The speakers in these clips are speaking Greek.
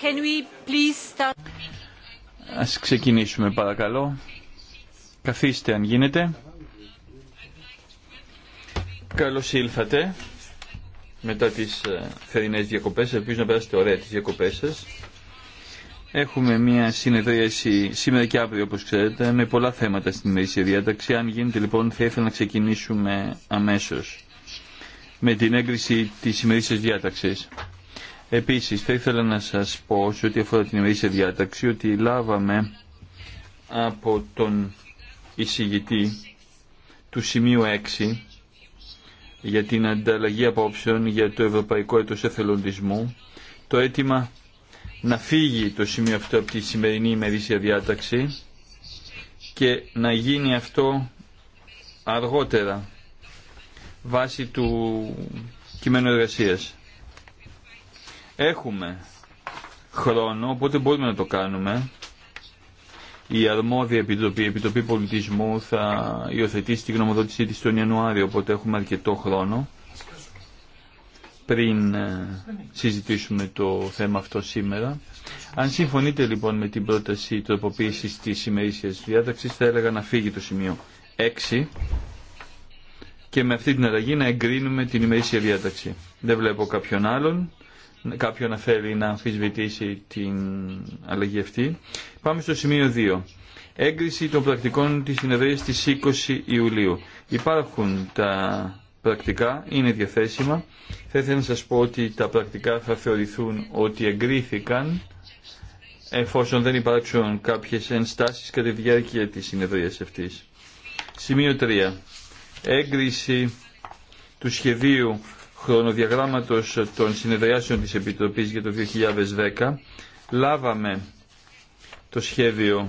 Can Ας ξεκινήσουμε παρακαλώ. Καθίστε αν γίνεται. Καλώς ήλθατε μετά τις ε, θερινές διακοπές. Ελπίζω να περάσετε ωραία τις διακοπές σας. Έχουμε μια συνεδρίαση σήμερα και αύριο όπως ξέρετε με πολλά θέματα στην ημερήσια διάταξη. Αν γίνεται λοιπόν θα ήθελα να ξεκινήσουμε αμέσως με την έγκριση της ημερήσιας διάταξης. Επίσης, θα ήθελα να σας πω, σε ό,τι αφορά την ημερήσια διάταξη, ότι λάβαμε από τον εισηγητή του σημείου 6 για την ανταλλαγή απόψεων για το Ευρωπαϊκό Έτος Εθελοντισμού το αίτημα να φύγει το σημείο αυτό από τη σημερινή ημερήσια διάταξη και να γίνει αυτό αργότερα βάσει του κειμένου εργασίας. Έχουμε χρόνο, οπότε μπορούμε να το κάνουμε. Η αρμόδια επιτροπή, η Επιτροπή Πολιτισμού θα υιοθετήσει τη γνωμοδότησή της τον Ιανουάριο, οπότε έχουμε αρκετό χρόνο πριν ε, συζητήσουμε το θέμα αυτό σήμερα. Αν συμφωνείτε λοιπόν με την πρόταση τροποποίησης της ημερήσιας διάταξης, θα έλεγα να φύγει το σημείο 6 και με αυτή την αλλαγή να εγκρίνουμε την ημερήσια διάταξη. Δεν βλέπω κάποιον άλλον κάποιον να θέλει να αμφισβητήσει την αλλαγή αυτή. Πάμε στο σημείο 2. Έγκριση των πρακτικών της συνεδρίας της 20 Ιουλίου. Υπάρχουν τα πρακτικά, είναι διαθέσιμα. Θα ήθελα να σας πω ότι τα πρακτικά θα θεωρηθούν ότι εγκρίθηκαν εφόσον δεν υπάρξουν κάποιες ενστάσεις κατά τη διάρκεια της συνεδρίας αυτής. Σημείο 3. Έγκριση του σχεδίου χρονοδιαγράμματος των συνεδριάσεων της Επιτροπής για το 2010 λάβαμε το σχέδιο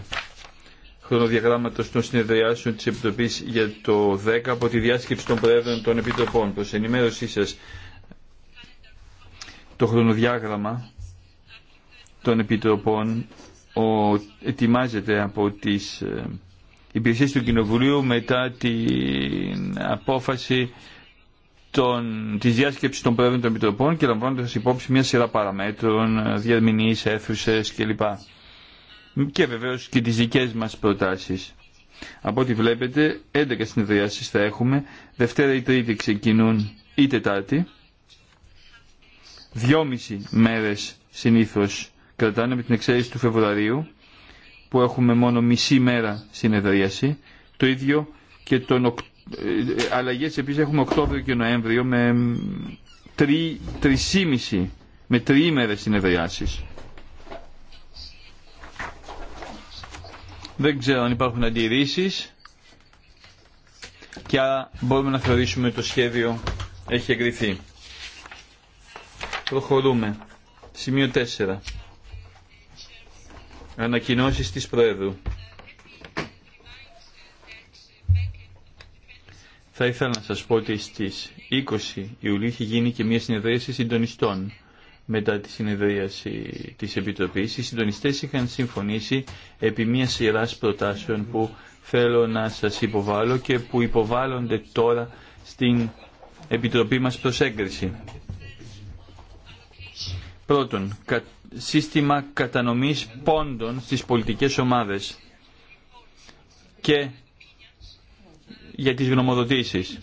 χρονοδιαγράμματος των συνεδριάσεων της Επιτροπής για το 10 από τη διάσκεψη των Προέδρων των Επιτροπών. Προς ενημέρωσή σας το χρονοδιάγραμμα των Επιτροπών ο, ετοιμάζεται από τις ε, υπηρεσίες του Κοινοβουλίου μετά την απόφαση τον της διάσκεψης των Προέδρων των Επιτροπών και λαμβάνοντας υπόψη μια σειρά παραμέτρων, διαρμηνεί, αίθουσε κλπ. Και βεβαίως και τις δικές μας προτάσεις. Από ό,τι βλέπετε, 11 συνεδριάσεις θα έχουμε. Δευτέρα ή Τρίτη ξεκινούν ή Τετάρτη. Δυόμιση μέρες συνήθως κρατάνε με την εξαίρεση του Φεβρουαρίου που έχουμε μόνο μισή μέρα συνεδρίαση. Το ίδιο και τον Οκτώβριο ε, ε, αλλαγές επίσης έχουμε Οκτώβριο και Νοέμβριο με τρι, τρισήμιση, με τριήμερες συνεδριάσεις. Δεν ξέρω αν υπάρχουν αντιρρήσεις και άρα μπορούμε να θεωρήσουμε ότι το σχέδιο έχει εγκριθεί. Προχωρούμε. Σημείο 4. Ανακοινώσεις της Προέδρου. θα ήθελα να σας πω ότι στις 20 Ιουλίου έχει γίνει και μια συνεδρίαση συντονιστών μετά τη συνεδρίαση της Επιτροπής. Οι συντονιστές είχαν συμφωνήσει επί μια σειρά προτάσεων που θέλω να σας υποβάλω και που υποβάλλονται τώρα στην Επιτροπή μας προς έγκριση. Πρώτον, σύστημα κατανομής πόντων στις πολιτικές ομάδες και για τις γνωμοδοτήσεις.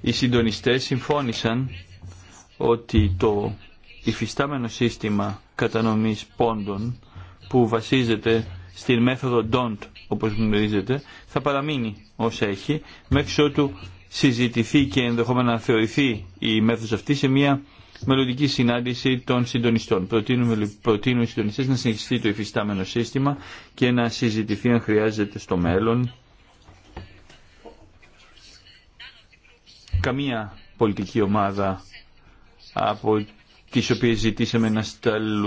Οι συντονιστές συμφώνησαν ότι το υφιστάμενο σύστημα κατανομής πόντων που βασίζεται στην μέθοδο DON'T όπως γνωρίζετε θα παραμείνει ως έχει μέχρι ότου συζητηθεί και ενδεχόμενα να θεωρηθεί η μέθοδος αυτή σε μια μελλοντική συνάντηση των συντονιστών. Προτείνουμε, προτείνουμε οι συντονιστές να συνεχιστεί το υφιστάμενο σύστημα και να συζητηθεί αν χρειάζεται στο μέλλον καμία πολιτική ομάδα από τις οποίες ζητήσαμε να,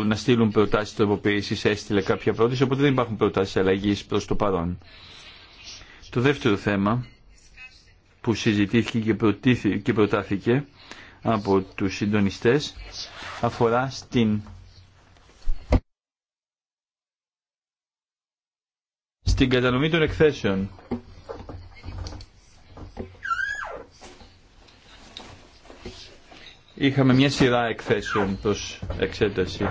να στείλουν προτάσεις τροποποίησης έστειλε κάποια πρόταση, οπότε δεν υπάρχουν προτάσεις αλλαγή προς το παρόν. Το δεύτερο θέμα που συζητήθηκε και, και προτάθηκε από τους συντονιστές αφορά στην στην κατανομή των εκθέσεων είχαμε μια σειρά εκθέσεων προς εξέταση.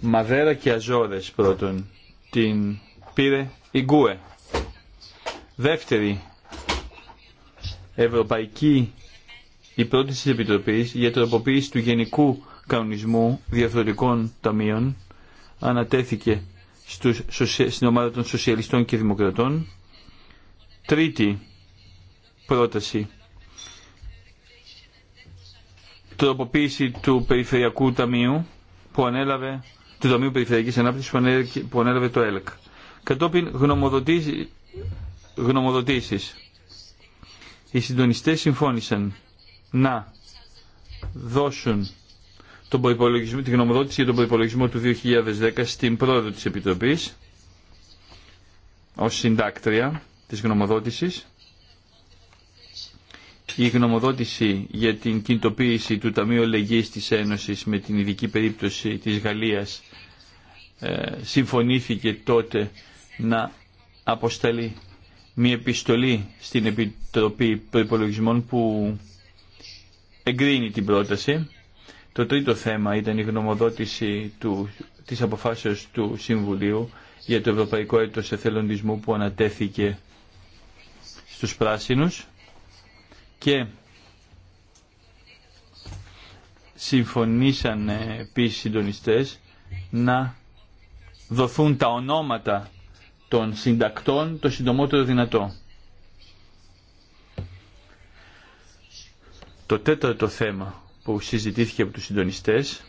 Μαδέρα και Αζόρες πρώτον. Την πήρε η Γκουε. Δεύτερη, Ευρωπαϊκή, η πρώτη της Επιτροπής για τροποποίηση του Γενικού Κανονισμού Διαφορετικών Ταμείων ανατέθηκε στους, στην ομάδα των Σοσιαλιστών και Δημοκρατών. Τρίτη πρόταση τροποποίηση του Περιφερειακού Ταμείου που ανέλαβε, του Ταμείου Περιφερειακής Ανάπτυξης που ανέλαβε το ΕΛΚ. Κατόπιν γνωμοδοτήσεις. Οι συντονιστές συμφώνησαν να δώσουν τον την γνωμοδότηση για τον προϋπολογισμό του 2010 στην πρόεδρο της Επιτροπής ως συντάκτρια της γνωμοδότησης η γνωμοδότηση για την κινητοποίηση του Ταμείου Λεγής της Ένωσης με την ειδική περίπτωση της Γαλλίας ε, συμφωνήθηκε τότε να αποστελεί μια επιστολή στην Επιτροπή Προϋπολογισμών που εγκρίνει την πρόταση. Το τρίτο θέμα ήταν η γνωμοδότηση του, της αποφάσεως του Συμβουλίου για το Ευρωπαϊκό Έτος Εθελοντισμού που ανατέθηκε στους πράσινους και συμφωνήσαν επίσης οι συντονιστές να δοθούν τα ονόματα των συντακτών το συντομότερο δυνατό. Το τέταρτο θέμα που συζητήθηκε από τους συντονιστές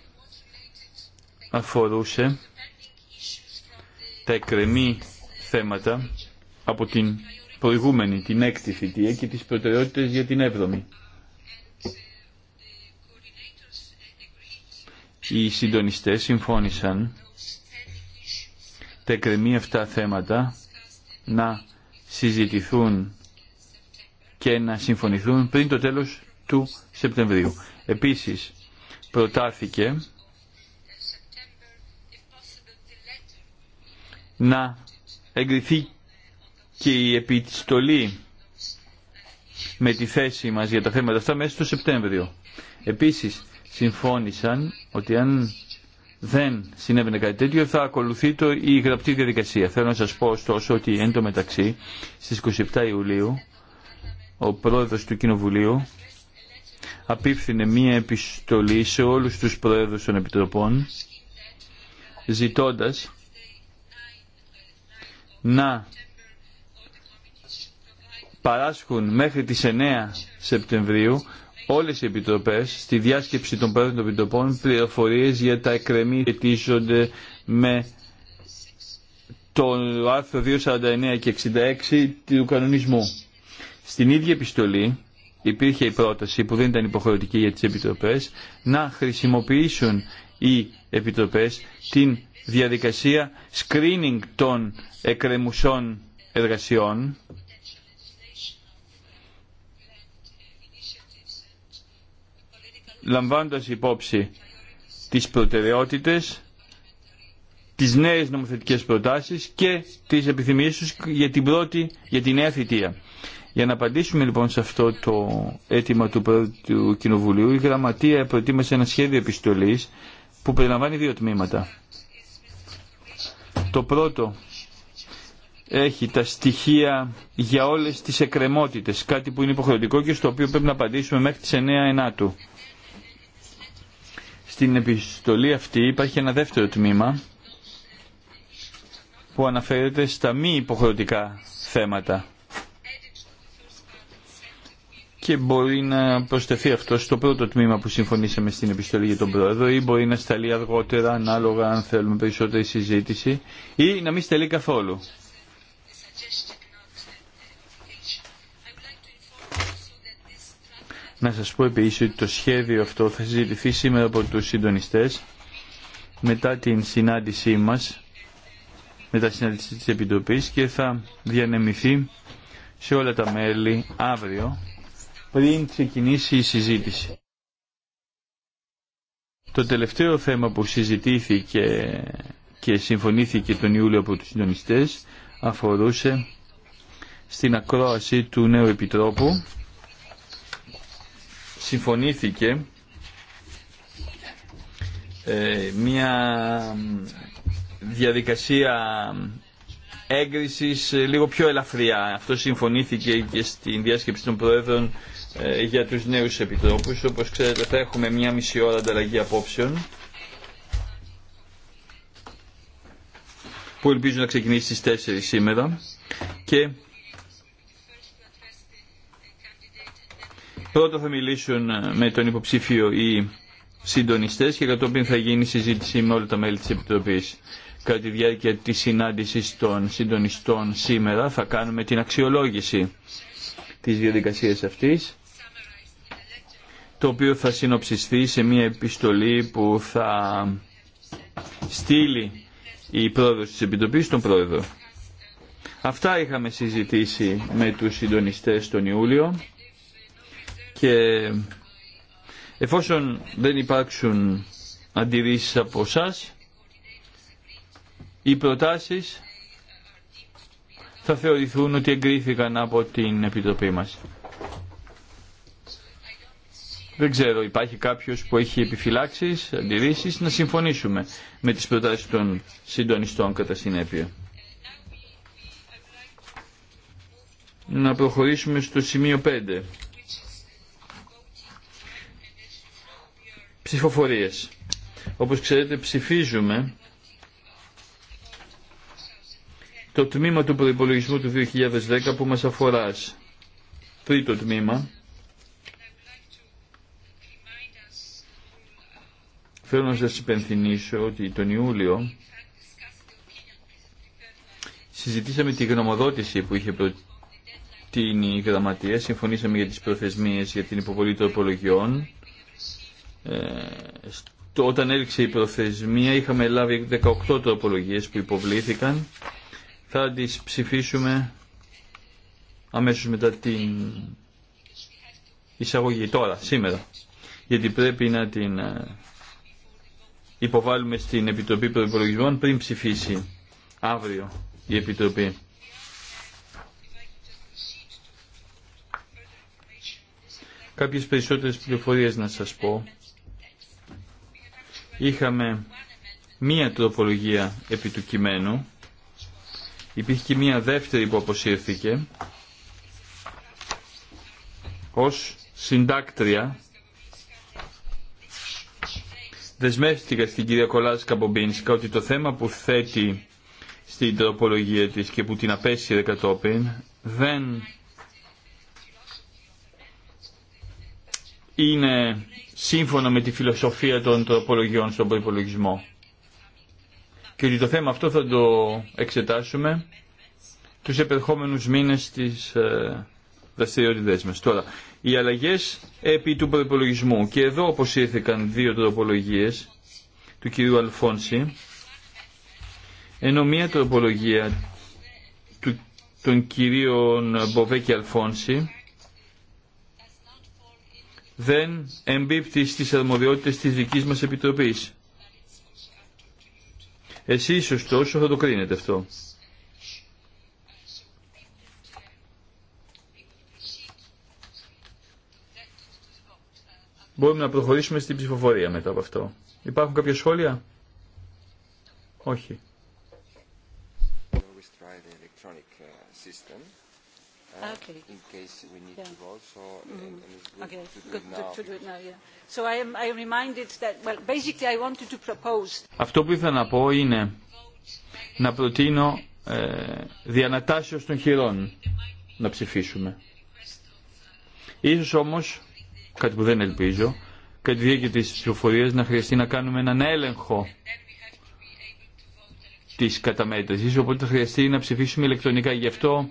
αφορούσε τα εκκρεμή θέματα από την προηγούμενη, την έκτη θητεία και τις προτεραιότητες για την έβδομη. Οι συντονιστές συμφώνησαν τα εκκρεμή αυτά θέματα να συζητηθούν και να συμφωνηθούν πριν το τέλος του Σεπτεμβρίου. Επίσης, προτάθηκε να εγκριθεί και η επιστολή με τη θέση μας για τα θέματα αυτά μέσα στο Σεπτέμβριο. Επίσης συμφώνησαν ότι αν δεν συνέβαινε κάτι τέτοιο θα ακολουθεί το, η γραπτή διαδικασία. Θέλω να σας πω ωστόσο ότι εν τω μεταξύ στις 27 Ιουλίου ο πρόεδρος του Κοινοβουλίου απίφθινε μία επιστολή σε όλους τους πρόεδρους των Επιτροπών ζητώντας να παράσχουν μέχρι τις 9 Σεπτεμβρίου όλες οι επιτροπές στη διάσκεψη των πρώτων επιτροπών πληροφορίες για τα εκκρεμή ετήσονται με το άρθρο 249 και 66 του κανονισμού. Στην ίδια επιστολή υπήρχε η πρόταση που δεν ήταν υποχρεωτική για τις επιτροπές να χρησιμοποιήσουν οι επιτροπές την διαδικασία screening των εκκρεμουσών εργασιών λαμβάνοντας υπόψη τις προτεραιότητες, τις νέες νομοθετικές προτάσεις και τις επιθυμίες τους για την πρώτη, για την νέα θητεία. Για να απαντήσουμε λοιπόν σε αυτό το αίτημα του, πρώτου Κοινοβουλίου, η Γραμματεία προετοίμασε ένα σχέδιο επιστολής που περιλαμβάνει δύο τμήματα. Το πρώτο έχει τα στοιχεία για όλες τις εκκρεμότητες, κάτι που είναι υποχρεωτικό και στο οποίο πρέπει να απαντήσουμε μέχρι τις 9 Ενάτου. Στην επιστολή αυτή υπάρχει ένα δεύτερο τμήμα που αναφέρεται στα μη υποχρεωτικά θέματα και μπορεί να προσθεθεί αυτό στο πρώτο τμήμα που συμφωνήσαμε στην επιστολή για τον πρόεδρο ή μπορεί να σταλεί αργότερα ανάλογα αν θέλουμε περισσότερη συζήτηση ή να μην σταλεί καθόλου. Να σας πω επίσης ότι το σχέδιο αυτό θα συζητηθεί σήμερα από τους συντονιστές μετά την συνάντησή μας, μετά την συνάντηση της Επιτροπής και θα διανεμηθεί σε όλα τα μέλη αύριο πριν ξεκινήσει η συζήτηση. Το τελευταίο θέμα που συζητήθηκε και συμφωνήθηκε τον Ιούλιο από τους συντονιστές αφορούσε στην ακρόαση του νέου Επιτρόπου συμφωνήθηκε ε, μια διαδικασία έγκρισης ε, λίγο πιο ελαφριά. Αυτό συμφωνήθηκε και στην διάσκεψη των Προέδρων ε, για τους νέους επιτρόπους. Όπως ξέρετε θα έχουμε μια μισή ώρα ανταλλαγή απόψεων που ελπίζουν να ξεκινήσει στις 4 σήμερα και Πρώτα θα μιλήσουν ε, με τον υποψήφιο οι συντονιστέ και κατόπιν θα γίνει συζήτηση με όλα τα μέλη τη Επιτροπή. Κατά τη διάρκεια τη συνάντηση των συντονιστών σήμερα θα κάνουμε την αξιολόγηση της διαδικασία αυτή, το οποίο θα συνοψιστεί σε μια επιστολή που θα στείλει η πρόεδρος της Επιτροπής στον πρόεδρο. Αυτά είχαμε συζητήσει με τους συντονιστές τον Ιούλιο. Και εφόσον δεν υπάρξουν αντιρρήσεις από εσά, οι προτάσεις θα θεωρηθούν ότι εγκρίθηκαν από την Επιτροπή μας. Δεν ξέρω, υπάρχει κάποιος που έχει επιφυλάξεις, αντιρρήσεις, να συμφωνήσουμε με τις προτάσεις των συντονιστών κατά συνέπεια. Να προχωρήσουμε στο σημείο 5. ψηφοφορίες. Όπως ξέρετε ψηφίζουμε το τμήμα του προϋπολογισμού του 2010 που μας αφορά. Τρίτο τμήμα. Θέλω να σας υπενθυμίσω ότι τον Ιούλιο συζητήσαμε τη γνωμοδότηση που είχε προτείνει η Γραμματεία, συμφωνήσαμε για τις προθεσμίες για την υποβολή των υπολογιών ε, όταν έληξε η προθεσμία είχαμε λάβει 18 τροπολογίες που υποβλήθηκαν. Θα τις ψηφίσουμε αμέσως μετά την εισαγωγή, τώρα, σήμερα. Γιατί πρέπει να την ε, υποβάλουμε στην Επιτροπή Προϋπολογισμών πριν ψηφίσει αύριο η Επιτροπή. Κάποιες περισσότερες πληροφορίες να σας πω είχαμε μία τροπολογία επί του κειμένου, υπήρχε και μία δεύτερη που αποσύρθηκε, ως συντάκτρια δεσμεύτηκα στην κυρία Κολάσκα Μπομπίνσκα ότι το θέμα που θέτει στην τροπολογία της και που την απέσυρε κατόπιν δεν είναι σύμφωνα με τη φιλοσοφία των τροπολογιών στον προϋπολογισμό. Και ότι το θέμα αυτό θα το εξετάσουμε τους επερχόμενους μήνες της ε, δραστηριότητές μας. Τώρα, οι αλλαγές επί του προϋπολογισμού. Και εδώ όπως ήρθαν δύο τροπολογίες του κυρίου Αλφόνση, ενώ μία τροπολογία του, των κυρίων Μποβέ και Αλφόνση δεν εμπίπτει στις αρμοδιότητες της δικής μας Επιτροπής. Εσείς ωστόσο θα το κρίνετε αυτό. Μπορούμε να προχωρήσουμε στην ψηφοφορία μετά από αυτό. Υπάρχουν κάποια σχόλια? Όχι. Αυτό που ήθελα να πω είναι να προτείνω ε, των χειρών να ψηφίσουμε. Ίσως όμως, κάτι που δεν ελπίζω, κατά τη διάρκεια της ψηφοφορίας να χρειαστεί να κάνουμε έναν έλεγχο της καταμέτρησης, οπότε θα χρειαστεί να ψηφίσουμε ηλεκτρονικά. Γι' αυτό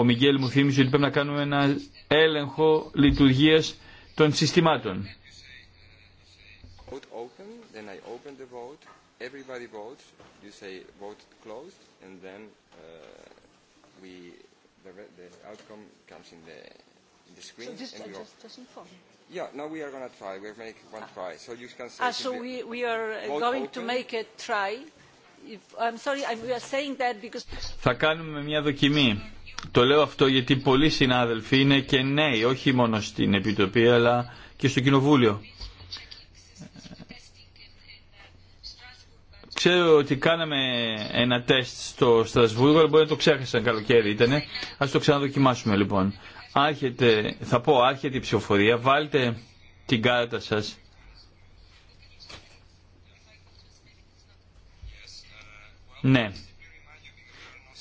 ο Μιγγέλ μου θύμισε ότι πρέπει να κάνουμε ένα έλεγχο λειτουργίας των συστημάτων. Yeah, now we are Θα κάνουμε μια δοκιμή. Το λέω αυτό γιατί πολλοί συνάδελφοι είναι και νέοι, όχι μόνο στην Επιτροπή αλλά και στο Κοινοβούλιο. Ξέρω ότι κάναμε ένα τεστ στο Στρασβούργο, αλλά μπορεί να το ξέχασαν καλοκαίρι ήτανε. Ας το ξαναδοκιμάσουμε λοιπόν. Άρχεται, θα πω, άρχεται η ψηφοφορία, βάλτε την κάρτα σας Ναι,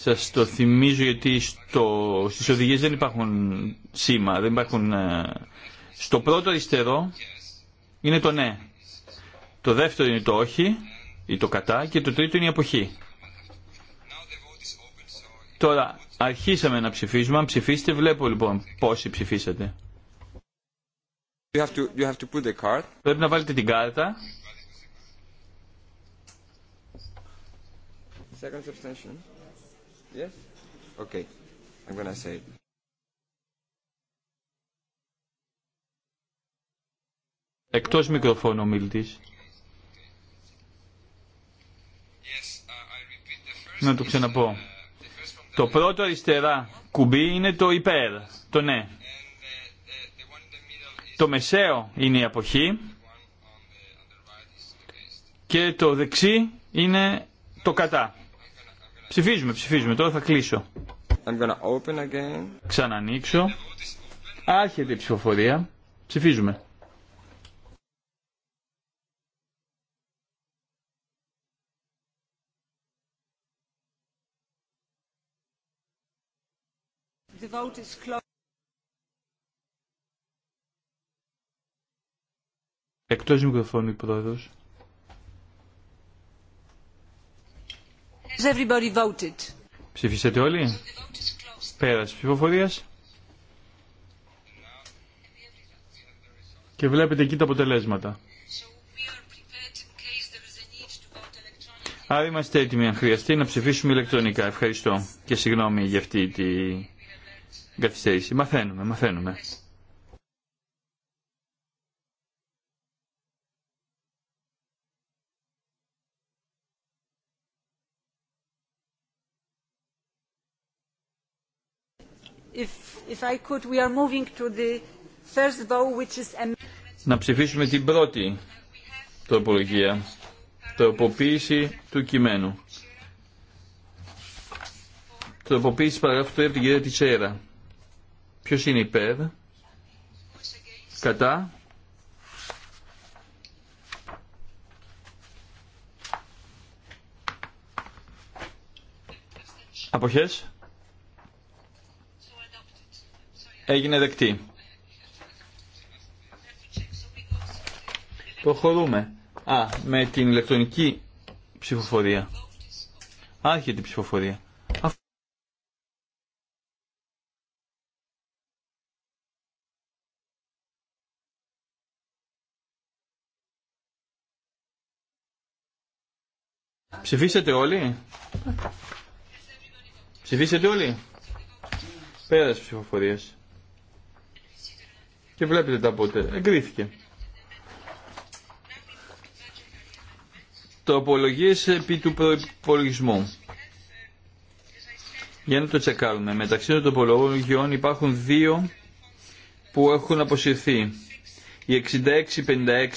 Σα το θυμίζω γιατί στο, στις οδηγίες δεν υπάρχουν σήμα, δεν υπάρχουν... Ε, στο πρώτο αριστερό είναι το ναι. Το δεύτερο είναι το όχι ή το κατά και το τρίτο είναι η αποχή. Τώρα αρχίσαμε να ψηφίζουμε. Αν ψηφίσετε βλέπω λοιπόν πόσοι ψηφίσατε. Πρέπει να βάλετε την κάρτα. Second Yes? Okay. I'm Εκτός μικροφώνου ο μιλητής. Uh, Να το ξαναπώ. Uh, το πρώτο αριστερά κουμπί είναι το υπέρ, το ναι. Uh, το μεσαίο είναι η αποχή και το δεξί είναι το κατά. Ψηφίζουμε, ψηφίζουμε. Τώρα θα κλείσω. I'm open again. Ξανανοίξω. Άρχεται η ψηφοφορία. Ψηφίζουμε. The vote is closed. Εκτός μικροφώνου, πρόεδρος. Ψηφίσατε όλοι. Πέρας ψηφοφορία Και βλέπετε εκεί τα αποτελέσματα. Άρα είμαστε έτοιμοι αν χρειαστεί να ψηφίσουμε ηλεκτρονικά. Ευχαριστώ και συγγνώμη για αυτή την καθυστέρηση. Μαθαίνουμε, μαθαίνουμε. Να ψηφίσουμε την πρώτη τροπολογία, τροποποίηση του κειμένου. Τροποποίηση παραγράφου του από την κυρία Τιτσέρα. Ποιος είναι υπέρ, κατά, αποχές, Έγινε δεκτή. Προχωρούμε. Α, με την ηλεκτρονική ψηφοφορία. Άρχεται την ψηφοφορία. Ψηφίσατε όλοι. Ψηφίσατε όλοι. Πέρασε ψηφοφορίας. Και βλέπετε τα πότε. Εγκρίθηκε. Τοπολογίες επί του προϋπολογισμού. Για να το τσεκάρουμε. Μεταξύ των τοπολογιών υπάρχουν δύο που έχουν αποσυρθεί. Η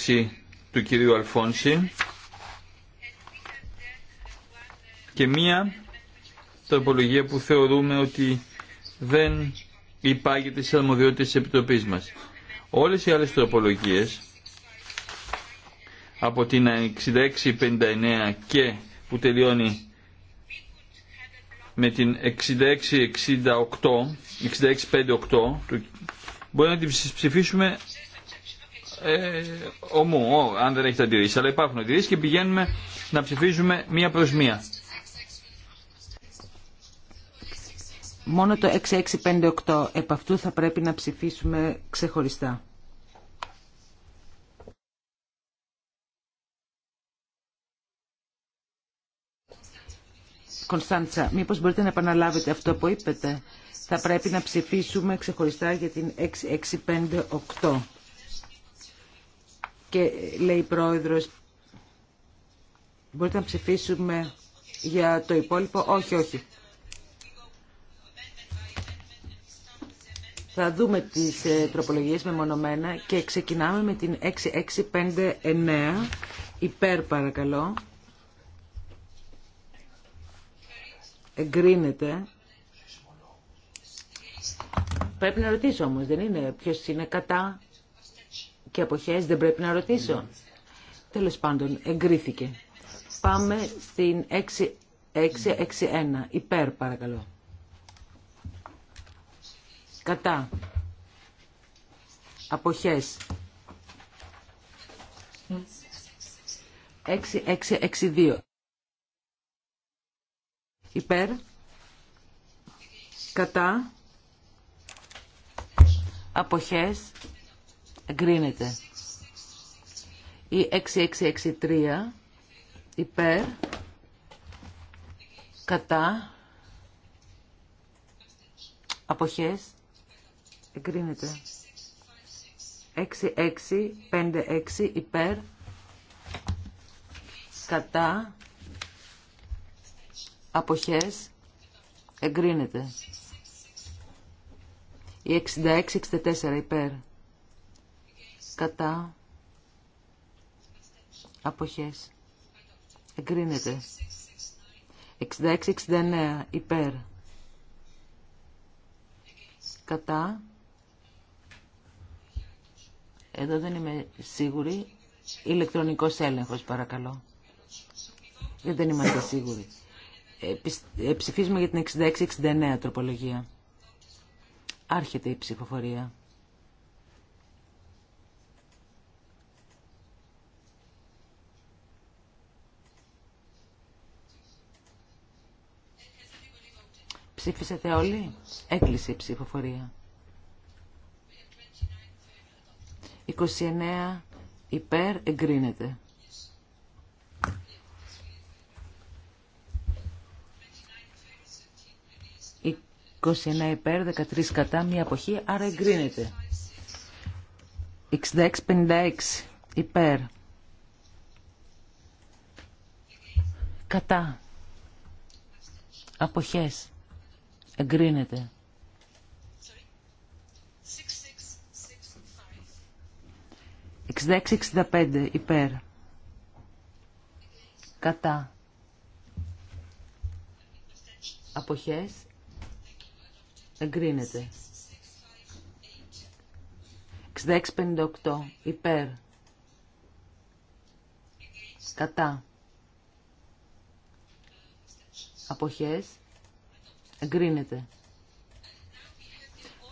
66-56 του κυρίου Αλφόνση και μία τροπολογία που θεωρούμε ότι δεν υπάγεται στις αρμοδιότητες της Επιτροπής μας. Όλες οι άλλες τροπολογίες από την 66-59 και που τελειώνει με την 66-58 του μπορεί να την ψηφίσουμε ε, ομού, αν δεν έχετε αντιρρήσει. Αλλά υπάρχουν αντιρρήσει και πηγαίνουμε να ψηφίζουμε μία προς μία. Μόνο το 6658 επ' αυτού θα πρέπει να ψηφίσουμε ξεχωριστά. Κωνσταντσα, μήπως μπορείτε να επαναλάβετε αυτό που είπετε. Θα πρέπει να ψηφίσουμε ξεχωριστά για την 6658. Και λέει η πρόεδρος, μπορείτε να ψηφίσουμε για το υπόλοιπο. Όχι, όχι. Θα δούμε τις ε, τροπολογίες μεμονωμένα και ξεκινάμε με την 6659. Υπέρ παρακαλώ. Εγκρίνεται. Πρέπει να ρωτήσω όμως, δεν είναι ποιος είναι κατά και αποχές, δεν πρέπει να ρωτήσω. Τέλος πάντων, εγκρίθηκε. Πάμε στην 6661. Υπέρ παρακαλώ. Κατά. Αποχές. 6662. Υπέρ. Κατά. Αποχές. Εγκρίνεται. Η 6663. Υπέρ. Κατά. Αποχές εγκρίνεται. 6-6-5-6 υπέρ κατά αποχές εγκρίνεται. Η 66-64 υπέρ κατά αποχές εγκρίνεται. 66-69 υπέρ κατά εδώ δεν είμαι σίγουρη. Ηλεκτρονικός έλεγχος παρακαλώ. Ε, δεν είμαστε σίγουροι. Ε, ε ψηφίζουμε για την 66-69 τροπολογία. Άρχεται η ψηφοφορία. Ψήφισατε όλοι. Έκλεισε η ψηφοφορία. 29 υπέρ εγκρίνεται. 29 υπέρ, 13 κατά, μία αποχή, άρα εγκρίνεται. 66-56 υπέρ. Κατά. Αποχές. Εγκρίνεται. 66-65 υπέρ. Κατά. Αποχές. Εγκρίνεται. 66-58 υπέρ. Κατά. Αποχές. Εγκρίνεται.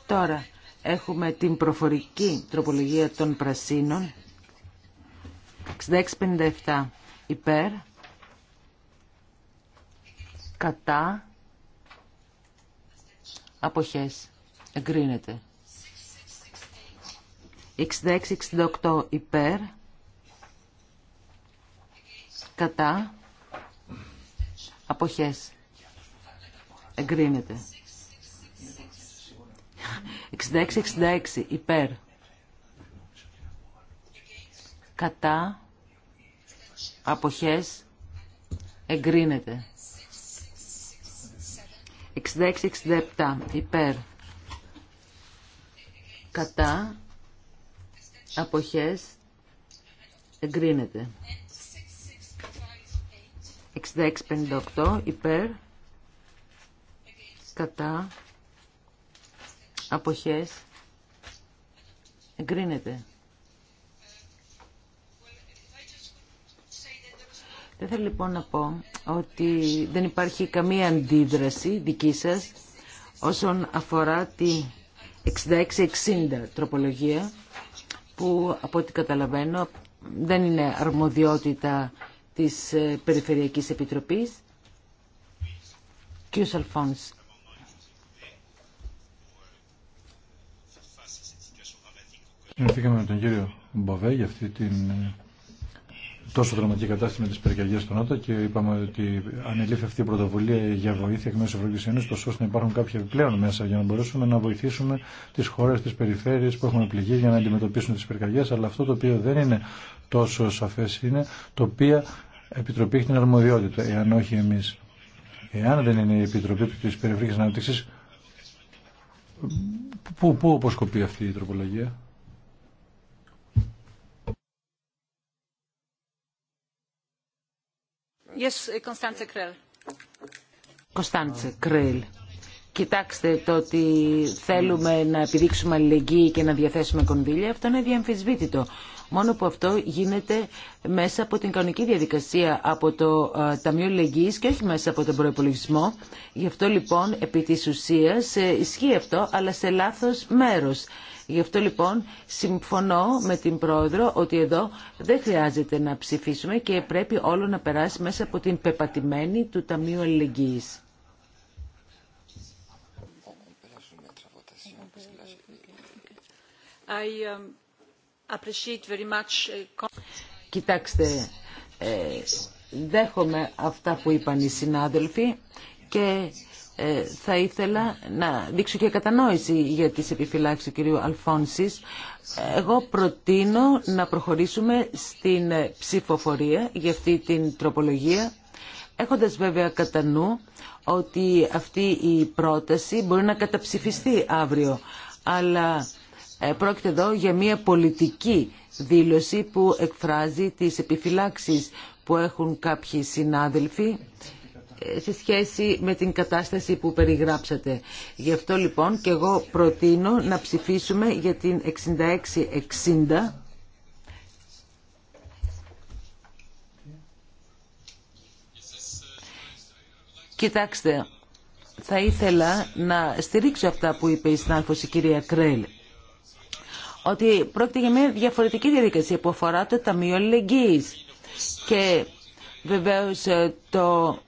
Τώρα Έχουμε την προφορική τροπολογία των πρασίνων. υπέρ. Κατά. Αποχές. εγκρινεται 6668 υπέρ. Κατά. Αποχές. Εγκρίνεται. 66-66 υπέρ. Κατά αποχές εγκρίνεται. 66-67 υπέρ. Κατά αποχές εγκρίνεται. 66-58 υπέρ. Κατά αποχές εγκρίνεται. Δεν θέλω λοιπόν να πω ότι δεν υπάρχει καμία αντίδραση δική σας όσον αφορά τη 66-60 τροπολογία που από ό,τι καταλαβαίνω δεν είναι αρμοδιότητα της ε, Περιφερειακής Επιτροπής. Κύριος Αλφόνς, Συνεχθήκαμε με τον κύριο Μποβέ για αυτή την ε, τόσο δραματική κατάσταση με τι πυρκαγιέ στον Νότο και είπαμε ότι ανελήφθη αυτή η πρωτοβουλία για βοήθεια εκ μέρου τη Ευρωπαϊκή Ένωση, ώστε να υπάρχουν κάποια επιπλέον μέσα για να μπορέσουμε να βοηθήσουμε τι χώρε, τι περιφέρειε που έχουν πληγεί για να αντιμετωπίσουν τι πυρκαγιέ. Αλλά αυτό το οποίο δεν είναι τόσο σαφέ είναι το οποίο επιτροπή έχει την αρμοδιότητα, εάν όχι εμεί. Εάν δεν είναι η επιτροπή τη περιφερειακή ανάπτυξη, πού, πού αποσκοπεί αυτή η τροπολογία. Κωνσταντσε Κρέλ. Κοιτάξτε, το ότι θέλουμε να επιδείξουμε αλληλεγγύη και να διαθέσουμε κονδύλια, αυτό είναι διαμφισβήτητο. Μόνο που αυτό γίνεται μέσα από την κανονική διαδικασία από το ε, Ταμείο Αλληλεγγύης και όχι μέσα από τον προπολογισμό. Γι' αυτό λοιπόν επί της ουσίας ε, ισχύει αυτό, αλλά σε λάθος μέρος. Γι' αυτό λοιπόν συμφωνώ με την Πρόεδρο ότι εδώ δεν χρειάζεται να ψηφίσουμε και πρέπει όλο να περάσει μέσα από την πεπατημένη του Ταμείου Αλληλεγγύης. Um, uh, Κοιτάξτε, ε, δέχομαι αυτά που είπαν οι συνάδελφοι και ε, θα ήθελα να δείξω και κατανόηση για τις επιφυλάξεις του κυρίου Αλφόνσης. Εγώ προτείνω να προχωρήσουμε στην ψηφοφορία για αυτή την τροπολογία, έχοντας βέβαια κατά νου ότι αυτή η πρόταση μπορεί να καταψηφιστεί αύριο, αλλά ε, πρόκειται εδώ για μια πολιτική δήλωση που εκφράζει τις επιφυλάξεις που έχουν κάποιοι συνάδελφοι σε σχέση με την κατάσταση που περιγράψατε. Γι' αυτό λοιπόν και εγώ προτείνω να ψηφίσουμε για την 66-60. Κοιτάξτε, θα ήθελα να στηρίξω αυτά που είπε η συνάδελφος η κυρία Κρέλ ότι πρόκειται για μια διαφορετική διαδικασία που αφορά το Ταμείο Λεγγύης και βεβαίως ε, το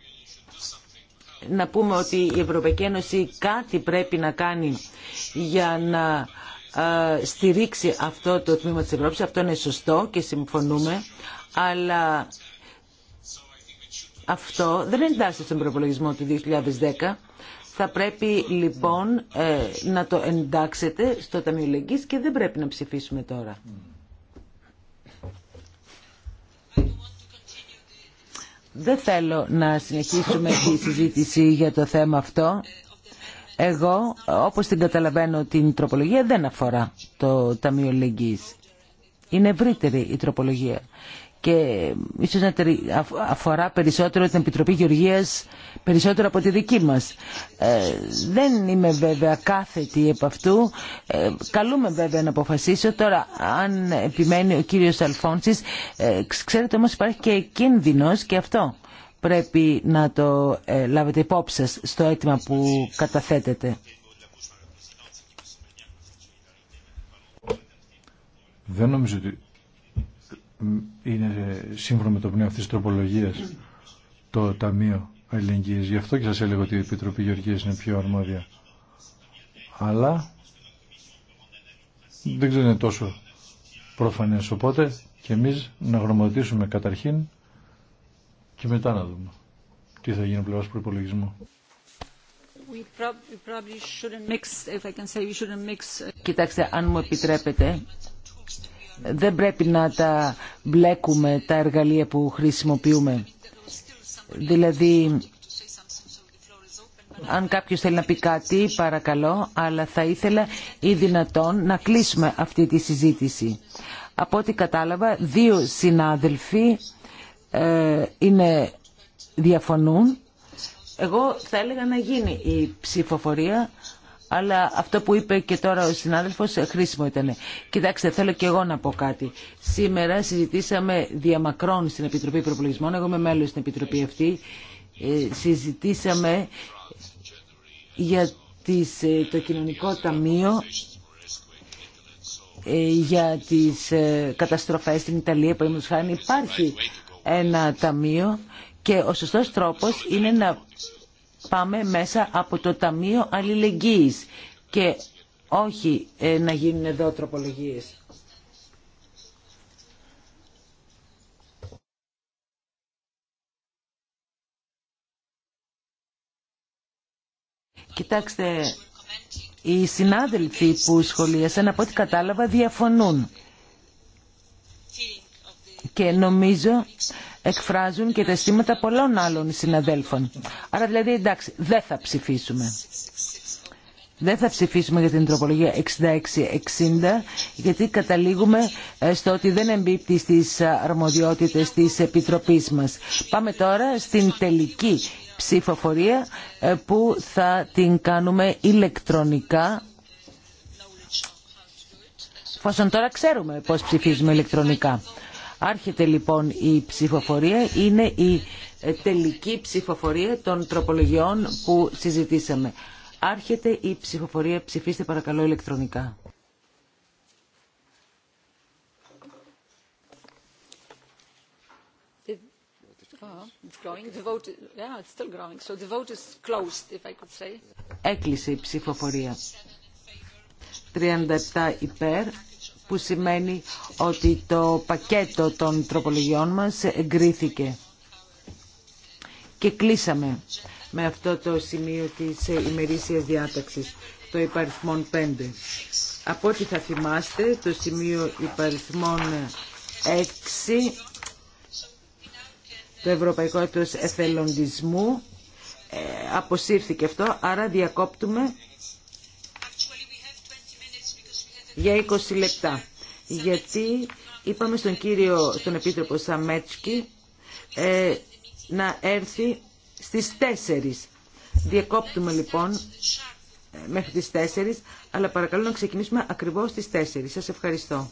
να πούμε ότι η Ευρωπαϊκή Ένωση κάτι πρέπει να κάνει για να ε, στηρίξει αυτό το τμήμα της Ευρώπης. Αυτό είναι σωστό και συμφωνούμε, αλλά αυτό δεν εντάσσεται στον προπολογισμό του 2010. Θα πρέπει λοιπόν ε, να το εντάξετε στο Ταμείο Λεγγύης και δεν πρέπει να ψηφίσουμε τώρα. Mm. δεν θέλω να συνεχίσουμε τη συζήτηση για το θέμα αυτό. Εγώ, όπως την καταλαβαίνω, την τροπολογία δεν αφορά το Ταμείο Λεγγύης. Είναι ευρύτερη η τροπολογία και ίσως να αφορά περισσότερο την Επιτροπή Γεωργίας περισσότερο από τη δική μας. Ε, δεν είμαι βέβαια κάθετη επ' αυτού. Ε, καλούμε βέβαια να αποφασίσω. Τώρα αν επιμένει ο κύριος Αλφόνσης, ε, ξέρετε όμως υπάρχει και κίνδυνος και αυτό πρέπει να το λάβετε υπόψη σας στο αίτημα που καταθέτετε. Δεν νομίζω ότι είναι σύμφωνο με το πνεύμα αυτή της τροπολογίας το Ταμείο Αλληλεγγύης. Γι' αυτό και σας έλεγα ότι η Επιτροπή Γεωργίας είναι πιο αρμόδια. Αλλά δεν ξέρω είναι τόσο προφανές. Οπότε και εμείς να γνωμοδοτήσουμε καταρχήν και μετά να δούμε τι θα γίνει πλευράς προπολογισμού. Κοιτάξτε, αν μου επιτρέπετε, δεν πρέπει να τα μπλέκουμε τα εργαλεία που χρησιμοποιούμε. Δηλαδή, αν κάποιος θέλει να πει κάτι, παρακαλώ, αλλά θα ήθελα ή δυνατόν να κλείσουμε αυτή τη συζήτηση. Από ό,τι κατάλαβα, δύο συνάδελφοι ε, είναι, διαφωνούν. Εγώ θα έλεγα να γίνει η δυνατον να κλεισουμε αυτη τη συζητηση απο οτι καταλαβα δυο συναδελφοι ειναι διαφωνουν εγω θα ελεγα να γινει η ψηφοφορια αλλά αυτό που είπε και τώρα ο συνάδελφος ε, χρήσιμο ήταν. Κοιτάξτε, θέλω και εγώ να πω κάτι. Σήμερα συζητήσαμε διαμακρών στην Επιτροπή Προπολογισμών, εγώ είμαι μέλος στην Επιτροπή αυτή, ε, συζητήσαμε για τις, ε, το κοινωνικό ταμείο για τις καταστροφές στην Ιταλία που υπάρχει ένα ταμείο και ο σωστός τρόπος είναι να πάμε μέσα από το Ταμείο Αλληλεγγύης και όχι ε, να γίνουν εδώ τροπολογίες. Κοιτάξτε, οι συνάδελφοι που σχολίασαν από ό,τι κατάλαβα διαφωνούν και νομίζω εκφράζουν και τα αισθήματα πολλών άλλων συναδέλφων. Άρα δηλαδή εντάξει, δεν θα ψηφίσουμε. Δεν θα ψηφίσουμε για την τροπολογία 66-60 γιατί καταλήγουμε ε, στο ότι δεν εμπίπτει στις αρμοδιότητες της Επιτροπής μας. Πάμε τώρα στην τελική ψηφοφορία ε, που θα την κάνουμε ηλεκτρονικά Φόσον τώρα ξέρουμε πώς ψηφίζουμε ηλεκτρονικά. Άρχεται λοιπόν η ψηφοφορία, είναι η ε, τελική ψηφοφορία των τροπολογιών που συζητήσαμε. Άρχεται η ψηφοφορία, ψηφίστε παρακαλώ ηλεκτρονικά. Έκλεισε η ψηφοφορία. 37 υπέρ, που σημαίνει ότι το πακέτο των τροπολογιών μας εγκρίθηκε. Και κλείσαμε με αυτό το σημείο της ημερήσιας διάταξης, το υπαριθμόν 5. Από ό,τι θα θυμάστε, το σημείο υπαριθμόν 6, το Ευρωπαϊκό Έτος Εθελοντισμού, ε, αποσύρθηκε αυτό, άρα διακόπτουμε για 20 λεπτά. Γιατί είπαμε στον κύριο, στον Επίτροπο Σαμέτσκι, ε, να έρθει στις 4. Διακόπτουμε λοιπόν ε, μέχρι τις 4, αλλά παρακαλώ να ξεκινήσουμε ακριβώς στις 4. Σας ευχαριστώ.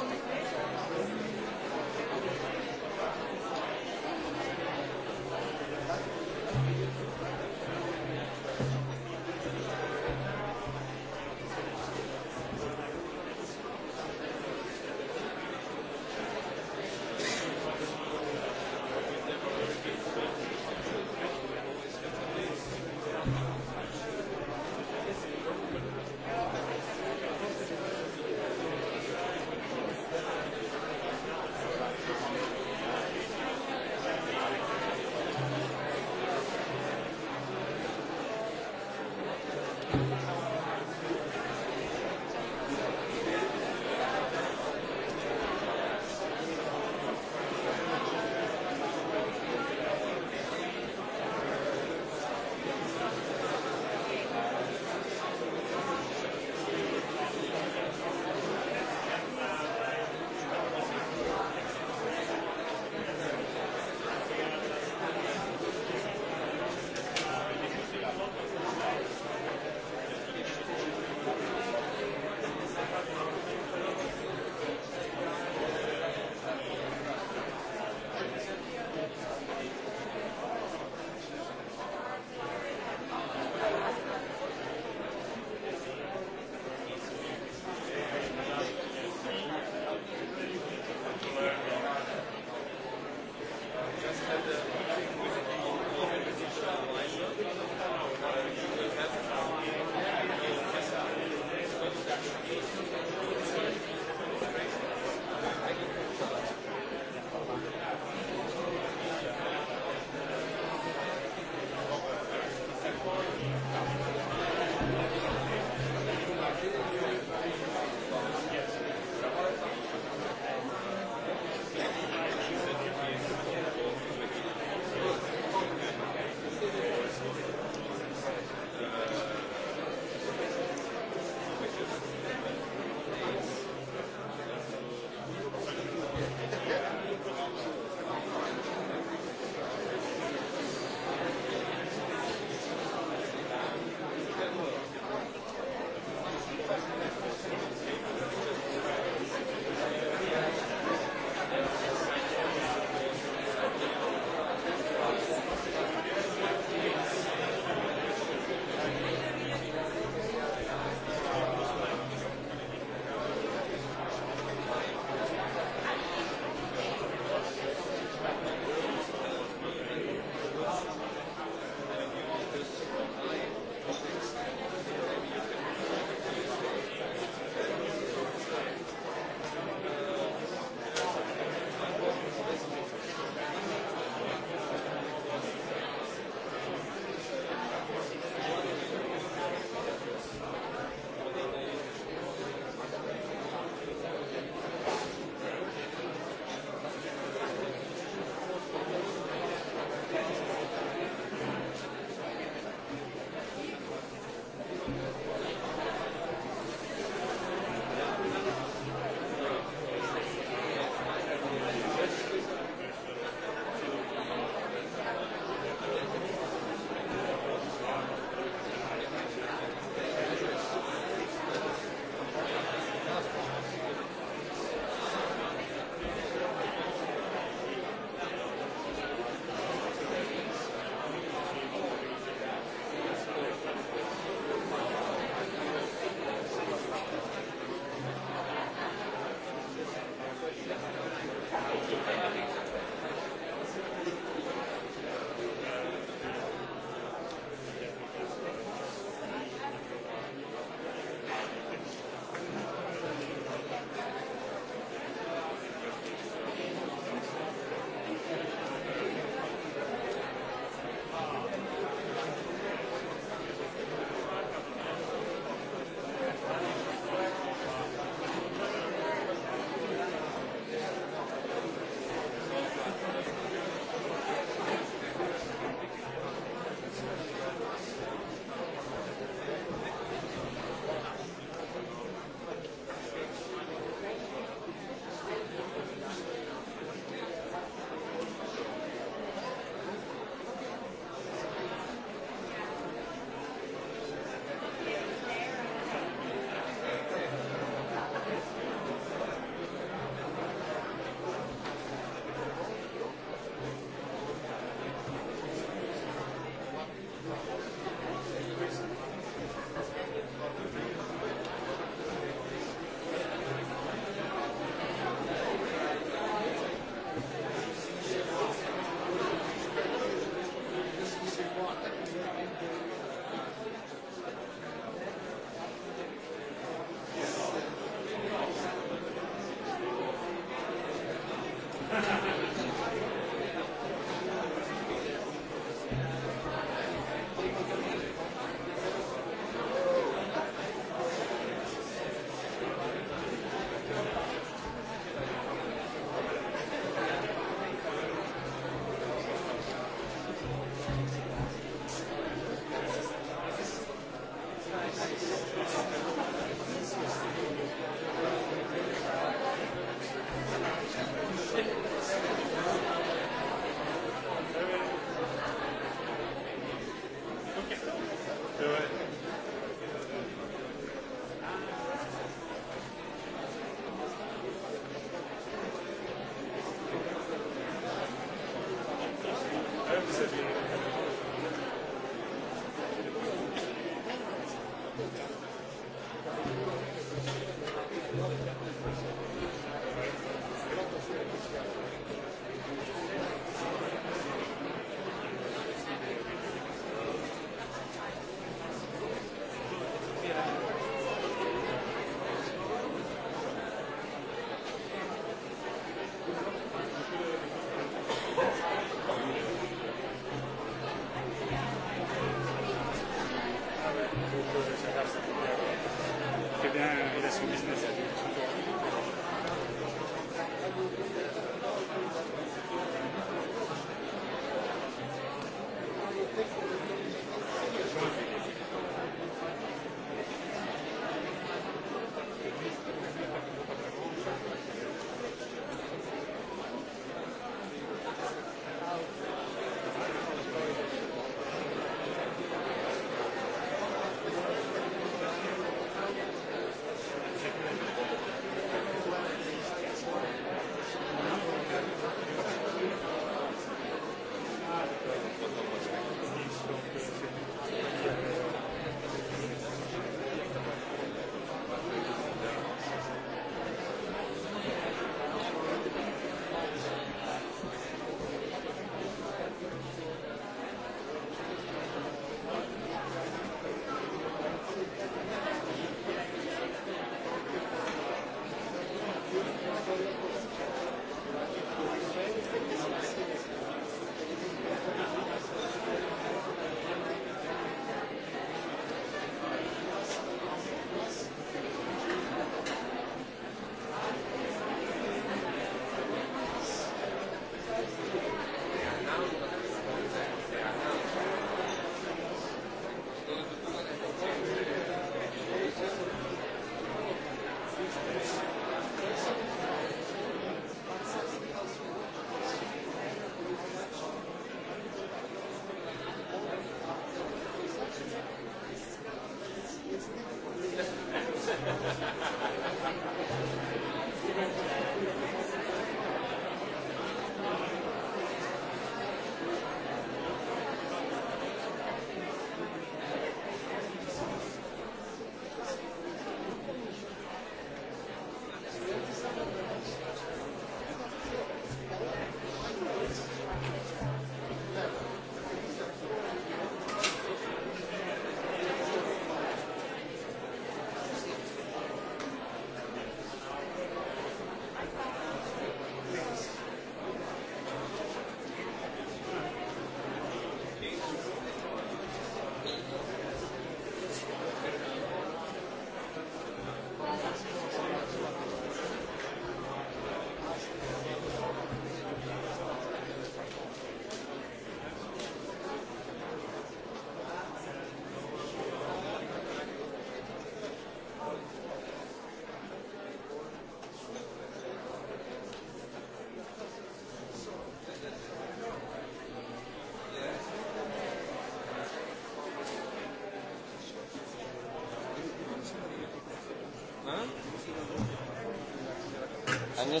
Είναι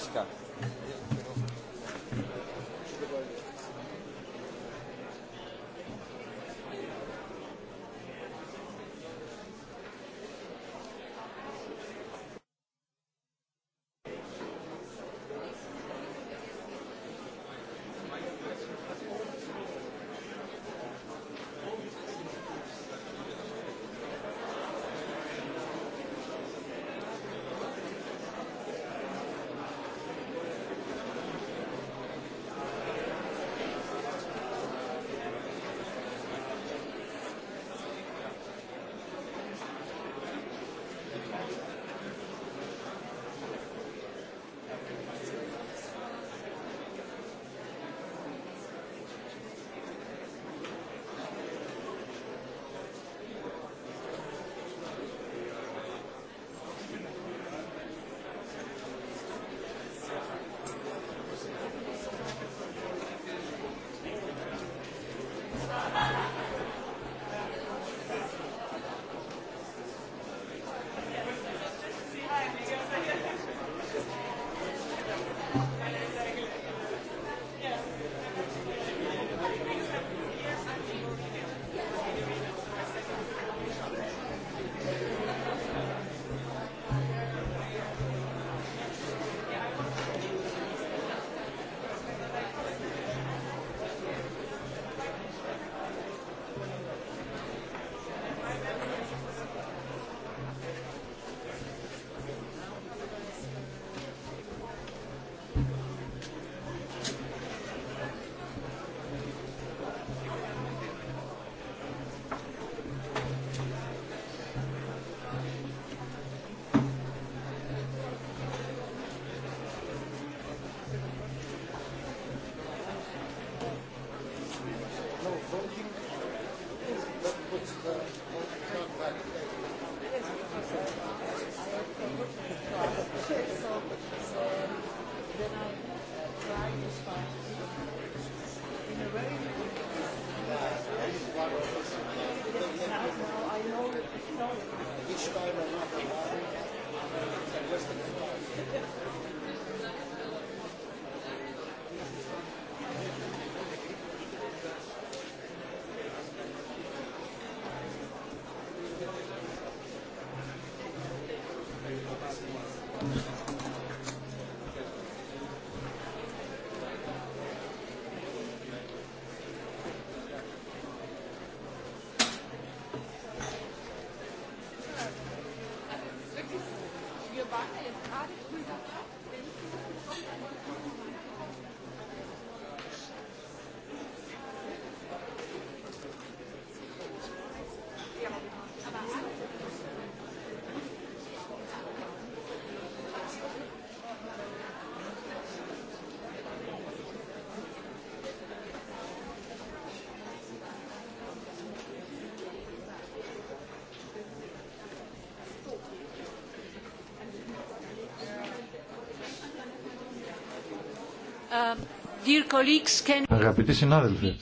Αγαπητοί συνάδελφοι,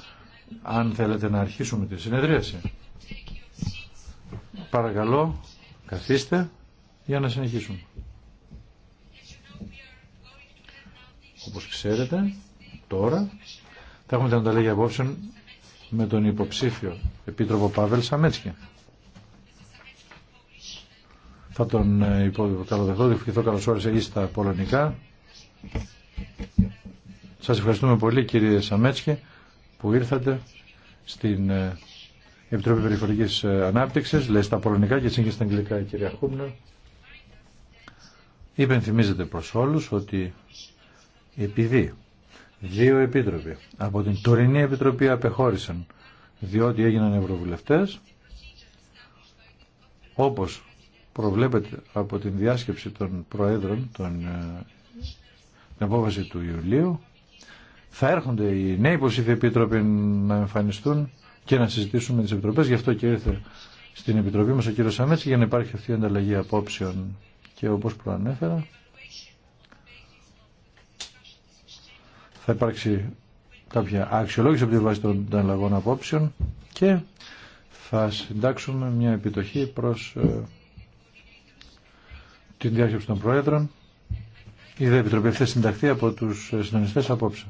αν θέλετε να αρχίσουμε τη συνεδρίαση, παρακαλώ καθίστε για να συνεχίσουμε. Όπως ξέρετε, τώρα θα έχουμε την ανταλλαγή απόψεων με τον υποψήφιο Επίτροπο Παύελ Σαμέτσκι. Θα τον υποδεχθώ, ευχηθώ καλώς όρισε ή στα πολωνικά σας ευχαριστούμε πολύ κύριε Σαμέτσκι που ήρθατε στην ε, Επιτροπή Περιφορικής ε, Ανάπτυξης, λέει στα πολωνικά και σύγχυσε στα αγγλικά η κυρία Χούμνα. Υπενθυμίζεται προς όλους ότι επειδή δύο επίτροποι από την τωρινή επιτροπή απεχώρησαν διότι έγιναν ευρωβουλευτές όπως προβλέπεται από την διάσκεψη των προέδρων ε, την απόφαση του Ιουλίου θα έρχονται οι νέοι υποψήφοι επίτροποι να εμφανιστούν και να συζητήσουμε τις επιτροπές. Γι' αυτό και ήρθε στην επιτροπή μας ο κύριος Σαμέτση για να υπάρχει αυτή η ανταλλαγή απόψεων και όπως προανέφερα θα υπάρξει κάποια αξιολόγηση από τη βάση των ανταλλαγών απόψεων και θα συντάξουμε μια επιτοχή προς ε, την διάσκεψη των Προέδρων η ΔΕ Επιτροπή θα συνταχθεί από τους ε, συντονιστές απόψε.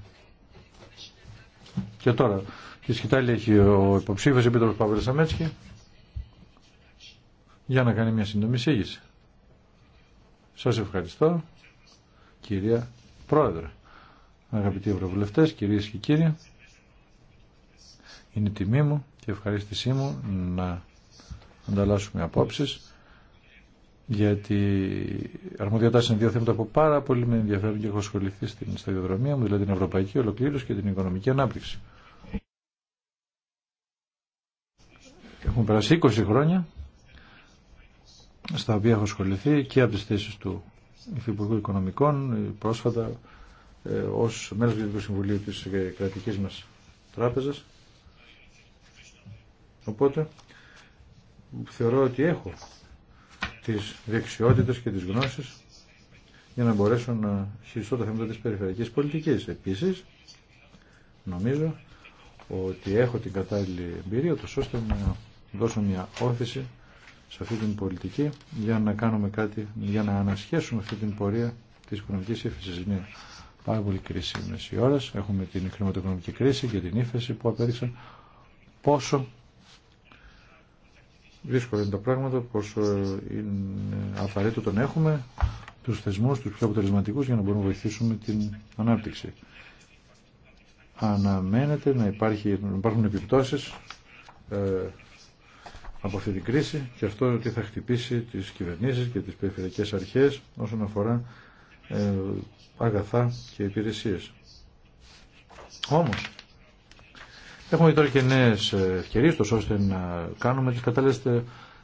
Και τώρα, τη σκητάλη έχει ο υποψήφιος επίτροπο Παύλος Σαμέτσκι για να κάνει μια σύντομη εισήγηση. Σας ευχαριστώ, κυρία Πρόεδρε. Αγαπητοί Ευρωβουλευτές, κυρίες και κύριοι, είναι τιμή μου και ευχαρίστησή μου να ανταλλάσσουμε απόψεις γιατί αρμοδιότητα είναι δύο θέματα που πάρα πολύ με ενδιαφέρουν και έχω ασχοληθεί στην σταδιοδρομία μου, δηλαδή την ευρωπαϊκή ολοκλήρωση και την οικονομική ανάπτυξη. Έχουν περάσει 20 χρόνια στα οποία έχω ασχοληθεί και από τις θέσεις του Υφυπουργού Οικονομικών πρόσφατα ε, ως μέλος του Συμβουλίου της κρατικής μας τράπεζας. Οπότε θεωρώ ότι έχω τις δεξιότητες και τις γνώσεις για να μπορέσω να χειριστώ τα θέματα της περιφερειακής πολιτικής. Επίσης, νομίζω ότι έχω την κατάλληλη εμπειρία το ώστε να δώσω μια όθηση σε αυτή την πολιτική για να κάνουμε κάτι, για να ανασχέσουμε αυτή την πορεία της οικονομικής ύφεσης. Είναι πάρα πολύ κρίσιμες οι ώρες. Έχουμε την χρηματοοικονομική κρίση και την ύφεση που απέδειξαν πόσο δύσκολα είναι τα πράγματα, πόσο είναι απαραίτητο τον έχουμε, τους θεσμούς, τους πιο αποτελεσματικούς για να μπορούμε να βοηθήσουμε την ανάπτυξη. Αναμένεται να, υπάρχει, να υπάρχουν επιπτώσεις ε, από αυτή την κρίση και αυτό ότι θα χτυπήσει τις κυβερνήσεις και τις περιφερειακές αρχές όσον αφορά ε, αγαθά και υπηρεσίες. Όμως, Έχουμε τώρα και νέε ευκαιρίε, ώστε να κάνουμε τι κατάλληλε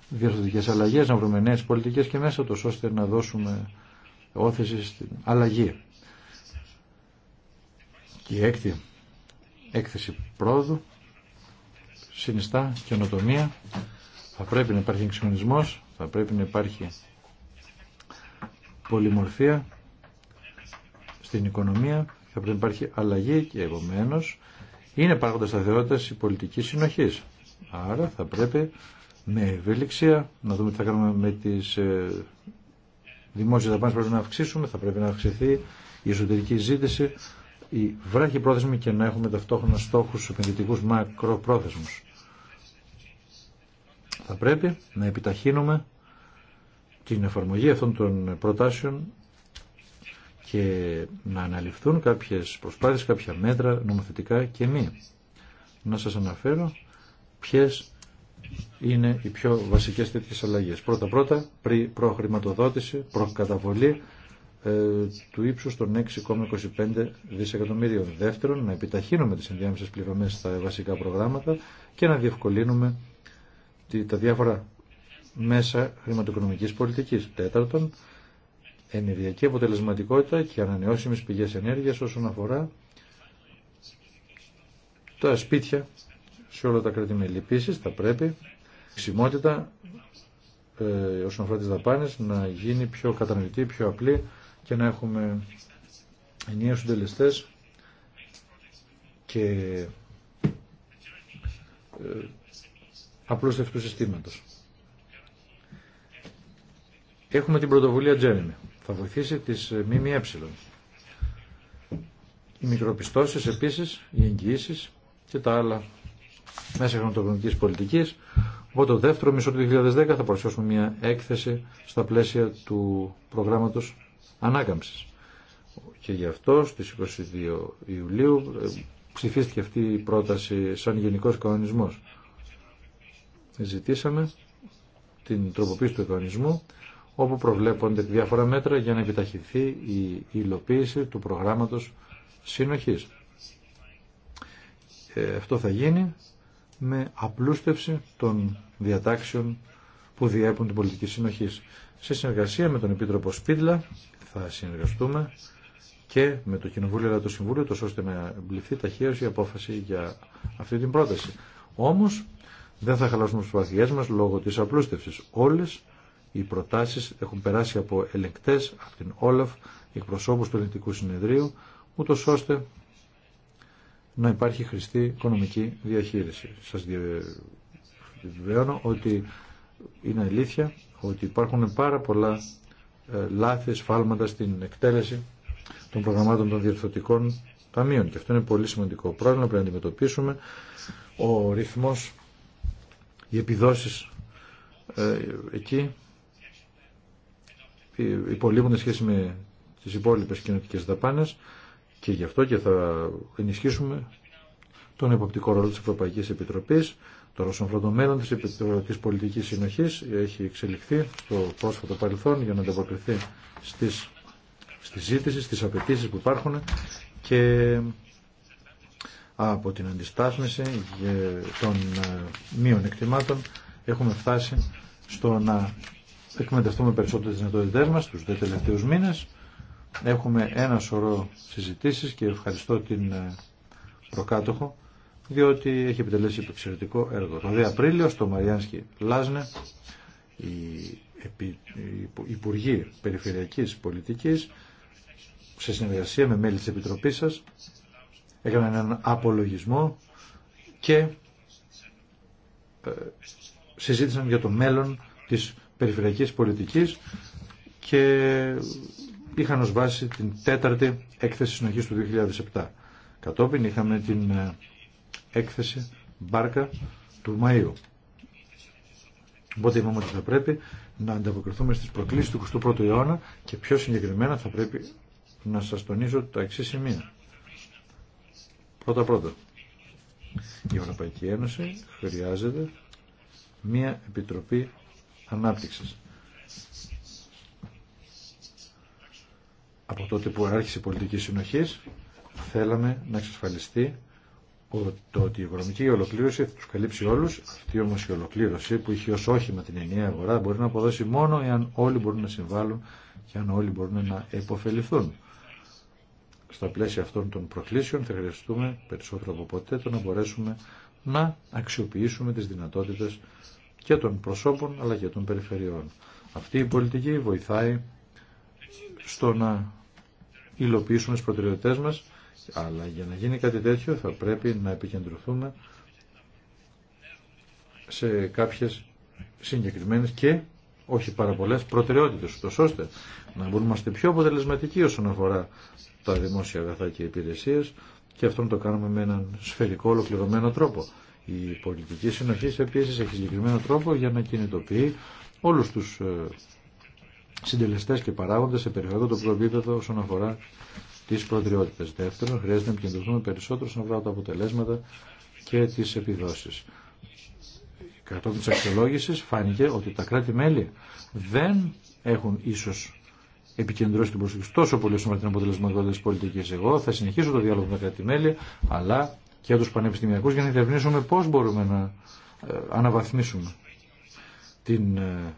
διαρθρωτικέ αλλαγέ, να βρούμε νέε πολιτικέ και μέσα, τόσο ώστε να δώσουμε όθεση στην αλλαγή. Και η έκτη έκθεση πρόοδου συνιστά καινοτομία. Θα πρέπει να υπάρχει εξοικονισμό, θα πρέπει να υπάρχει πολυμορφία στην οικονομία, θα πρέπει να υπάρχει αλλαγή και επομένω είναι παράγοντα σταθερότητα η πολιτική συνοχή. Άρα θα πρέπει με ευελιξία να δούμε τι θα κάνουμε με τι ε, δημόσιε δαπάνε πρέπει να αυξήσουμε, θα πρέπει να αυξηθεί η εσωτερική ζήτηση, η βράχη πρόθεσμη και να έχουμε ταυτόχρονα στόχου επενδυτικού μακροπρόθεσμου. Θα πρέπει να επιταχύνουμε την εφαρμογή αυτών των προτάσεων και να αναλυφθούν κάποιες προσπάθειες, κάποια μέτρα νομοθετικά και μη. Να σας αναφέρω ποιες είναι οι πιο βασικές τέτοιες αλλαγές. Πρώτα-πρώτα, προχρηματοδότηση, προκαταβολή ε, του ύψους των 6,25 δισεκατομμύριων. Δεύτερον, να επιταχύνουμε τις ενδιάμεσες πληρωμές στα βασικά προγράμματα και να διευκολύνουμε τα διάφορα μέσα χρηματοοικονομικής πολιτικής. Τέταρτον, ενεργειακή αποτελεσματικότητα και ανανεώσιμες πηγές ενέργειας όσον αφορά τα σπίτια σε όλα τα κρατημέλη. Επίσης θα πρέπει ξημότητα ε, όσον αφορά τις δαπάνες να γίνει πιο κατανοητή, πιο απλή και να έχουμε ενιαίους συντελεστέ και ε, απλούς συστήματος. Έχουμε την πρωτοβουλία Jeremy θα βοηθήσει τις ε, ΜΜΕ. Οι μικροπιστώσεις επίσης, οι εγγυήσει και τα άλλα μέσα χρηματοοικονομικής πολιτικής. Οπότε το δεύτερο μισό του 2010 θα παρουσιάσουμε μια έκθεση στα πλαίσια του προγράμματος ανάκαμψης. Και γι' αυτό στις 22 Ιουλίου ε, ψηφίστηκε αυτή η πρόταση σαν γενικό κανονισμός. Ζητήσαμε την τροποποίηση του κανονισμού όπου προβλέπονται διάφορα μέτρα για να επιταχυνθεί η υλοποίηση του προγράμματος συνοχής. Ε, αυτό θα γίνει με απλούστευση των διατάξεων που διέπουν την πολιτική συνοχή. Σε συνεργασία με τον Επίτροπο Σπίτλα θα συνεργαστούμε και με το Κοινοβούλιο αλλά το Συμβούλιο, τόσο ώστε να εμπληθεί ταχύως η απόφαση για αυτή την πρόταση. Όμως δεν θα χαλάσουμε τις προσπαθειές μας λόγω της απλούστευσης. Όλες οι προτάσεις έχουν περάσει από ελεγκτές, από την Όλαφ, εκπροσώπους του Ελληνικού Συνεδρίου, ούτω ώστε να υπάρχει χρηστή οικονομική διαχείριση. Σας διαβεβαιώνω ότι είναι αλήθεια ότι υπάρχουν πάρα πολλά ε, λάθη, σφάλματα στην εκτέλεση των προγραμμάτων των διορθωτικών ταμείων. Και αυτό είναι πολύ σημαντικό πρόβλημα να αντιμετωπίσουμε. Ο ρυθμός, οι επιδόσεις ε, εκεί υπολείπουν σχέση με τις υπόλοιπες κοινωτικές δαπάνες και γι' αυτό και θα ενισχύσουμε τον εποπτικό ρόλο της Ευρωπαϊκής Επιτροπής. Το Ρώσο μέλλον της πολιτική Πολιτικής Συνοχής έχει εξελιχθεί στο πρόσφατο παρελθόν για να ανταποκριθεί στις, στη ζήτηση, στις απαιτήσει που υπάρχουν και από την αντιστάθμιση των ε, μείων εκτιμάτων έχουμε φτάσει στο να εκμεταλλευτούμε περισσότερο τις δυνατότητές μας τους δε τελευταίους μήνες. Έχουμε ένα σωρό συζητήσεις και ευχαριστώ την ε, προκάτοχο διότι έχει επιτελέσει εξαιρετικό έργο. Το 2 Απρίλιο στο Μαριάνσκι Λάζνε οι Υπουργοί Περιφερειακής Πολιτικής σε συνεργασία με μέλη της Επιτροπής σας έκαναν έναν απολογισμό και ε, συζήτησαν για το μέλλον της περιφερειακής πολιτικής και είχαν ως βάση την τέταρτη έκθεση συνοχής του 2007. Κατόπιν είχαμε την ε, έκθεση Μπάρκα του Μαΐου. Οπότε είπαμε ότι θα πρέπει να ανταποκριθούμε στις προκλήσεις του 21ου αιώνα και πιο συγκεκριμένα θα πρέπει να σας τονίζω τα εξή σημεία. Πρώτα πρώτα, η Ευρωπαϊκή Ένωση χρειάζεται μια επιτροπή από τότε που άρχισε η πολιτική συνοχή, θέλαμε να εξασφαλιστεί ότι η οικονομική ολοκλήρωση θα του καλύψει όλου. Αυτή όμω η ολοκλήρωση που είχε ω όχημα την ενιαία αγορά μπορεί να αποδώσει μόνο εάν όλοι μπορούν να συμβάλλουν και αν όλοι μπορούν να υποφεληθούν. Στα πλαίσια αυτών των προκλήσεων θα χρειαστούμε περισσότερο από ποτέ το να μπορέσουμε να αξιοποιήσουμε τις δυνατότητες και των προσώπων αλλά και των περιφερειών. Αυτή η πολιτική βοηθάει στο να υλοποιήσουμε τις προτεραιότητές μας αλλά για να γίνει κάτι τέτοιο θα πρέπει να επικεντρωθούμε σε κάποιες συγκεκριμένες και όχι πάρα πολλέ προτεραιότητε, ούτω ώστε να μπορούμε να είμαστε πιο αποτελεσματικοί όσον αφορά τα δημόσια αγαθά και υπηρεσίε και αυτό να το κάνουμε με έναν σφαιρικό, ολοκληρωμένο τρόπο. Η πολιτική συνοχή επίσης έχει συγκεκριμένο τρόπο για να κινητοποιεί όλους τους ε, συντελεστές και παράγοντες σε περιφερειακό το επίπεδο όσον αφορά τις προτεραιότητες. Δεύτερον, χρειάζεται να επικεντρωθούμε περισσότερο όσον αφορά τα αποτελέσματα και τις επιδόσεις. Κατόπιν της αξιολόγησης φάνηκε ότι τα κράτη-μέλη δεν έχουν ίσως επικεντρώσει την προσοχή τόσο πολύ όσον αφορά την αποτελεσματικότητα τη πολιτική. Εγώ θα συνεχίσω το διάλογο με τα κράτη-μέλη, αλλά και τους πανεπιστημιακούς για να διευνήσουμε πώς μπορούμε να ε, αναβαθμίσουμε την ε,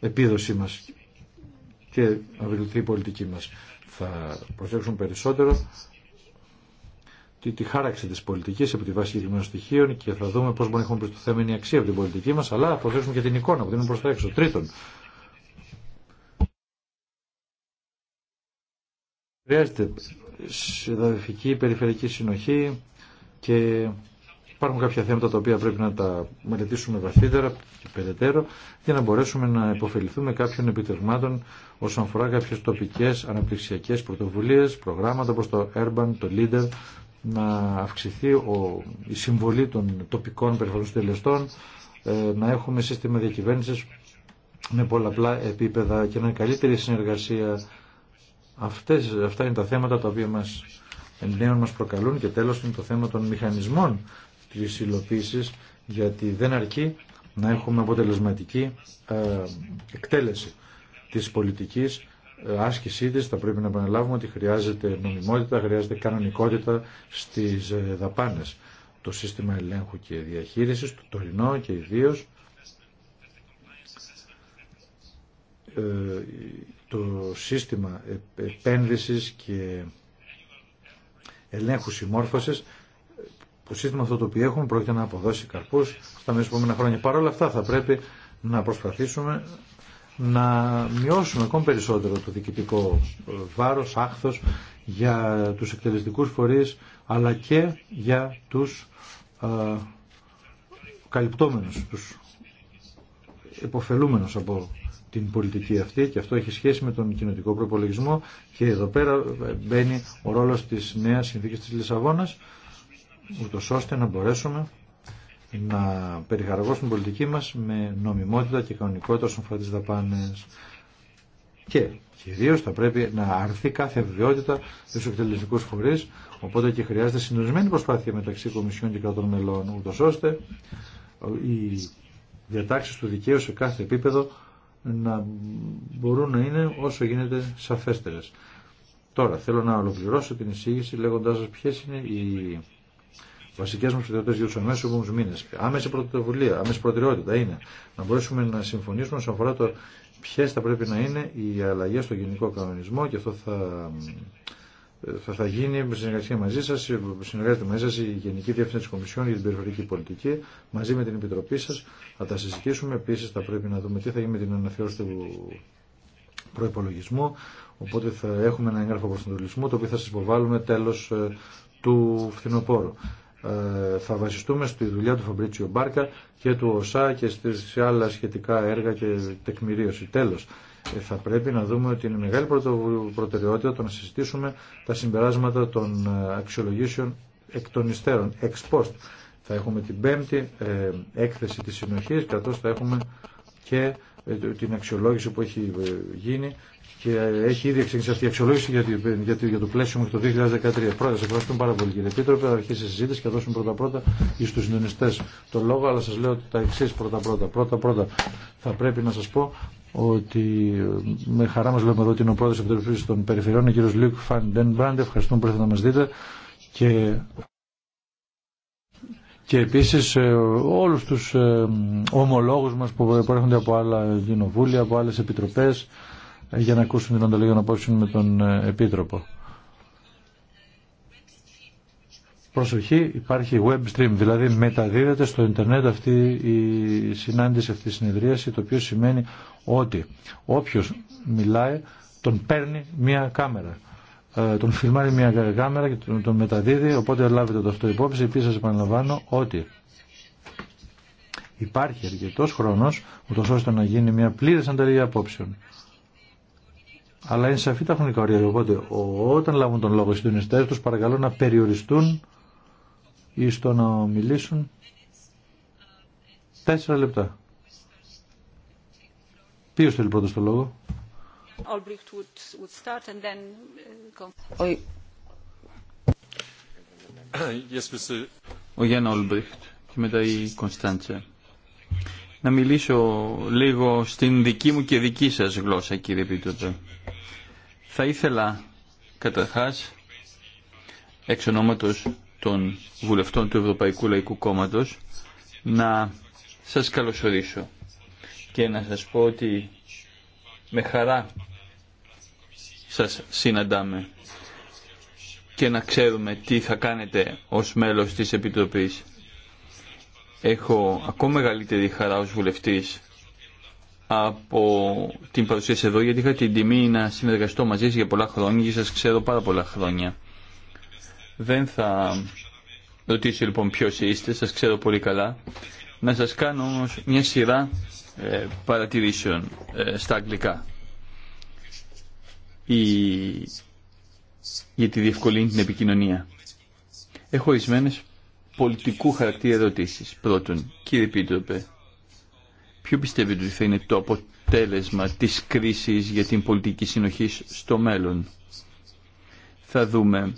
επίδοσή μας και να βελτιωθεί η πολιτική μας. Θα προσέξουν περισσότερο τη, τη χάραξη της πολιτικής από τη βάση συγκεκριμένων στοιχείων και θα δούμε πώς μπορούμε να έχουμε προστιθέμενη αξία από την πολιτική μας, αλλά θα προσέξουμε και την εικόνα που δίνουμε προς τα έξω. Τρίτον, χρειάζεται περιφερειακή συνοχή, και υπάρχουν κάποια θέματα τα οποία πρέπει να τα μελετήσουμε βαθύτερα και περαιτέρω για να μπορέσουμε να υποφεληθούμε κάποιων επιτευγμάτων όσον αφορά κάποιε τοπικέ αναπτυξιακέ πρωτοβουλίε, προγράμματα όπω το Urban, το Leader, να αυξηθεί ο, η συμβολή των τοπικών περιφερειακών τελεστών, ε, να έχουμε σύστημα διακυβέρνηση με πολλαπλά επίπεδα και να είναι καλύτερη συνεργασία. Αυτές, αυτά είναι τα θέματα τα οποία μας εμπνέων μας προκαλούν και τέλος είναι το θέμα των μηχανισμών της υλοποίηση, γιατί δεν αρκεί να έχουμε αποτελεσματική ε, εκτέλεση της πολιτικής ε, άσκησή της, θα πρέπει να επαναλάβουμε ότι χρειάζεται νομιμότητα, χρειάζεται κανονικότητα στις ε, δαπάνες. Το σύστημα ελέγχου και διαχείρισης, το τωρινό και ιδίω. το σύστημα επένδυσης και ελέγχου συμμόρφωση, το σύστημα αυτό το οποίο έχουμε πρόκειται να αποδώσει καρπού στα μέσα επόμενα χρόνια. Παρ' όλα αυτά θα πρέπει να προσπαθήσουμε να μειώσουμε ακόμη περισσότερο το διοικητικό ε, βάρος, άχθο για τους εκτελεστικούς φορείς αλλά και για τους ε, καλυπτόμενου, του τους από την πολιτική αυτή και αυτό έχει σχέση με τον κοινοτικό προπολογισμό και εδώ πέρα μπαίνει ο ρόλος της νέας συνθήκης της Λισαβόνας ούτως ώστε να μπορέσουμε να περιχαραγώσουμε την πολιτική μας με νομιμότητα και κανονικότητα όσον αφορά τις δαπάνες. Και κυρίω θα πρέπει να αρθεί κάθε αβεβαιότητα στου εκτελεστικού φορεί. Οπότε και χρειάζεται συντονισμένη προσπάθεια μεταξύ Κομισιών και κρατών μελών, ούτω ώστε οι διατάξει του δικαίου σε κάθε επίπεδο να μπορούν να είναι όσο γίνεται σαφέστερες. Τώρα θέλω να ολοκληρώσω την εισήγηση λέγοντάς σας ποιες είναι οι βασικές μας προτεραιότητες για τους αμέσους επόμενους μήνες. Άμεση πρωτοβουλία, άμεση προτεραιότητα είναι να μπορέσουμε να συμφωνήσουμε όσον αφορά το ποιες θα πρέπει να είναι οι αλλαγές στο γενικό κανονισμό και αυτό θα ε, θα, θα γίνει με συνεργασία μαζί σα, ε, συνεργάζεται μαζί σα η Γενική Διεύθυνση τη Κομισιόν για την Περιφερειακή Πολιτική, μαζί με την Επιτροπή σα. Θα τα συζητήσουμε. Επίση, θα πρέπει να δούμε τι θα γίνει με την αναθεώρηση του προπολογισμού. Οπότε θα έχουμε ένα έγγραφο προσανατολισμού, το οποίο θα σα υποβάλουμε τέλο ε, του φθινοπόρου. θα βασιστούμε στη δουλειά του Φαμπρίτσιο Μπάρκα και του ΟΣΑ και σε άλλα σχετικά έργα και τεκμηρίωση. Τέλος, ε, θα πρέπει να δούμε ότι είναι μεγάλη προτεραιότητα το να συζητήσουμε τα συμπεράσματα των ε, αξιολογήσεων εκ των υστέρων, ex post. Θα έχουμε την πέμπτη ε, έκθεση της συνοχής, καθώς θα έχουμε και την αξιολόγηση που έχει γίνει και έχει ήδη εξεγγίσει αυτή η αξιολόγηση για, για, για το πλαίσιο μέχρι το 2013. Πρώτα, σε ευχαριστούμε πάρα πολύ κύριε Επίτροπε. Θα αρχίσει η συζήτηση και θα δώσουμε πρώτα-πρώτα τους συντονιστές το λόγο, αλλά σας λέω τα εξή πρώτα-πρώτα. Πρώτα-πρώτα θα πρέπει να σα πω ότι ε, με χαρά μας βλέπουμε εδώ ότι είναι ο πρόεδρος Επιτροπής των Περιφερειών, ο κύριος Λίκ Φαν Μπράντε Ευχαριστούμε που ήρθατε να μας δείτε. Και, και επίσης ε, όλους τους ε, ομολόγους μας που προέρχονται από άλλα κοινοβούλια, από άλλες επιτροπές, για να ακούσουν την ανταλλαγή να απόψεων με τον Επίτροπο. προσοχή υπάρχει web stream, δηλαδή μεταδίδεται στο ίντερνετ αυτή η συνάντηση, αυτή η συνεδρίαση, το οποίο σημαίνει ότι όποιος μιλάει τον παίρνει μια κάμερα. Ε, τον φιλμάρει μια κάμερα και τον μεταδίδει, οπότε λάβετε το αυτό υπόψη. Επίσης επαναλαμβάνω ότι υπάρχει αρκετό χρόνος, ούτω ώστε να γίνει μια πλήρης ανταλλαγή απόψεων. Αλλά είναι σαφή τα χρονικά όρια. Οπότε, όταν λάβουν τον λόγο οι συντονιστέ του, παρακαλώ να περιοριστούν ή στο να μιλήσουν. Τέσσερα λεπτά. Ποιος θέλει πρώτος το λόγο. Uh, Ο Γιάννα Ολμπριχτ και μετά η Κωνσταντσέ. Να μιλήσω λίγο στην δική μου και δική σας γλώσσα κύριε Επίτροπε. Θα ήθελα καταρχάς εξ ονόματος των βουλευτών του Ευρωπαϊκού Λαϊκού Κόμματος να σας καλωσορίσω και να σας πω ότι με χαρά σας συναντάμε και να ξέρουμε τι θα κάνετε ως μέλος της Επιτροπής. Έχω ακόμα μεγαλύτερη χαρά ως βουλευτής από την παρουσίαση εδώ γιατί είχα την τιμή να συνεργαστώ μαζί σας για πολλά χρόνια και σας ξέρω πάρα πολλά χρόνια. Δεν θα ρωτήσω λοιπόν ποιος είστε, σας ξέρω πολύ καλά. Να σας κάνω όμως μια σειρά ε, παρατηρήσεων ε, στα αγγλικά. Η... Γιατί διευκολύνει την επικοινωνία. Έχω ορισμένε πολιτικού χαρακτήρα ερωτήσει. Πρώτον, κύριε Πίτροπε, ποιο πιστεύετε ότι θα είναι το αποτέλεσμα της κρίσης για την πολιτική συνοχή στο μέλλον. Θα δούμε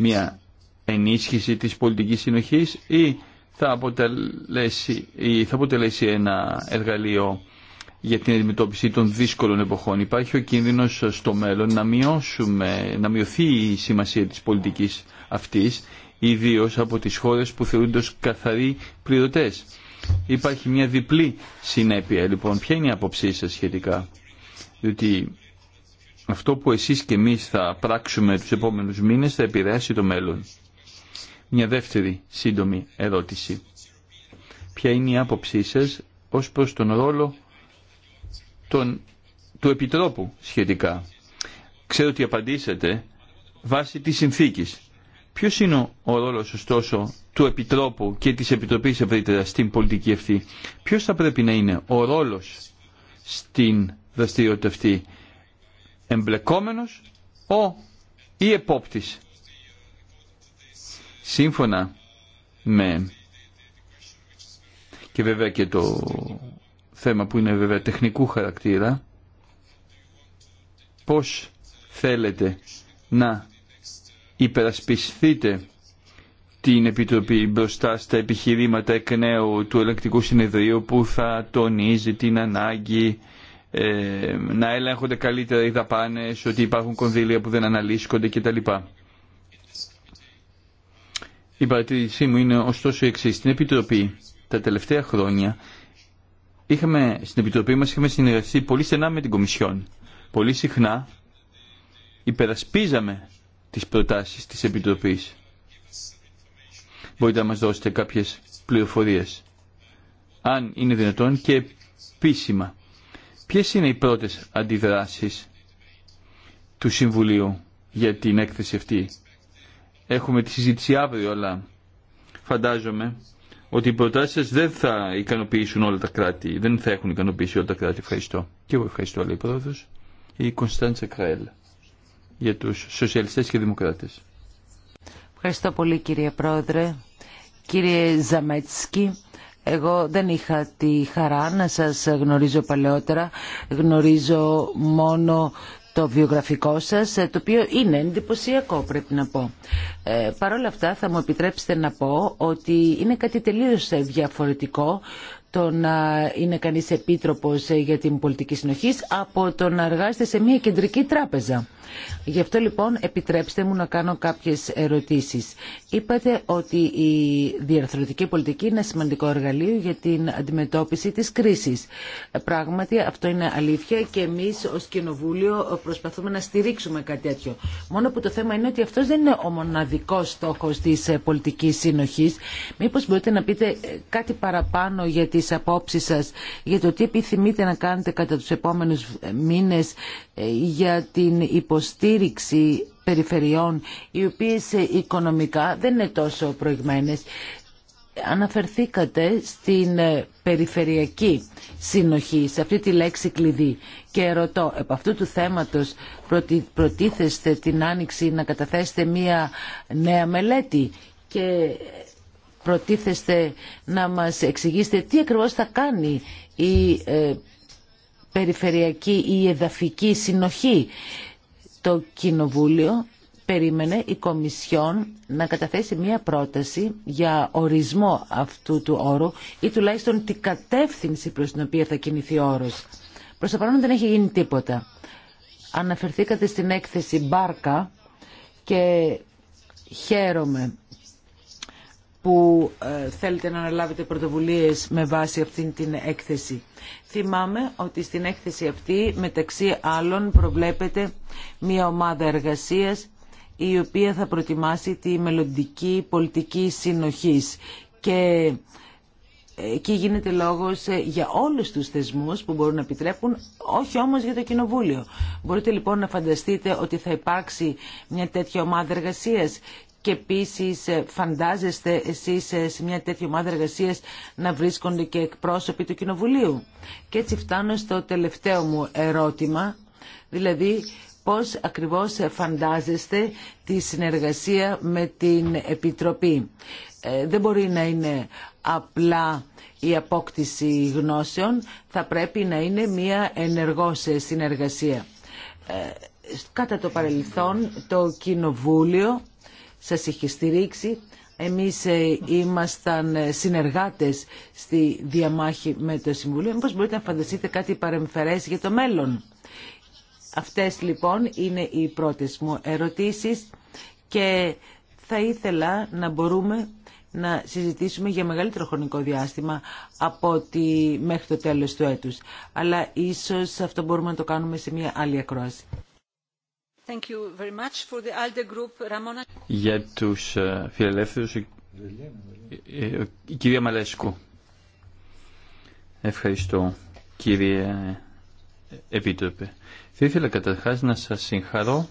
μια ενίσχυση της πολιτικής συνοχής ή θα αποτελέσει, ή θα αποτελέσει ένα εργαλείο για την αντιμετώπιση των δύσκολων εποχών. Υπάρχει ο κίνδυνος στο μέλλον να, μειώσουμε, να μειωθεί η σημασία της πολιτικής αυτής, ιδίω από τις χώρες που θεωρούνται ως καθαροί πληρωτές. Υπάρχει μια διπλή συνέπεια λοιπόν. Ποια είναι η άποψή σας σχετικά, διότι αυτό που εσείς και εμείς θα πράξουμε τους επόμενους μήνες θα επηρεάσει το μέλλον. Μια δεύτερη σύντομη ερώτηση. Ποια είναι η άποψή σας ως προς τον ρόλο του Επιτρόπου σχετικά. Ξέρω ότι απαντήσατε βάσει της συνθήκης. Ποιος είναι ο ρόλος ωστόσο του Επιτρόπου και της Επιτροπής ευρύτερα στην πολιτική αυτή. Ποιος θα πρέπει να είναι ο ρόλος στην δραστηριότητα αυτή εμπλεκόμενος ο ή επόπτης. Σύμφωνα με και βέβαια και το θέμα που είναι βέβαια τεχνικού χαρακτήρα πώς θέλετε να υπερασπιστείτε την Επιτροπή μπροστά στα επιχειρήματα εκ νέου του ελεκτικού συνεδρίου που θα τονίζει την ανάγκη ε, να έλεγχονται καλύτερα οι δαπάνες, ότι υπάρχουν κονδύλια που δεν αναλύσκονται κτλ. Η παρατήρησή μου είναι ωστόσο η εξή. Στην Επιτροπή τα τελευταία χρόνια είχαμε, στην Επιτροπή μας είχαμε συνεργαστεί πολύ στενά με την Κομισιόν. Πολύ συχνά υπερασπίζαμε τις προτάσεις της Επιτροπής. Μπορείτε να μας δώσετε κάποιες πληροφορίες. Αν είναι δυνατόν και επίσημα. Ποιες είναι οι πρώτες αντιδράσεις του Συμβουλίου για την έκθεση αυτή. Έχουμε τη συζήτηση αύριο, αλλά φαντάζομαι ότι οι προτάσεις σας δεν θα ικανοποιήσουν όλα τα κράτη, δεν θα έχουν ικανοποιήσει όλα τα κράτη. Ευχαριστώ. Και εγώ ευχαριστώ, λέει πρόεδρος, η Κωνσταντσα Κραέλ για τους σοσιαλιστές και δημοκράτες. Ευχαριστώ πολύ κύριε Πρόεδρε. Κύριε Ζαμέτσκι, εγώ δεν είχα τη χαρά να σας γνωρίζω παλαιότερα. Γνωρίζω μόνο το βιογραφικό σας, το οποίο είναι εντυπωσιακό πρέπει να πω. Ε, Παρ' όλα αυτά θα μου επιτρέψετε να πω ότι είναι κάτι τελείως διαφορετικό το να είναι κανείς επίτροπος ε, για την πολιτική συνοχή από το να εργάζεται σε μια κεντρική τράπεζα. Γι' αυτό λοιπόν επιτρέψτε μου να κάνω κάποιες ερωτήσεις. Είπατε ότι η διαρθρωτική πολιτική είναι σημαντικό εργαλείο για την αντιμετώπιση της κρίσης. Ε, πράγματι αυτό είναι αλήθεια και εμείς ως Κοινοβούλιο ε, προσπαθούμε να στηρίξουμε κάτι τέτοιο. Μόνο που το θέμα είναι ότι αυτός δεν είναι ο μοναδικός στόχος της πολιτικής συνοχής. Μήπως μπορείτε να πείτε κάτι παραπάνω για τις απόψεις σας για το τι επιθυμείτε να κάνετε κατά τους επόμενους μήνες ε, για την υποστήριξη περιφερειών οι οποίες ε, οικονομικά δεν είναι τόσο προηγμένες. Αναφερθήκατε στην ε, περιφερειακή συνοχή, σε αυτή τη λέξη κλειδί και ρωτώ, επ' αυτού του θέματος προτίθεστε την Άνοιξη να καταθέσετε μία νέα μελέτη και προτίθεστε να μας εξηγήσετε τι ακριβώς θα κάνει η ε, περιφερειακή ή η εδαφική συνοχή. Το Κοινοβούλιο περίμενε η Κομισιόν να καταθέσει μία πρόταση για ορισμό αυτού του όρου ή τουλάχιστον την κατεύθυνση προς την οποία θα κινηθεί ο όρος. Προς το παρόν δεν έχει γίνει τίποτα. Αναφερθήκατε στην έκθεση Μπάρκα και χαίρομαι που ε, θέλετε να αναλάβετε πρωτοβουλίες με βάση αυτήν την έκθεση. Θυμάμαι ότι στην έκθεση αυτή μεταξύ άλλων προβλέπεται μια ομάδα εργασίας η οποία θα προτιμάσει τη μελλοντική πολιτική συνοχής και εκεί γίνεται λόγος ε, για όλους τους θεσμούς που μπορούν να επιτρέπουν, όχι όμως για το Κοινοβούλιο. Μπορείτε λοιπόν να φανταστείτε ότι θα υπάρξει μια τέτοια ομάδα εργασίας και επίση ε, φαντάζεστε εσείς ε, σε μια τέτοια ομάδα εργασία να βρίσκονται και εκπρόσωποι του Κοινοβουλίου. Και έτσι φτάνω στο τελευταίο μου ερώτημα, δηλαδή πώς ακριβώς ε, φαντάζεστε τη συνεργασία με την Επιτροπή. δεν μπορεί να είναι απλά η απόκτηση γνώσεων, θα πρέπει να είναι μια ενεργός συνεργασία. Ε, κατά το παρελθόν το Κοινοβούλιο σας είχε στηρίξει. Εμείς ε, ήμασταν ε, συνεργάτες στη διαμάχη με το Συμβουλίο. Μήπως μπορείτε να φανταστείτε κάτι παρεμφερές για το μέλλον. Αυτές λοιπόν είναι οι πρώτες μου ερωτήσεις και θα ήθελα να μπορούμε να συζητήσουμε για μεγαλύτερο χρονικό διάστημα από ότι μέχρι το τέλος του έτους. Αλλά ίσως αυτό μπορούμε να το κάνουμε σε μια άλλη ακρόαση. Για τους ε, φιλελεύθερους, η κυρία Μαλέσκου. Ευχαριστώ, κύριε ε, Επίτροπε. Θα ήθελα καταρχάς να σας συγχαρώ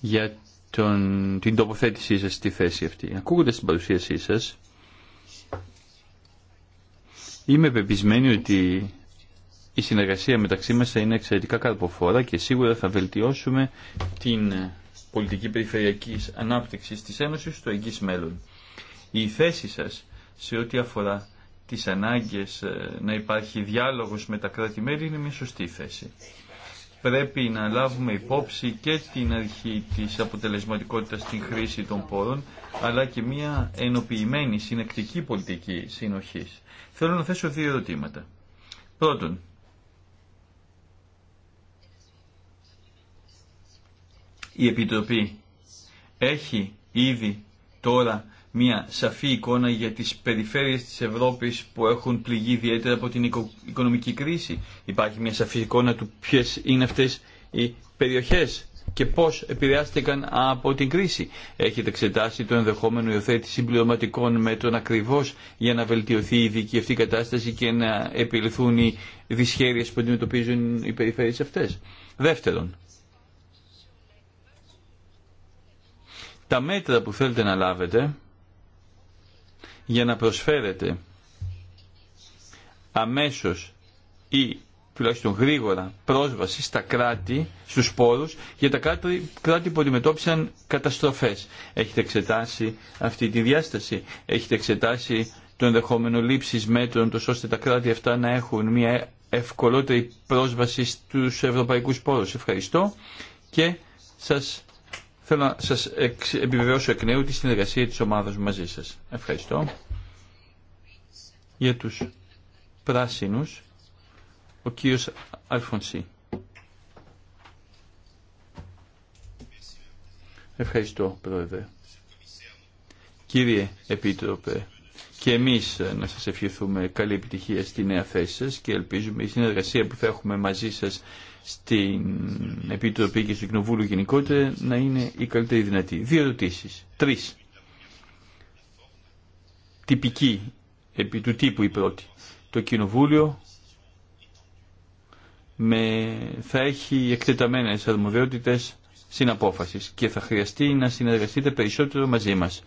για την τοποθέτησή σας στη θέση αυτή. Ακούγοντας την παρουσίασή σας, είμαι πεπισμένη ότι η συνεργασία μεταξύ μας θα είναι εξαιρετικά καρποφόρα και σίγουρα θα βελτιώσουμε την πολιτική περιφερειακή ανάπτυξη τη Ένωση στο εγγύ μέλλον. Η θέση σα σε ό,τι αφορά τι ανάγκε ε, να υπάρχει διάλογο με τα κράτη-μέλη είναι μια σωστή θέση. Πρέπει να λάβουμε υπόψη και την αρχή της αποτελεσματικότητα στην χρήση των πόρων, αλλά και μια ενοποιημένη συνεκτική πολιτική συνοχή. Θέλω να θέσω δύο ερωτήματα. Πρώτον, η Επιτροπή έχει ήδη τώρα μια σαφή εικόνα για τις περιφέρειες της Ευρώπης που έχουν πληγεί ιδιαίτερα από την οικονομική κρίση. Υπάρχει μια σαφή εικόνα του ποιε είναι αυτές οι περιοχές και πώς επηρεάστηκαν από την κρίση. Έχετε εξετάσει το ενδεχόμενο υιοθέτηση συμπληρωματικών μέτρων ακριβώς για να βελτιωθεί η δική αυτή κατάσταση και να επιληθούν οι δυσχέρειες που αντιμετωπίζουν οι περιφέρειες αυτές. Δεύτερον, τα μέτρα που θέλετε να λάβετε για να προσφέρετε αμέσως ή τουλάχιστον γρήγορα πρόσβαση στα κράτη, στους πόρους για τα κράτη, κράτη που αντιμετώπισαν καταστροφές. Έχετε εξετάσει αυτή τη διάσταση, έχετε εξετάσει το ενδεχόμενο λήψης μέτρων ώστε τα κράτη αυτά να έχουν μια ευκολότερη πρόσβαση στους ευρωπαϊκούς πόρους. Ευχαριστώ και σας Θέλω να σας επιβεβαιώσω εκ νέου τη συνεργασία της ομάδας μαζί σας. Ευχαριστώ. Για τους πράσινους, ο κύριος Αλφονσί. Ευχαριστώ, Πρόεδρε. Κύριε Επίτροπε, και εμείς να σας ευχηθούμε καλή επιτυχία στη νέα θέση σας και ελπίζουμε η συνεργασία που θα έχουμε μαζί σας στην Επιτροπή και στο Κοινοβούλιο γενικότερα να είναι η καλύτερη δυνατή. Δύο ερωτήσεις. Τρεις. Τυπική, επί του τύπου η πρώτη. Το Κοινοβούλιο με, θα έχει εκτεταμένες αρμοδιότητες συναπόφασης και θα χρειαστεί να συνεργαστείτε περισσότερο μαζί μας.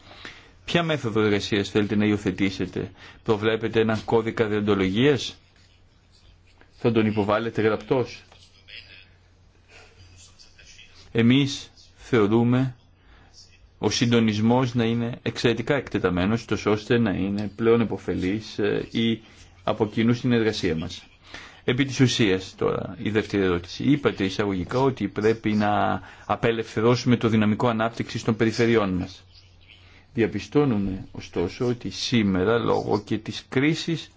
Ποια μέθοδο εργασίας θέλετε να υιοθετήσετε. Προβλέπετε έναν κώδικα διοντολογίας. Θα τον υποβάλλετε γραπτός εμείς θεωρούμε ο συντονισμός να είναι εξαιρετικά εκτεταμένος, τόσο ώστε να είναι πλέον επωφελής η ε, από κοινού δυναμικό ανάπτυξης των περιφερειών μας. Επί της ουσίας τώρα η δεύτερη ερώτηση. Είπατε εισαγωγικά ότι πρέπει να απελευθερώσουμε το δυναμικό ανάπτυξη των περιφερειών μας. Διαπιστώνουμε ωστόσο ότι σήμερα λόγω και της κρίσης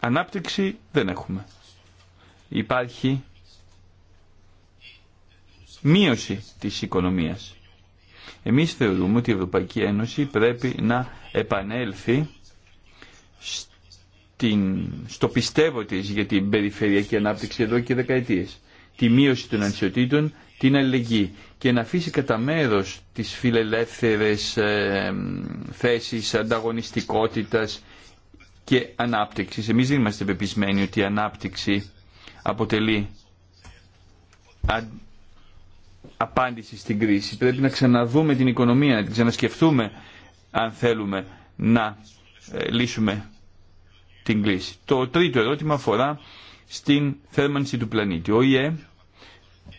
ανάπτυξη δεν έχουμε. Υπάρχει μείωση της οικονομίας. Εμείς θεωρούμε ότι η Ευρωπαϊκή Ένωση πρέπει να επανέλθει στην, στο πιστεύω της για την περιφερειακή ανάπτυξη εδώ και δεκαετίες, τη μείωση των ανισοτήτων, την αλληλεγγύη και να αφήσει κατά μέρο τις φιλελεύθερες ε, θέσεις ανταγωνιστικότητας και ανάπτυξης. Εμείς δεν είμαστε πεπισμένοι ότι η ανάπτυξη αποτελεί απάντηση στην κρίση. Πρέπει να ξαναδούμε την οικονομία, να την ξανασκεφτούμε αν θέλουμε να ε, λύσουμε την κρίση. Το τρίτο ερώτημα αφορά στην θέρμανση του πλανήτη. Ο ΙΕ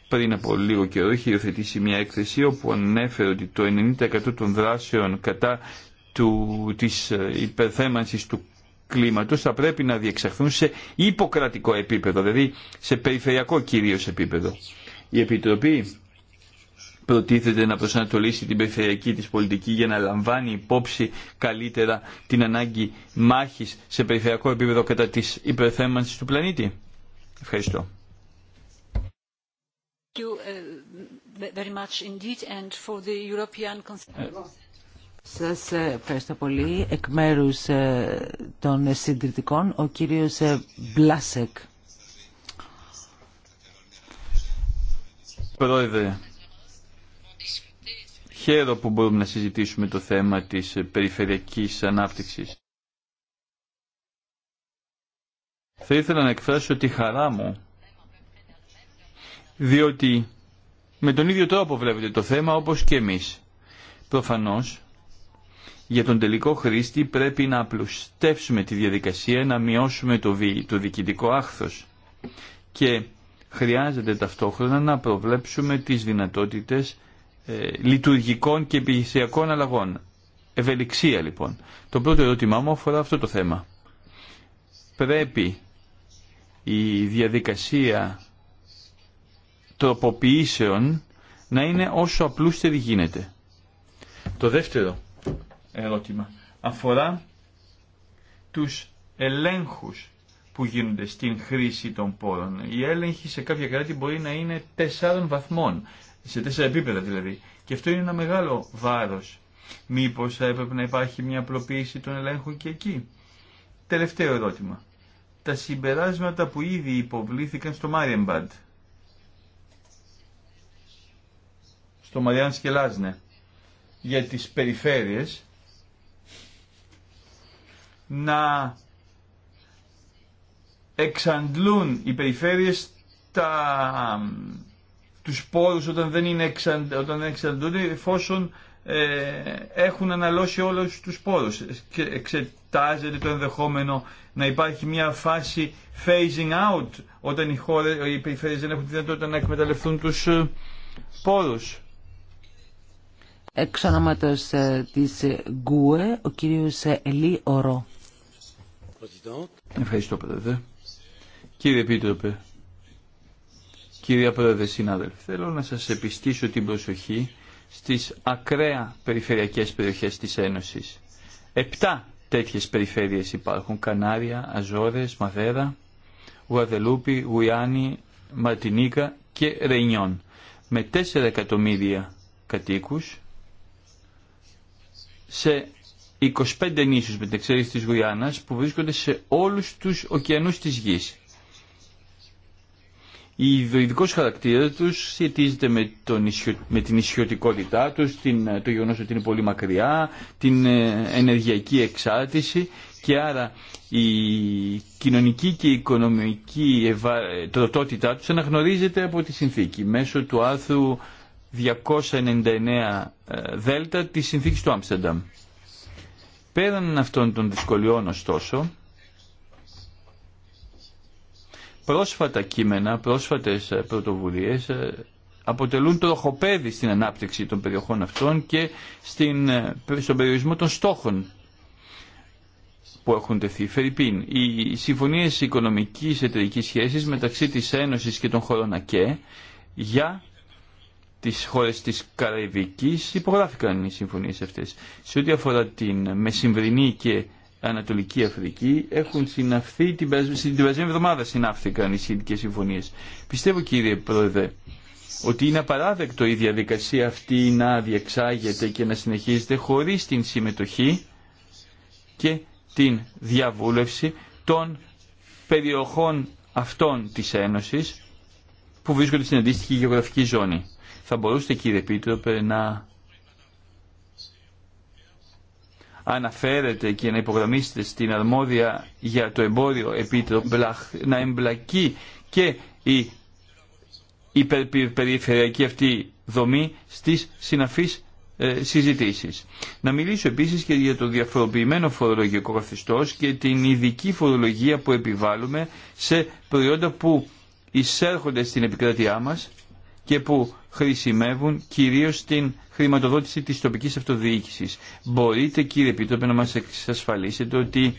πριν από λίγο καιρό είχε υιοθετήσει μια έκθεση όπου ανέφερε ότι το 90% των δράσεων κατά του, της ε, υπερθέμανσης του κλίματος θα πρέπει να διεξαχθούν σε υποκρατικό επίπεδο, δηλαδή σε περιφερειακό κυρίως επίπεδο. Η Επιτροπή προτίθεται να προσανατολίσει την περιφερειακή της πολιτική για να λαμβάνει υπόψη καλύτερα την ανάγκη μάχης σε περιφερειακό επίπεδο κατά της υπερθέμανσης του πλανήτη. Ευχαριστώ. Σας ε, ευχαριστώ πολύ. Εκ μέρους ε, των συντηρητικών, ο κύριος ε, Μπλάσεκ. Πρόεδρε, Χαίρο που μπορούμε να συζητήσουμε το θέμα της περιφερειακής ανάπτυξης. Θα ήθελα να εκφράσω τη χαρά μου, διότι με τον ίδιο τρόπο βλέπετε το θέμα όπως και εμείς. Προφανώς, για τον τελικό χρήστη πρέπει να απλουστεύσουμε τη διαδικασία, να μειώσουμε το, βι, το διοικητικό άχθος και χρειάζεται ταυτόχρονα να προβλέψουμε τις δυνατότητες ε, λειτουργικών και επιχειρησιακών αλλαγών. Ευελιξία λοιπόν. Το πρώτο ερώτημά μου αφορά αυτό το θέμα. Πρέπει η διαδικασία τροποποιήσεων να είναι όσο απλούστερη γίνεται. Το δεύτερο ερώτημα αφορά τους ελέγχους που γίνονται στην χρήση των πόρων. Η έλεγχη σε κάποια κράτη μπορεί να είναι τεσσάρων βαθμών σε τέσσερα επίπεδα δηλαδή. Και αυτό είναι ένα μεγάλο βάρο. Μήπως θα έπρεπε να υπάρχει μια απλοποίηση των ελέγχων και εκεί. Τελευταίο ερώτημα. Τα συμπεράσματα που ήδη υποβλήθηκαν στο Μάριεμπαντ. Στο Μαριάν Σκελάζνε. Ναι. Για τις περιφέρειες να εξαντλούν οι περιφέρειες τα τους πόρους όταν δεν, είναι όταν εφόσον ε, έχουν αναλώσει όλους τους πόρους. Και εξετάζεται το ενδεχόμενο να υπάρχει μια φάση phasing out όταν οι, χώρες, οι περιφέρειες δεν έχουν τη δυνατότητα να εκμεταλλευτούν τους ε, πόρους. Εξ ονόματος ε, της Γκουε, ο κύριος ε, Ελί Ορό. Ευχαριστώ, Πρόεδρε. Κύριε Επίτροπε, Κύριε Πρόεδρε, συνάδελφοι, θέλω να σας επιστήσω την προσοχή στις ακραία περιφερειακές περιοχές της Ένωσης. Επτά τέτοιες περιφέρειες υπάρχουν. Κανάρια, Αζόρες, Μαδέρα, Γουαδελούπη, Γουιάννη, Μαρτινίκα και Ρενιόν. Με 4 εκατομμύρια κατοίκους σε 25 νήσους με την εξαίρεση της Γουιάννας που βρίσκονται σε όλους τους ωκεανούς της γης. Η ειδικός χαρακτήρα τους σχετίζεται με, τον την ισιωτικότητά τους, την... το γεγονός ότι είναι πολύ μακριά, την ε, ενεργειακή εξάρτηση και άρα η κοινωνική και η οικονομική ευα... τροτότητά τους αναγνωρίζεται από τη συνθήκη μέσω του άρθρου 299 ε, δέλτα τη συνθήκης του Άμστερνταμ. Πέραν αυτών των δυσκολιών ωστόσο, Πρόσφατα κείμενα, πρόσφατες ε, πρωτοβουλίες ε, αποτελούν τροχοπέδι στην ανάπτυξη των περιοχών αυτών και στην, ε, στον περιορισμό των στόχων που έχουν τεθεί. Φερρυπίν, οι συμφωνίες οικονομικής εταιρικής σχέσης μεταξύ της Ένωσης και των χωρών ΑΚΕ για τις χώρες της Καραϊβικής υπογράφηκαν οι συμφωνίες αυτές. Σε ό,τι αφορά την μεσημβρινή και Ανατολική Αφρική έχουν συναυθεί την περασμένη εβδομάδα συνάφθηκαν οι σχετικές συμφωνίες. Πιστεύω κύριε Πρόεδρε ότι είναι απαράδεκτο η διαδικασία αυτή να διεξάγεται και να συνεχίζεται χωρίς την συμμετοχή και την διαβούλευση των περιοχών αυτών της Ένωσης που βρίσκονται στην αντίστοιχη γεωγραφική ζώνη. Θα μπορούσατε κύριε Πίτροπε να αναφέρεται και να υπογραμμίσετε στην αρμόδια για το εμπόριο επίτροπο να εμπλακεί και η υπερπεριφερειακή αυτή δομή στις συναφείς ε, συζητήσεις. Να μιλήσω επίσης και για το διαφοροποιημένο φορολογικό καθεστώς και την ειδική φορολογία που επιβάλλουμε σε προϊόντα που εισέρχονται στην επικρατειά μας και που χρησιμεύουν κυρίως την χρηματοδότηση της τοπικής αυτοδιοίκησης. Μπορείτε κύριε Επίτροπε να μας εξασφαλίσετε ότι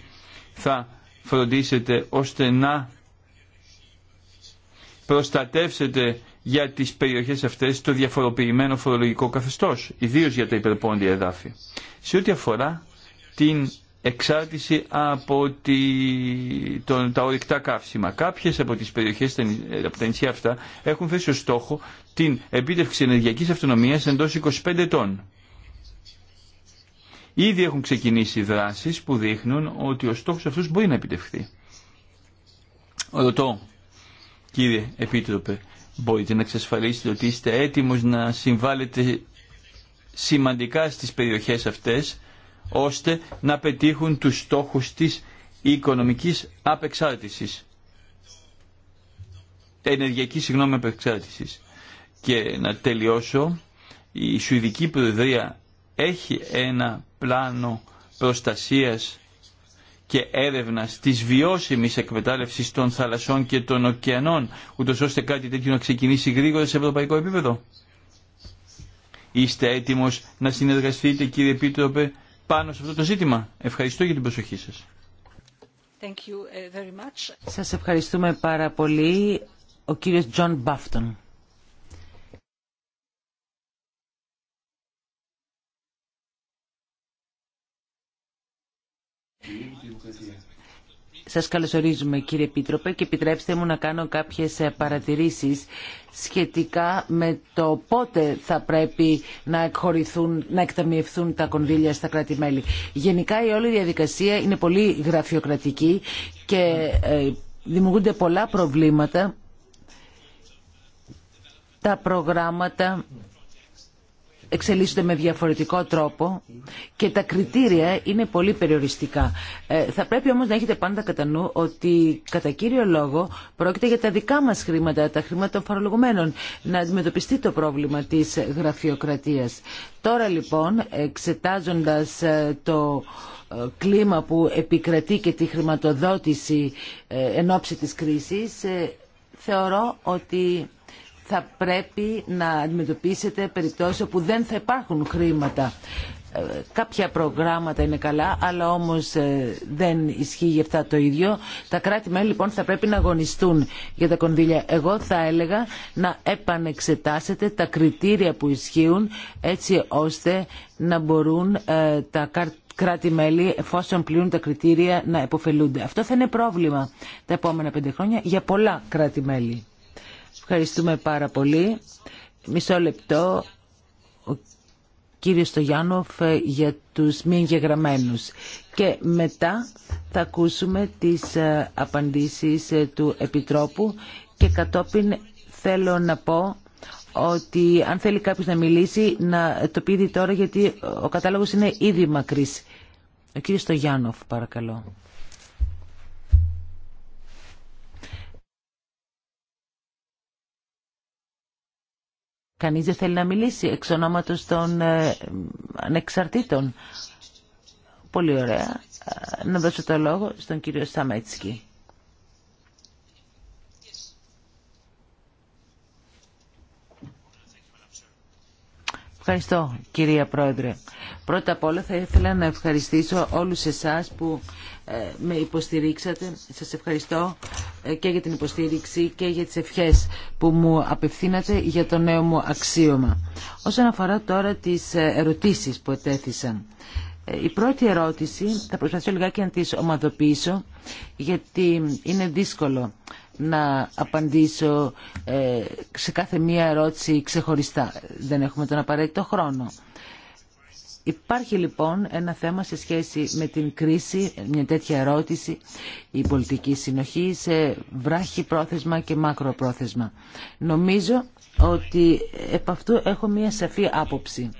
θα φροντίσετε ώστε να προστατεύσετε για τις περιοχές αυτές το διαφοροποιημένο φορολογικό καθεστώς, ιδίως για τα υπερπόντια εδάφη. Σε ό,τι αφορά την εξάρτηση από τη, τα ορυκτά καύσιμα. Κάποιες από τις περιοχές, ε, από τα νησιά αυτά, έχουν θέσει ως στόχο την επίτευξη ενεργειακής αυτονομίας εντός 25 ετών. Ήδη έχουν ξεκινήσει δράσεις που δείχνουν ότι ο στόχος αυτός μπορεί να επιτευχθεί. Ρωτώ, κύριε Επίτροπε, μπορείτε να εξασφαλίσετε ότι είστε έτοιμος να συμβάλλετε σημαντικά στις περιοχές αυτές ώστε να πετύχουν τους στόχους της οικονομικής απεξάρτησης. Ενεργειακή συγγνώμη απεξάρτησης. Και να τελειώσω, η Σουηδική Προεδρία έχει ένα πλάνο προστασίας και έρευνας της βιώσιμης εκμετάλλευσης των θαλασσών και των ωκεανών, ούτως ώστε κάτι τέτοιο να ξεκινήσει γρήγορα σε ευρωπαϊκό επίπεδο. Είστε έτοιμος να συνεργαστείτε κύριε Επίτροπε πάνω σε αυτό το ζήτημα. Ευχαριστώ για την προσοχή σας. Thank ε, Σας ευχαριστούμε πάρα πολύ. Ο κύριος Τζον Μπάφτον. Σας καλωσορίζουμε κύριε Επίτροπε και επιτρέψτε μου να κάνω κάποιες ε, παρατηρήσεις σχετικά με το πότε θα πρέπει να εκχωρηθούν, να εκταμιευθούν τα κονδύλια στα κράτη-μέλη. Γενικά η όλη διαδικασία είναι πολύ γραφειοκρατική και ε, δημιουργούνται πολλά προβλήματα. Τα προγράμματα εξελίσσονται με διαφορετικό τρόπο και τα κριτήρια είναι πολύ περιοριστικά. Ε, θα πρέπει όμως να έχετε πάντα κατά νου ότι κατά κύριο λόγο πρόκειται για τα δικά μας χρήματα, τα χρήματα των φορολογουμένων, να αντιμετωπιστεί το πρόβλημα της γραφειοκρατίας. Τώρα λοιπόν, εξετάζοντας ε, το ε, κλίμα που επικρατεί και τη χρηματοδότηση εν ώψη της κρίσης, θεωρώ ότι θα πρέπει να αντιμετωπίσετε περιπτώσει όπου δεν θα υπάρχουν χρήματα. Ε, κάποια προγράμματα είναι καλά, αλλά όμως ε, δεν ισχύει αυτά το ίδιο. Τα κράτη-μέλη λοιπόν θα πρέπει να αγωνιστούν για τα κονδύλια. Εγώ θα έλεγα να επανεξετάσετε τα κριτήρια που ισχύουν έτσι ώστε να μπορούν ε, τα κράτη-μέλη εφόσον πληρούν τα κριτήρια να επωφελούνται. Αυτό θα είναι πρόβλημα τα επόμενα πέντε χρόνια για πολλά κράτη-μέλη. Ευχαριστούμε πάρα πολύ. Μισό λεπτό ο κύριος Στογιάννοφ ε, για τους μη εγγεγραμμένους. Και μετά θα ακούσουμε τις ε, απαντήσεις ε, του Επιτρόπου και κατόπιν θέλω να πω ότι αν θέλει κάποιος να μιλήσει να το πει τώρα γιατί ο κατάλογος είναι ήδη μακρύς. Ο κύριος Στογιάνοφ, παρακαλώ. Κανείς δεν θέλει να μιλήσει εξ ονόματος των ε, ανεξαρτήτων. Πολύ ωραία. Ε, να δώσω το λόγο στον κύριο Σαμέτσκι. Ευχαριστώ κυρία Πρόεδρε. Πρώτα απ' όλα θα ήθελα να ευχαριστήσω όλους εσάς που ε, με υποστηρίξατε. Σας ευχαριστώ ε, και για την υποστήριξη και για τις ευχές που μου απευθύνατε για το νέο μου αξίωμα. Όσον αφορά τώρα τις ε, ερωτήσεις που ετέθησαν. Η πρώτη ερώτηση θα προσπαθήσω λιγάκι να τις ομαδοποιήσω γιατί είναι δύσκολο να απαντήσω σε κάθε μία ερώτηση ξεχωριστά. Δεν έχουμε τον απαραίτητο χρόνο. Υπάρχει λοιπόν ένα θέμα σε σχέση με την κρίση, μια τέτοια ερώτηση, η πολιτική συνοχή σε βράχη πρόθεσμα και μακροπρόθεσμα. Νομίζω ότι επ' αυτού έχω μια σαφή άποψη.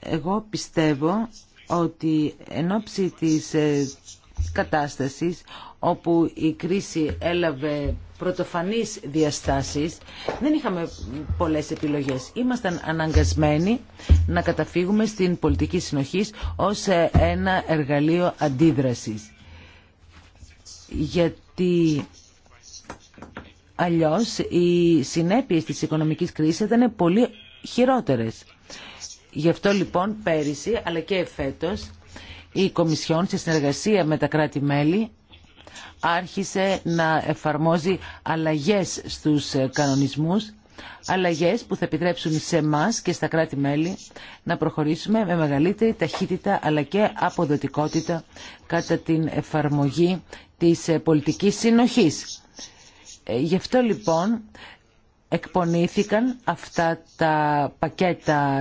Εγώ πιστεύω ότι εν ώψη της ε, κατάστασης όπου η κρίση έλαβε πρωτοφανείς διαστάσεις δεν είχαμε πολλές επιλογές. Ήμασταν αναγκασμένοι να καταφύγουμε στην πολιτική συνοχή ως ένα εργαλείο αντίδρασης. Γιατί αλλιώς οι συνέπειες της οικονομικής κρίσης ήταν πολύ χειρότερες. Γι' αυτό λοιπόν πέρυσι αλλά και φέτος η Κομισιόν σε συνεργασία με τα κράτη-μέλη άρχισε να εφαρμόζει αλλαγές στους ε, κανονισμούς, αλλαγές που θα επιτρέψουν σε μας και στα κράτη-μέλη να προχωρήσουμε με μεγαλύτερη ταχύτητα αλλά και αποδοτικότητα κατά την εφαρμογή της ε, πολιτικής συνοχής. Ε, γι' αυτό λοιπόν εκπονήθηκαν αυτά τα πακέτα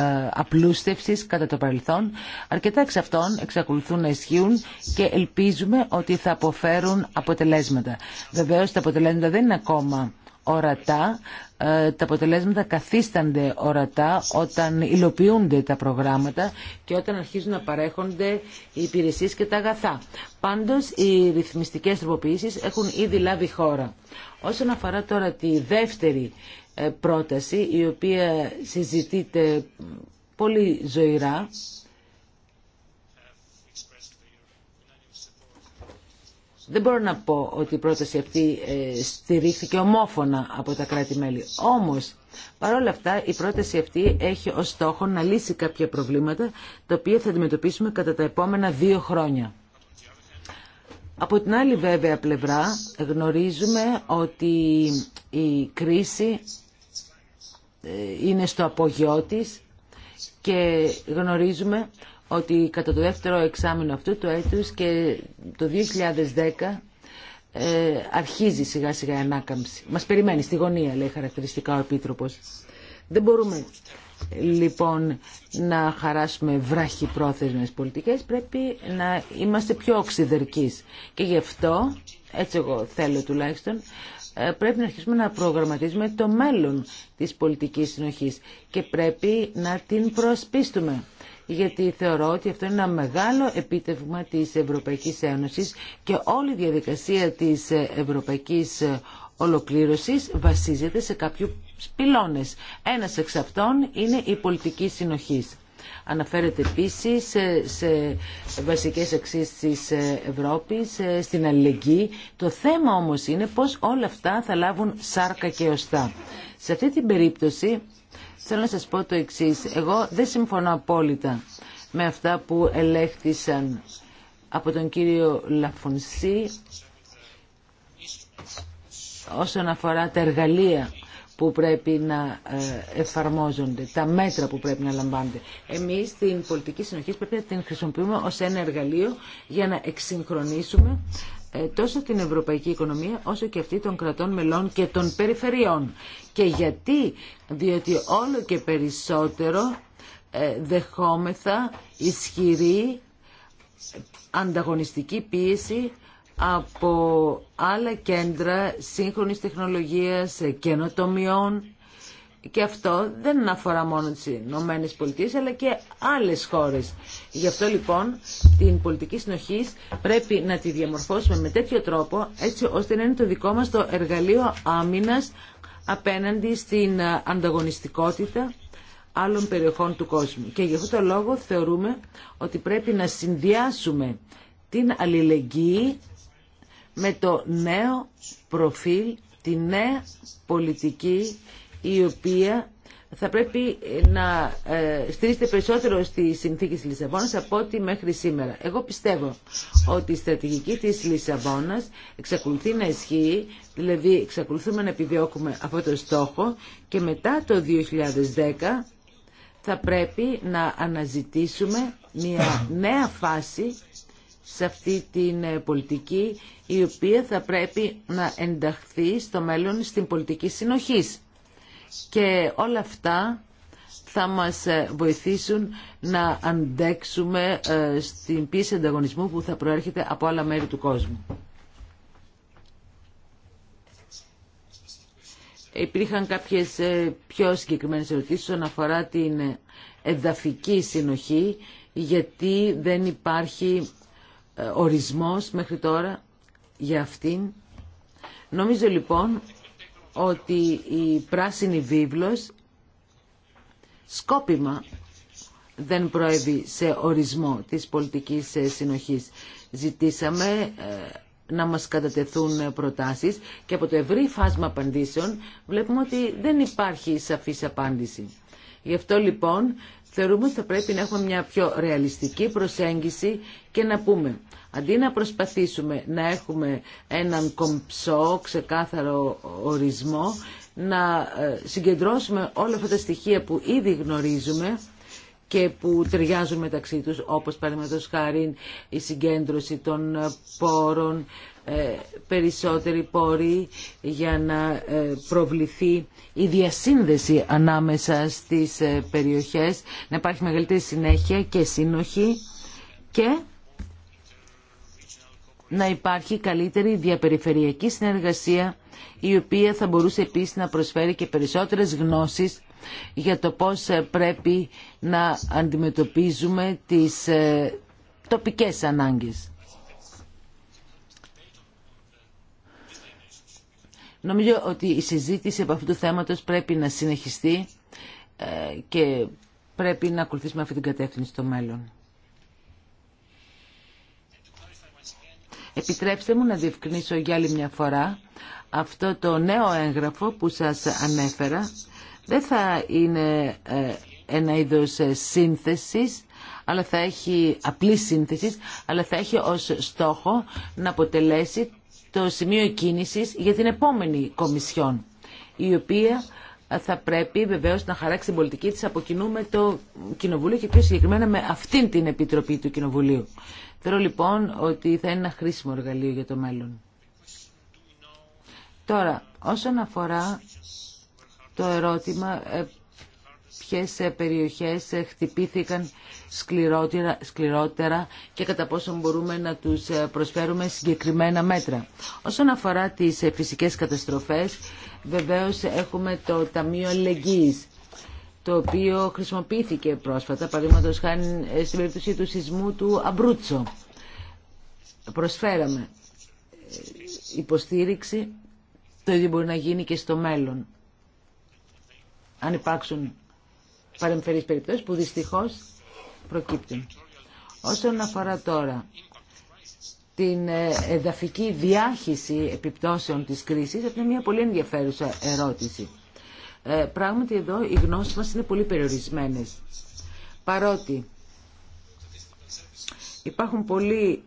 ε, απλούστευσης κατά το παρελθόν. Αρκετά εξ αυτών εξακολουθούν να ισχύουν και ελπίζουμε ότι θα αποφέρουν αποτελέσματα. Βεβαίως τα αποτελέσματα δεν είναι ακόμα ορατά, ε, τα αποτελέσματα καθίστανται ορατά όταν υλοποιούνται τα προγράμματα και όταν αρχίζουν να παρέχονται οι υπηρεσίες και τα αγαθά. Πάντως, οι ρυθμιστικές τροποποιήσεις έχουν ήδη λάβει χώρα. Όσον αφορά τώρα τη δεύτερη ε, πρόταση, η οποία συζητείται πολύ ζωηρά, Δεν μπορώ να πω ότι η πρόταση αυτή ε, στηρίχθηκε ομόφωνα από τα κράτη-μέλη. Όμως, παρόλα αυτά, η πρόταση αυτή έχει ως στόχο να λύσει κάποια προβλήματα, τα οποία θα αντιμετωπίσουμε κατά τα επόμενα δύο χρόνια. Από την άλλη βέβαια πλευρά γνωρίζουμε ότι η κρίση ε, είναι στο απογειό της και γνωρίζουμε ότι κατά το δεύτερο εξάμεινο αυτού του έτους και το 2010 ε, αρχίζει σιγά σιγά η ανάκαμψη. Μας περιμένει στη γωνία, λέει χαρακτηριστικά ο Επίτροπος. Δεν μπορούμε λοιπόν να χαράσουμε βράχοι πρόθεσμες πολιτικές, πρέπει να είμαστε πιο οξυδερκείς. Και γι' αυτό, έτσι εγώ θέλω τουλάχιστον, ε, πρέπει να αρχίσουμε να προγραμματίζουμε το μέλλον της πολιτικής συνοχής και πρέπει να την προσπίστουμε γιατί θεωρώ ότι αυτό είναι ένα μεγάλο επίτευγμα της Ευρωπαϊκής Ένωσης και όλη η διαδικασία της Ευρωπαϊκής ολοκλήρωσης βασίζεται σε κάποιους πυλώνες. Ένας εξ αυτών είναι η πολιτική συνοχής. Αναφέρεται επίσης σε, σε βασικές αξίες της Ευρώπης, ε, στην αλληλεγγύη. Το θέμα όμως είναι πώς όλα αυτά θα λάβουν σάρκα και οστά. Σε αυτή την περίπτωση Θέλω να σας πω το εξής. Εγώ δεν συμφωνώ απόλυτα με αυτά που ελέγχθησαν από τον κύριο Λαφονσί όσον αφορά τα εργαλεία που πρέπει να ε, εφαρμόζονται, τα μέτρα που πρέπει να λαμβάνονται. Εμείς την πολιτική συνοχή πρέπει να την χρησιμοποιούμε ως ένα εργαλείο για να εξυγχρονίσουμε ε, τόσο την ευρωπαϊκή οικονομία όσο και αυτή των κρατών μελών και των περιφερειών. Και γιατί, διότι όλο και περισσότερο ε, δεχόμεθα ισχυρή ανταγωνιστική πίεση από άλλα κέντρα σύγχρονης τεχνολογίας, ε, καινοτομιών και αυτό δεν αφορά μόνο τις Ηνωμένε Πολιτείες αλλά και άλλες χώρες. Γι' αυτό λοιπόν την πολιτική συνοχή πρέπει να τη διαμορφώσουμε με τέτοιο τρόπο έτσι ώστε να είναι το δικό μας το εργαλείο άμυνας απέναντι στην ανταγωνιστικότητα άλλων περιοχών του κόσμου. Και γι' αυτό το λόγο θεωρούμε ότι πρέπει να συνδυάσουμε την αλληλεγγύη με το νέο προφίλ, τη νέα πολιτική η οποία θα πρέπει να ε, στηρίζεται περισσότερο στη συνθήκη της Λισαβόνας από ό,τι μέχρι σήμερα. Εγώ πιστεύω ότι η στρατηγική της Λισαβόνας εξακολουθεί να ισχύει, δηλαδή εξακολουθούμε να επιδιώκουμε αυτό το στόχο και μετά το 2010 θα πρέπει να αναζητήσουμε μια νέα φάση σε αυτή την ε, πολιτική η οποία θα πρέπει να ενταχθεί στο μέλλον στην πολιτική συνοχής. Και όλα αυτά θα μας ε, βοηθήσουν να αντέξουμε ε, στην πίεση ανταγωνισμού που θα προέρχεται από άλλα μέρη του κόσμου. Υπήρχαν κάποιες ε, πιο συγκεκριμένες ερωτήσεις όσον αφορά την εδαφική συνοχή, γιατί δεν υπάρχει ορισμός μέχρι τώρα για αυτήν. Νομίζω λοιπόν ότι η πράσινη βίβλος σκόπιμα δεν προέβη σε ορισμό της πολιτικής ε, συνοχής. Ζητήσαμε ε, να μας κατατεθούν προτάσεις και από το ευρύ φάσμα απαντήσεων βλέπουμε ότι δεν υπάρχει σαφής απάντηση. Γι' αυτό λοιπόν θεωρούμε ότι θα πρέπει να έχουμε μια πιο ρεαλιστική προσέγγιση και να πούμε Αντί να προσπαθήσουμε να έχουμε έναν κομψό, ξεκάθαρο ορισμό, να ε, συγκεντρώσουμε όλα αυτά τα στοιχεία που ήδη γνωρίζουμε και που ταιριάζουν μεταξύ τους, όπως παραδείγματος χάρη η συγκέντρωση των ε, πόρων, ε, περισσότεροι πόροι για να προβληθεί η διασύνδεση ανάμεσα στις περιοχές, να υπάρχει μεγαλύτερη συνέχεια και σύνοχη και να υπάρχει καλύτερη διαπεριφερειακή συνεργασία η οποία θα μπορούσε επίσης να προσφέρει και περισσότερες γνώσεις για το πώς ε, πρέπει να αντιμετωπίζουμε τις ε, τοπικές ανάγκες. Νομίζω ότι η συζήτηση από αυτού του θέματος πρέπει να συνεχιστεί ε, και πρέπει να ακολουθήσουμε αυτή την κατεύθυνση στο μέλλον. Επιτρέψτε μου να διευκρινίσω για άλλη μια φορά αυτό το νέο έγγραφο που σας ανέφερα δεν θα είναι ε, ένα είδος ε, σύνθεσης αλλά θα έχει απλή σύνθεση, αλλά θα έχει ως στόχο να αποτελέσει το σημείο κίνησης για την επόμενη Κομισιόν, η οποία ε, θα πρέπει βεβαίως να χαράξει την πολιτική της από κοινού με το Κοινοβούλιο και πιο συγκεκριμένα με αυτήν την Επιτροπή του Κοινοβουλίου. Θεωρώ λοιπόν ότι θα είναι ένα χρήσιμο εργαλείο για το μέλλον. Τώρα, όσον αφορά το ερώτημα ε, ποιες ε, περιοχές ε, χτυπήθηκαν σκληρότερα, και κατά πόσο μπορούμε να τους προσφέρουμε συγκεκριμένα μέτρα. Όσον αφορά τις φυσικές καταστροφές, βεβαίως έχουμε το Ταμείο Λεγγύης το οποίο χρησιμοποιήθηκε πρόσφατα, παραδείγματο χάρη ε, στην περίπτωση του σεισμού του Αμπρούτσο. Προσφέραμε ε, υποστήριξη, το ίδιο μπορεί να γίνει και στο μέλλον. Αν υπάρξουν παρεμφερείς περιπτώσεις που δυστυχώς προκύπτουν. Όσον αφορά τώρα την ε, εδαφική διάχυση επιπτώσεων της κρίσης, αυτή είναι μια πολύ ενδιαφέρουσα ερώτηση. Ε, πράγματι εδώ οι γνώσει μας είναι πολύ περιορισμένες. Παρότι υπάρχουν πολύ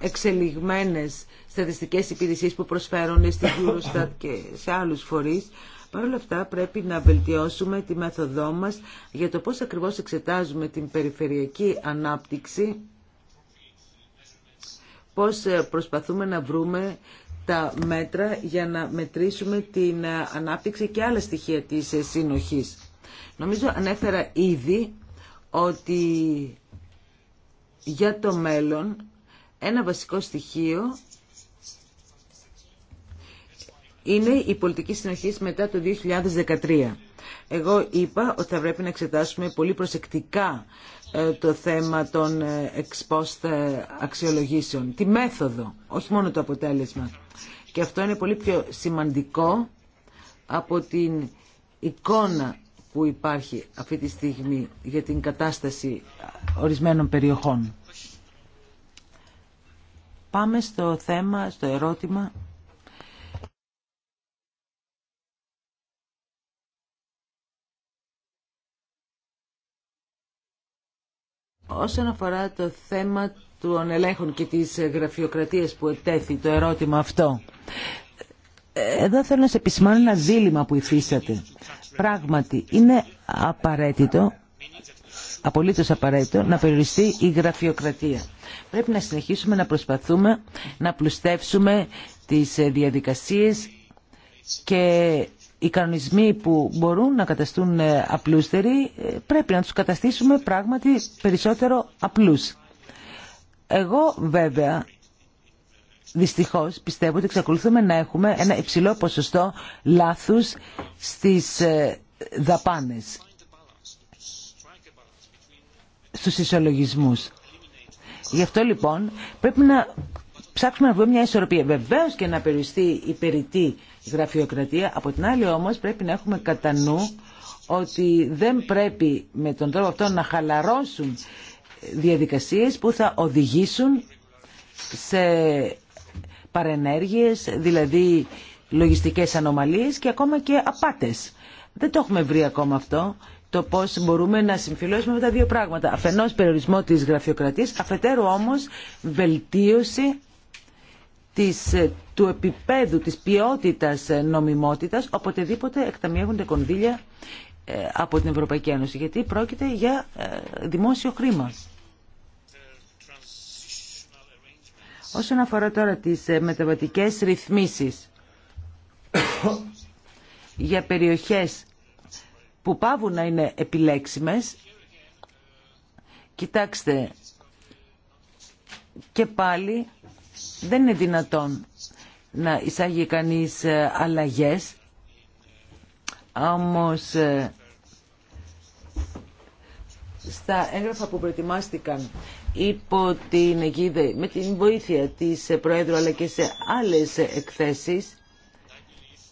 εξελιγμένες στατιστικές υπηρεσίες που προσφέρουν στην Eurostat και σε άλλους φορείς, παρόλα αυτά πρέπει να βελτιώσουμε τη μέθοδό μας για το πώς ακριβώς εξετάζουμε την περιφερειακή ανάπτυξη, πώς ε, προσπαθούμε να βρούμε τα μέτρα για να μετρήσουμε την ανάπτυξη και άλλα στοιχεία της συνοχής. Νομίζω ανέφερα ήδη ότι για το μέλλον ένα βασικό στοιχείο είναι η πολιτική συνοχή μετά το 2013. Εγώ είπα ότι θα πρέπει να εξετάσουμε πολύ προσεκτικά ε, το θέμα των ε, exposed ε, αξιολογήσεων, τη μέθοδο, όχι μόνο το αποτέλεσμα. Και αυτό είναι πολύ πιο σημαντικό από την εικόνα που υπάρχει αυτή τη στιγμή για την κατάσταση ορισμένων περιοχών. Πάμε στο θέμα, στο ερώτημα Όσον αφορά το θέμα των ελέγχων και της γραφειοκρατίας που ετέθη το ερώτημα αυτό, εδώ θέλω να σε επισημάνω ένα ζήλημα που υφίσατε. Πράγματι, είναι απαραίτητο, απολύτως απαραίτητο, να περιοριστεί η γραφειοκρατία. Πρέπει να συνεχίσουμε να προσπαθούμε να πλουστεύσουμε τις διαδικασίες και οι κανονισμοί που μπορούν να καταστούν ε, απλούστεροι ε, πρέπει να τους καταστήσουμε πράγματι περισσότερο απλούς. Εγώ βέβαια δυστυχώς πιστεύω ότι εξακολουθούμε να έχουμε ένα υψηλό ποσοστό λάθους στις ε, δαπάνες, στους ισολογισμούς. Γι' αυτό λοιπόν πρέπει να ψάξουμε να βγούμε μια ισορροπία. Βεβαίως και να περιοριστεί η περιττή γραφειοκρατία. Από την άλλη όμως πρέπει να έχουμε κατά νου ότι δεν πρέπει με τον τρόπο αυτό να χαλαρώσουν διαδικασίες που θα οδηγήσουν σε παρενέργειες, δηλαδή λογιστικές ανομαλίες και ακόμα και απάτες. Δεν το έχουμε βρει ακόμα αυτό, το πώς μπορούμε να συμφιλώσουμε με τα δύο πράγματα. Αφενός περιορισμό της γραφειοκρατίας, αφετέρου όμως βελτίωση της, ε, του επίπεδου, της ποιότητας ε, νομιμότητας, οποτεδήποτε εκταμιεύονται κονδύλια ε, από την Ευρωπαϊκή Ένωση, γιατί πρόκειται για δημόσιο χρήμα. Όσον αφορά τώρα τις μεταβατικές ρυθμίσεις για περιοχές που πάβουν να είναι επιλέξιμες, κοιτάξτε, και πάλι δεν είναι δυνατόν να εισάγει κανείς ε, αλλαγές, όμως ε, στα έγγραφα που προετοιμάστηκαν υπό την αιγίδα, με την βοήθεια της ε, Προέδρου αλλά και σε άλλες εκθέσεις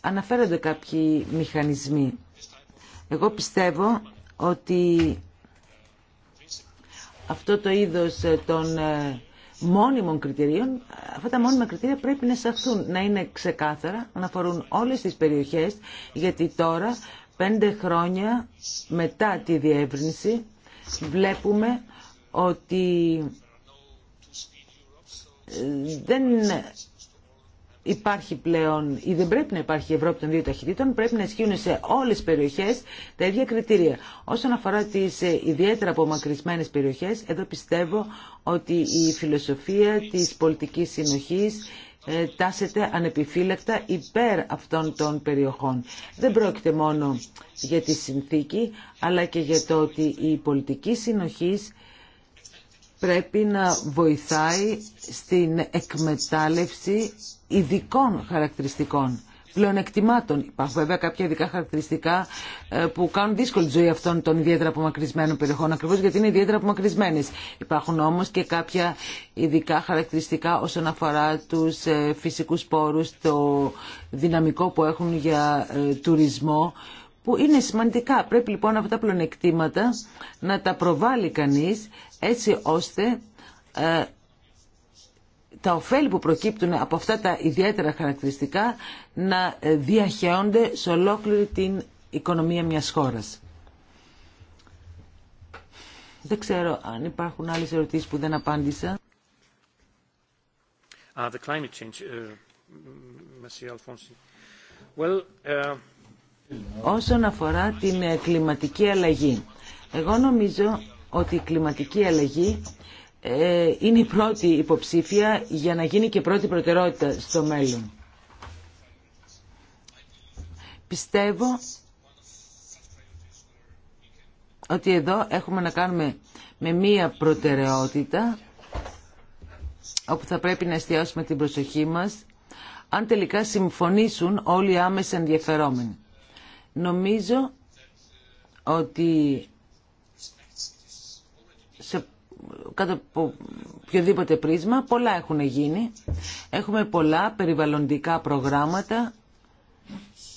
αναφέρονται κάποιοι μηχανισμοί. Εγώ πιστεύω ότι αυτό το είδος των μόνιμων κριτηρίων, αυτά τα μόνιμα κριτήρια πρέπει να εισαχθούν, να είναι ξεκάθαρα, να αφορούν όλες τις περιοχές, γιατί τώρα, πέντε χρόνια μετά τη διεύρυνση, βλέπουμε ότι ε, δεν υπάρχει πλέον ή δεν πρέπει να υπάρχει η Ευρώπη των δύο ταχυτήτων, πρέπει να ισχύουν σε όλες τις περιοχές τα ίδια κριτήρια. Όσον αφορά τις ε, ιδιαίτερα απομακρυσμένες περιοχές, εδώ πιστεύω ότι η φιλοσοφία της πολιτικής συνοχής ε, τάσεται ανεπιφύλακτα υπέρ αυτών των περιοχών. Δεν πρεπει να υπαρχει ευρωπη των δυο ταχυτητων πρεπει να ισχυουν σε ολες τις περιοχες τα ιδια κριτηρια οσον αφορα τις μόνο για τη συνθήκη, αλλά και για το ότι η πολιτική συνοχής πρέπει να βοηθάει στην εκμετάλλευση ειδικών χαρακτηριστικών πλεονεκτημάτων. Υπάρχουν βέβαια κάποια ειδικά χαρακτηριστικά ε, που κάνουν δύσκολη τη ζωή αυτών των ιδιαίτερα απομακρυσμένων περιοχών, ακριβώ γιατί είναι ιδιαίτερα απομακρυσμένε. Υπάρχουν όμω και κάποια ειδικά χαρακτηριστικά όσον αφορά του ε, φυσικού πόρου, το δυναμικό που έχουν για ε, τουρισμό, που είναι σημαντικά. Πρέπει λοιπόν αυτά τα πλονεκτήματα να τα προβάλλει κανείς, έτσι ώστε ε, τα ωφέλη που προκύπτουν από αυτά τα ιδιαίτερα χαρακτηριστικά να ε, διαχέονται σε ολόκληρη την οικονομία μιας χώρας. Δεν ξέρω αν υπάρχουν άλλες ερωτήσεις που δεν απάντησα. Uh, change, uh, uh, Όσον αφορά την ε, κλιματική αλλαγή, εγώ νομίζω ότι η κλιματική αλλαγή ε, είναι η πρώτη υποψήφια για να γίνει και πρώτη προτεραιότητα στο μέλλον. Πιστεύω ότι εδώ έχουμε να κάνουμε με μία προτεραιότητα όπου θα πρέπει να εστιάσουμε την προσοχή μας αν τελικά συμφωνήσουν όλοι οι άμεσα ενδιαφερόμενοι. Νομίζω ότι κάτω από οποιοδήποτε πρίσμα, πολλά έχουν γίνει. Έχουμε πολλά περιβαλλοντικά προγράμματα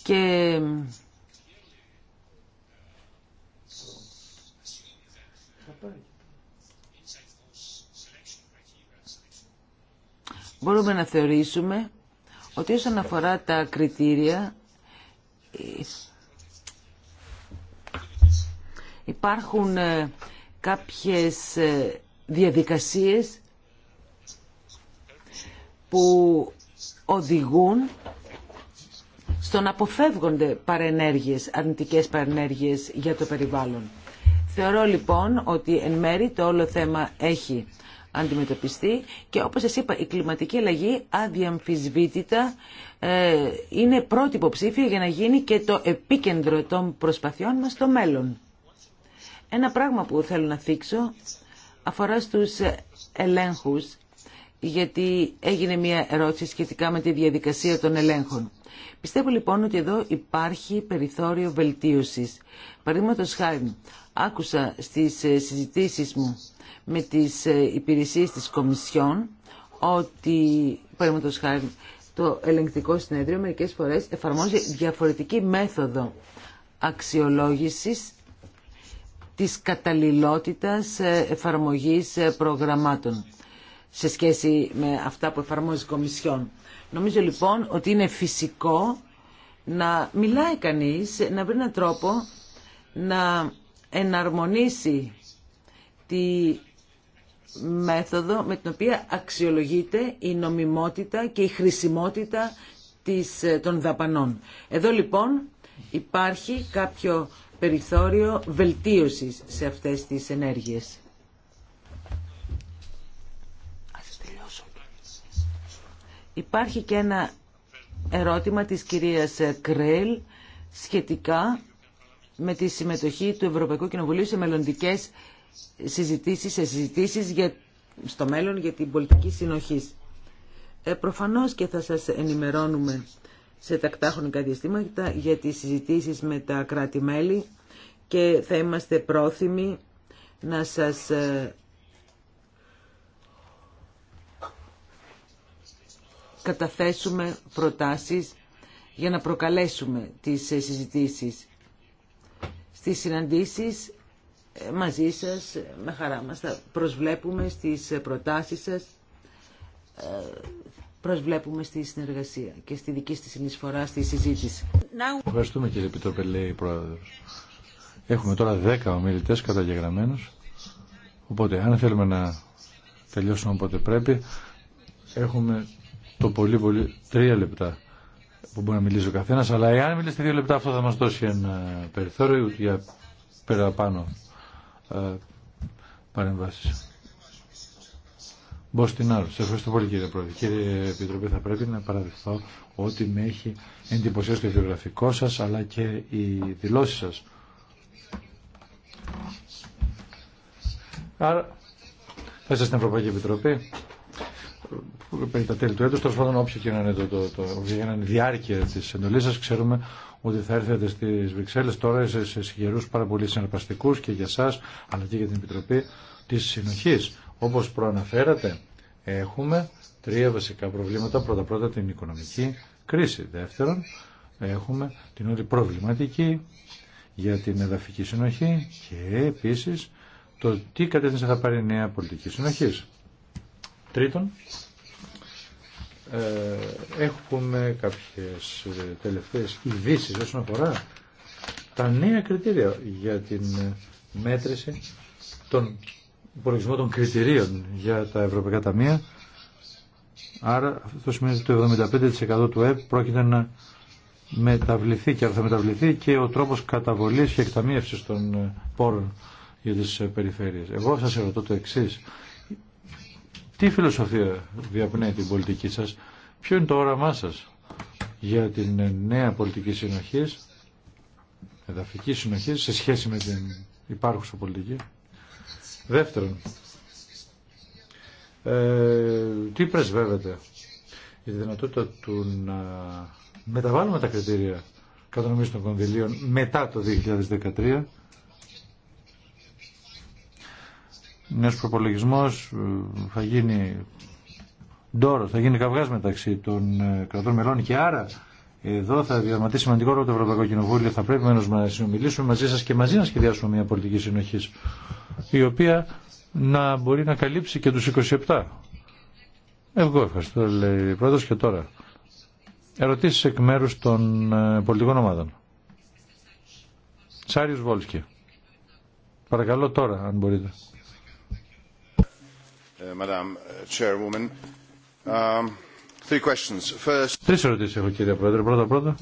και μπορούμε να θεωρήσουμε ότι όσον αφορά τα κριτήρια ε, υπάρχουν ε, κάποιες ε, διαδικασίες που οδηγούν στο να αποφεύγονται παρενέργειες, αρνητικές παρενέργειες για το περιβάλλον. Θεωρώ λοιπόν ότι εν μέρη το όλο θέμα έχει αντιμετωπιστεί και όπως σας είπα η κλιματική αλλαγή αδιαμφισβήτητα ε, είναι πρώτη υποψήφια για να γίνει και το επίκεντρο των προσπαθειών μας στο μέλλον. Ένα πράγμα που θέλω να θίξω αφορά στους ελέγχους, γιατί έγινε μια ερώτηση σχετικά με τη διαδικασία των ελέγχων. Πιστεύω λοιπόν ότι εδώ υπάρχει περιθώριο βελτίωσης. Παραδείγματο χάρη, άκουσα στις συζητήσεις μου με τις υπηρεσίες της Κομισιόν ότι, παραδείγματο χάρη, το ελεγκτικό συνέδριο μερικές φορές εφαρμόζει διαφορετική μέθοδο αξιολόγησης της καταλληλότητας ε, εφαρμογής ε, προγραμμάτων σε σχέση με αυτά που εφαρμόζει η Κομισιόν. Νομίζω λοιπόν ότι είναι φυσικό να μιλάει κανείς, να βρει έναν τρόπο να εναρμονίσει τη μέθοδο με την οποία αξιολογείται η νομιμότητα και η χρησιμότητα ε, των δαπανών. Εδώ λοιπόν υπάρχει κάποιο περιθώριο βελτίωσης σε αυτές τις ενέργειες. Υπάρχει και ένα ερώτημα της κυρίας Κρέλ σχετικά με τη συμμετοχή του Ευρωπαϊκού Κοινοβουλίου σε μελλοντικές συζητήσεις, σε συζητήσεις για, στο μέλλον για την πολιτική συνοχής. Ε, προφανώς και θα σας ενημερώνουμε σε τακτά χρονικά διαστήματα για τις συζητήσεις με τα κράτη-μέλη και θα είμαστε πρόθυμοι να σας ε, καταθέσουμε προτάσεις για να προκαλέσουμε τις ε, συζητήσεις. Στις συναντήσεις ε, μαζί σας, με χαρά μας, θα προσβλέπουμε στις προτάσεις σας προσβλέπουμε στη συνεργασία και στη δική στη συνεισφορά στη συζήτηση. Ευχαριστούμε κύριε Επιτροπέ, λέει η Πρόεδρος. Έχουμε τώρα 10 ομιλητές καταγεγραμμένους, οπότε αν θέλουμε να τελειώσουμε όποτε πρέπει, έχουμε το πολύ πολύ τρία λεπτά που μπορεί να μιλήσει ο καθένα, αλλά εάν μιλήσετε δύο λεπτά αυτό θα μας δώσει ένα περιθώριο για παραπάνω ε, παρεμβάσεις. Σα ευχαριστώ πολύ κύριε Πρόεδρε. Κύριε Επιτροπή, θα πρέπει να παραδεχθώ ότι με έχει εντυπωσιάσει το βιογραφικό σα αλλά και οι δηλώσει σα. Άρα, θα είστε στην Ευρωπαϊκή Επιτροπή περί τα τέλη του έτου. τέλος πάντων όποια και να είναι, το, το, το, η διάρκεια της εντολή σα. ξέρουμε ότι θα έρθετε στις Βρυξέλλες τώρα σε, σε συγκερούς πάρα πολύ συναρπαστικούς και για σας, αλλά και για την Επιτροπή τη συνοχή. Όπως προαναφέρατε, έχουμε τρία βασικά προβλήματα. Πρώτα πρώτα την οικονομική κρίση. Δεύτερον, έχουμε την όλη προβληματική για την εδαφική συνοχή και επίσης το τι κατεύθυνση θα πάρει η νέα πολιτική συνοχή. Τρίτον, ε, έχουμε κάποιες ε, τελευταίες ειδήσει όσον αφορά τα νέα κριτήρια για την ε, μέτρηση των υπολογισμό των κριτηρίων για τα ευρωπαϊκά ταμεία. Άρα αυτό σημαίνει ότι το 75% του ΕΠ πρόκειται να μεταβληθεί και θα μεταβληθεί και ο τρόπος καταβολής και εκταμίευσης των ε, πόρων για τις ε, περιφέρειες. Εγώ σας ερωτώ το εξή. Τι φιλοσοφία διαπνέει την πολιτική σας, ποιο είναι το όραμά σας για την ε, νέα πολιτική συνοχή, εδαφική συνοχή σε σχέση με την υπάρχουσα πολιτική. Δεύτερον, ε, τι πρεσβεύεται η δυνατότητα του να μεταβάλουμε τα κριτήρια κατανομής των κονδυλίων μετά το 2013 Νέος προπολογισμός ε, θα γίνει ντόρος, θα γίνει καυγάς μεταξύ των ε, κρατών μελών και άρα εδώ θα διαματεί σημαντικό ρόλο το Ευρωπαϊκό Κοινοβούλιο. Θα πρέπει να να συνομιλήσουμε μαζί σα και μαζί να σχεδιάσουμε μια πολιτική συνοχή, η οποία να μπορεί να καλύψει και του 27. Εγώ ευχαριστώ, λέει πρόεδρο. Και τώρα, ερωτήσει εκ μέρου των ε, πολιτικών ομάδων. Σάριος Βόλσκι. Παρακαλώ τώρα, αν μπορείτε. Ε, ε Chairwoman, ε, Τρεις ερωτήσεις έχω κύριε Πρόεδρε. Πρώτα πρώτα.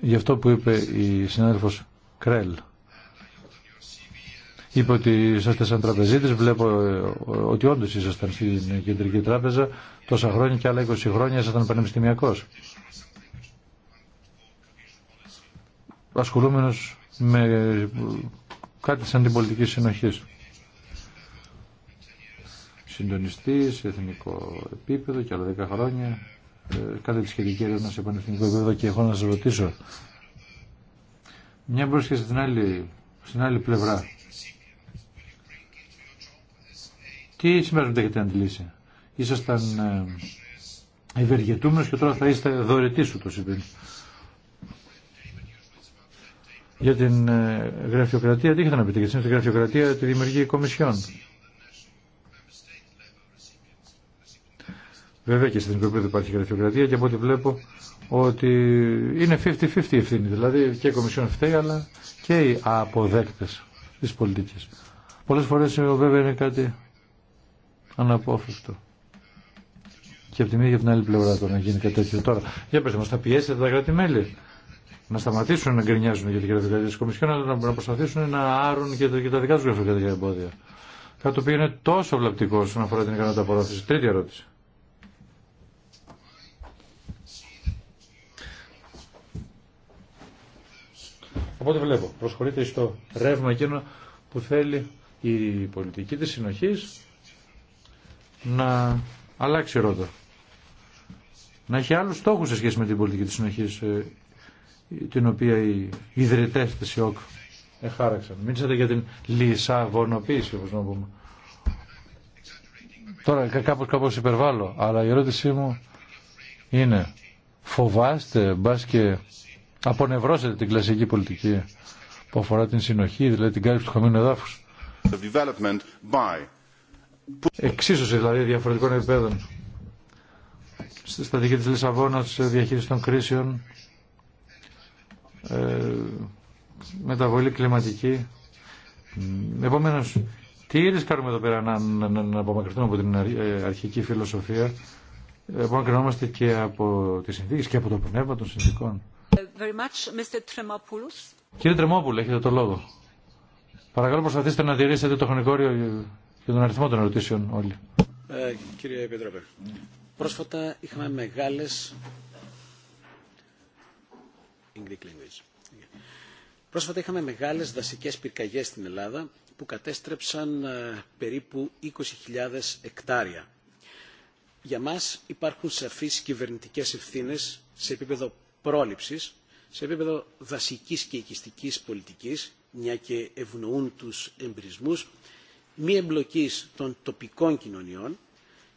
Γι' αυτό που είπε η συνάδελφος Κρέλ. Είπε ότι είσαστε σαν τραπεζίτης, βλέπω ε, ότι όντως ήσασταν στην Κεντρική Τράπεζα τόσα χρόνια και άλλα 20 χρόνια ήσασταν πανεπιστημιακός. Ασχολούμενος με κάτι σαν την πολιτική συνοχή. Συντονιστή, σε εθνικό επίπεδο και άλλα 10 χρόνια ε, κάθε τη σχετική έρευνα σε πανεθνικό επίπεδο και έχω να σα ρωτήσω μια μπροστά στην άλλη, στην άλλη πλευρά τι συμπέρασματα έχετε αντιλήσει ήσασταν ε, ευεργετούμενος και τώρα θα είστε δωρετής το είπε για την ε, γραφειοκρατία τι είχατε να πείτε για την γραφειοκρατία τη δημιουργία κομισιών Βέβαια και στην επίπεδο υπάρχει γραφειοκρατία και από ό,τι βλέπω ότι είναι 50-50 η ευθύνη. Δηλαδή και η Κομισιόν φταίει αλλά και οι αποδέκτε τη πολιτική. Πολλέ φορέ βέβαια είναι κάτι αναπόφευκτο. Και από τη μία και από την άλλη πλευρά το να γίνει κάτι τέτοιο τώρα. Για πετε μα, θα πιέσετε τα κράτη-μέλη να σταματήσουν να γκρινιάζουν για την γραφειοκρατία τη Κομισιόν, αλλά να προσπαθήσουν να άρουν και τα, και τα δικά του γραφειοκρατικά εμπόδια. Κάτι το οποίο είναι τόσο βλαπτικό όσον αφορά την ικανότητα απορρόφηση. Τρίτη ερώτηση. Οπότε βλέπω, προσχωρείται στο ρεύμα εκείνο που θέλει η πολιτική της συνοχής να αλλάξει ρότα. Να έχει άλλους στόχους σε σχέση με την πολιτική της συνοχής ε, την οποία οι ιδρυτές της ΙΟΚ εχάραξαν. Μίλησατε για την λυσαγωνοποίηση όπως να πούμε. Τώρα κάπως, κάπως υπερβάλλω, αλλά η ερώτησή μου είναι φοβάστε μπας και απονευρώσετε την κλασική πολιτική που αφορά την συνοχή, δηλαδή την κάλυψη του χαμένου εδάφου. By... Εξίσωση δηλαδή διαφορετικών επίπεδων. Στη στρατηγική της Λισαβόνας, διαχείριση των κρίσεων, ε, μεταβολή κλιματική. Επομένω, τι κάνουμε εδώ πέρα να, να, απομακρυνθούμε από την ε, αρχική φιλοσοφία, απομακρυνόμαστε και από τις συνθήκες και από το πνεύμα των συνθήκων. Κύριε Τρεμόπουλο, έχετε το λόγο. Παρακαλώ προσπαθήστε να τηρήσετε το χρονικό όριο και τον αριθμό των ερωτήσεων όλοι. Ε, κύριε Επιτρόπε, πρόσφατα είχαμε μεγάλες... Πρόσφατα είχαμε μεγάλες δασικές πυρκαγιές στην Ελλάδα που κατέστρεψαν ε, περίπου 20.000 εκτάρια. Για μας υπάρχουν σαφείς κυβερνητικές ευθύνες σε επίπεδο πρόληψης σε επίπεδο δασικής και οικιστικής πολιτικής, μια και ευνοούν τους εμπρισμούς, μη εμπλοκής των τοπικών κοινωνιών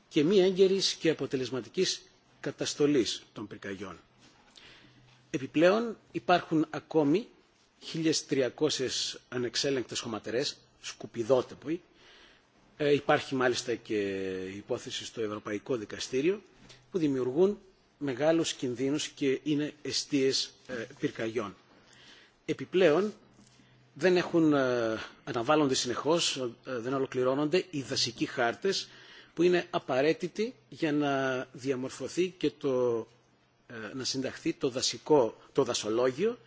και μη έγκαιρης και αποτελεσματικής καταστολής των πυρκαγιών. Επιπλέον υπάρχουν ακόμη 1.300 ανεξέλεγκτες χωματερές, σκουπιδότεποι, ε, υπάρχει μάλιστα και υπόθεση στο Ευρωπαϊκό Δικαστήριο, που δημιουργούν μεγάλους κινδύνους και είναι εστίες ε, πυρκαγιών. Επιπλέον, δεν έχουν, ε, αναβάλλονται συνεχώς, ε, δεν ολοκληρώνονται οι δασικοί χάρτες που είναι απαραίτητοι για να διαμορφωθεί και το, να συνταχθεί το, δασικό, το δασολόγιο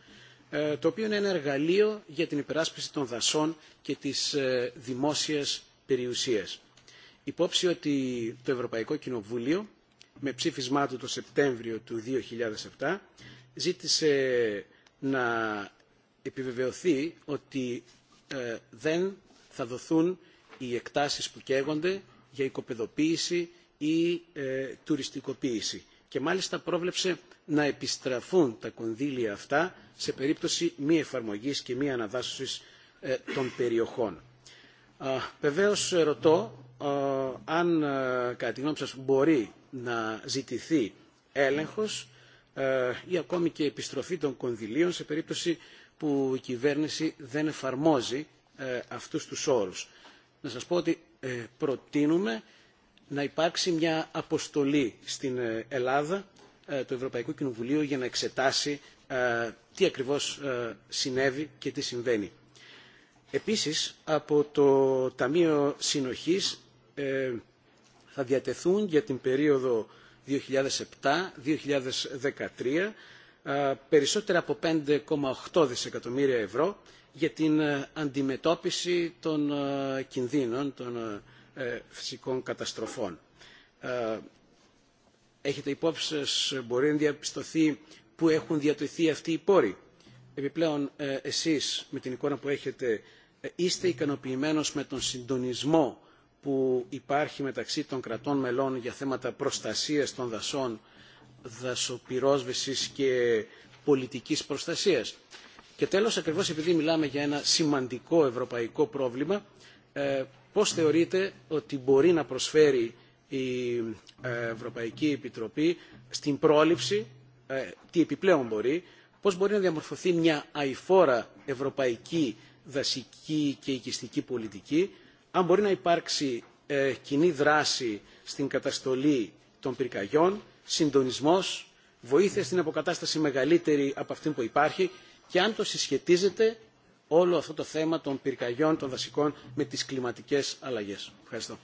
το οποίο είναι ένα εργαλείο για την υπεράσπιση των δασών και της δημόσιας περιουσίας. Υπόψη ότι το Ευρωπαϊκό Κοινοβούλιο με ψήφισμά του το Σεπτέμβριο του 2007 ζήτησε να επιβεβαιωθεί ότι ε, δεν θα δοθούν οι εκτάσεις που καίγονται για οικοπεδοποίηση ή ε, τουριστικοποίηση και μάλιστα πρόβλεψε να επιστραφούν τα κονδύλια αυτά σε περίπτωση μη εφαρμογής και μη αναδάσωσης ε, των περιοχών. Βεβαίω ρωτώ αν κατά τη γνώμη σας μπορεί να ζητηθεί έλεγχος ε, ή ακόμη και επιστροφή των κονδυλίων σε περίπτωση που η κυβέρνηση δεν εφαρμόζει ε, αυτούς τους όρους. Να σας πω ότι ε, προτείνουμε να υπάρξει μια αποστολή στην Ελλάδα του Ευρωπαϊκού Κοινοβουλίου για να εξετάσει τι ακριβώς συνέβη και τι συμβαίνει. Επίσης, από το Ταμείο Συνοχής θα διατεθούν για την περίοδο 2007-2013 περισσότερα από 5,8 δισεκατομμύρια ευρώ για την ε, αντιμετώπιση των ε, κινδύνων των ε, φυσικών καταστροφών. Έχετε υπόψη σας, μπορεί να διαπιστωθεί που έχουν διατηρηθεί αυτοί οι πόροι. Επιπλέον, εσείς με την εικόνα που έχετε, είστε ικανοποιημένος με τον συντονισμό που υπάρχει μεταξύ των κρατών μελών για θέματα προστασίας των δασών, δασοπυρόσβεσης και πολιτικής προστασίας. Και τέλος, ακριβώς επειδή μιλάμε για ένα σημαντικό ευρωπαϊκό πρόβλημα, ε, πώς θεωρείτε ότι μπορεί να προσφέρει η ε, Ευρωπαϊκή Επιτροπή στην πρόληψη, ε, τι επιπλέον μπορεί, πώς μπορεί να διαμορφωθεί μια αηφόρα ευρωπαϊκή δασική και οικιστική πολιτική, αν μπορεί να υπάρξει ε, κοινή δράση στην καταστολή των πυρκαγιών, συντονισμός, βοήθεια στην αποκατάσταση μεγαλύτερη από αυτή που υπάρχει και αν το συσχετίζεται όλο αυτό το θέμα των πυρκαγιών, των δασικών με τις κλιματικές αλλαγές. Ευχαριστώ.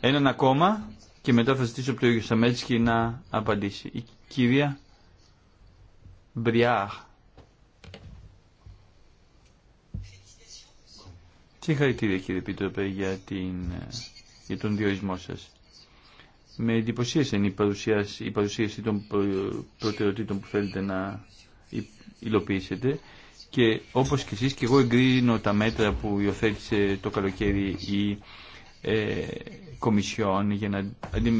Έναν ακόμα και μετά θα ζητήσω από το Γιώργο Σαμέτσκι να απαντήσει. Η κυρία Μπριάχ. Συγχαρητήρια κύριε Πίτροπε για, την, για τον διορισμό σας. Με εντυπωσίασαν η παρουσίαση, η παρουσίαση των προτεραιοτήτων που θέλετε να υλοποιήσετε και όπως και εσείς και εγώ εγκρίνω τα μέτρα που υιοθέτησε το καλοκαίρι η ε, κομισιόν για να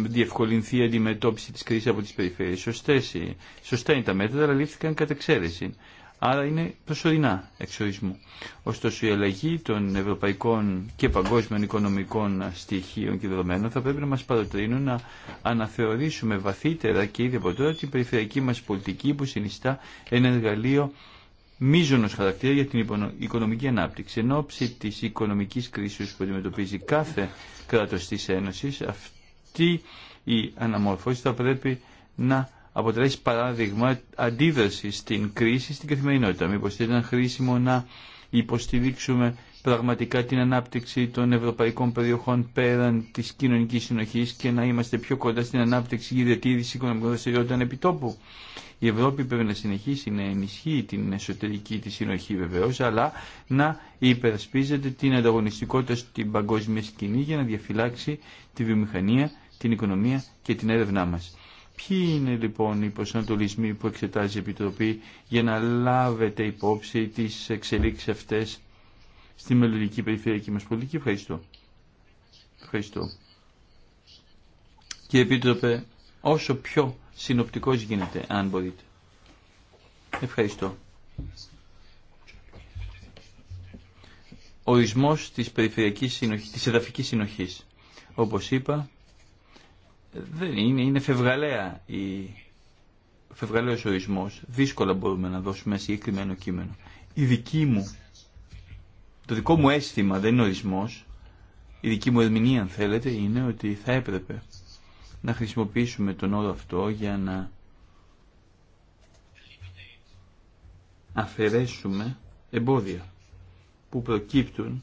διευκολυνθεί η αντιμετώπιση της κρίσης από τις περιφέρειες. Σωστές, ε, σωστά είναι τα μέτρα, αλλά λήφθηκαν κατά εξαίρεση. Άρα είναι προσωρινά εξορισμού. Ωστόσο η αλλαγή των ευρωπαϊκών και παγκόσμιων οικονομικών στοιχείων και δεδομένων θα πρέπει να μας παροτρύνουν να αναθεωρήσουμε βαθύτερα και ήδη από τώρα την περιφερειακή μας πολιτική που συνιστά ένα εργαλείο μίζωνος χαρακτήρα για την οικονομική ανάπτυξη. Εν ώψη της οικονομικής κρίσης που αντιμετωπίζει κάθε κράτος της Ένωσης, αυτή η αναμόρφωση θα πρέπει να αποτελέσει παράδειγμα αντίδραση στην κρίση στην καθημερινότητα. Μήπως ήταν χρήσιμο να υποστηρίξουμε πραγματικά την ανάπτυξη των ευρωπαϊκών περιοχών πέραν τη κοινωνική συνοχή και να είμαστε πιο κοντά στην ανάπτυξη και διατήρηση οικονομικών δραστηριότητων επιτόπου. Η Ευρώπη πρέπει να συνεχίσει να ενισχύει την εσωτερική τη συνοχή βεβαίω, αλλά να υπερασπίζεται την ανταγωνιστικότητα στην παγκόσμια σκηνή για να διαφυλάξει τη βιομηχανία, την οικονομία και την έρευνά μα. Ποιοι είναι λοιπόν οι προσανατολισμοί που εξετάζει η Επιτροπή για να λάβετε υπόψη τις εξελίξεις αυτές στη μελλοντική περιφερειακή μας πολιτική. Ευχαριστώ. Ευχαριστώ. Και επίτροπε όσο πιο συνοπτικός γίνεται, αν μπορείτε. Ευχαριστώ. Ορισμός της, περιφερειακής συνοχής, της εδαφικής συνοχής. Όπως είπα, δεν είναι, είναι φευγαλαία η φευγαλαίος ορισμός. Δύσκολα μπορούμε να δώσουμε ένα συγκεκριμένο κείμενο. Η δική μου το δικό μου αίσθημα δεν είναι ορισμό, Η δική μου ερμηνεία, αν θέλετε, είναι ότι θα έπρεπε να χρησιμοποιήσουμε τον όρο αυτό για να αφαιρέσουμε εμπόδια που προκύπτουν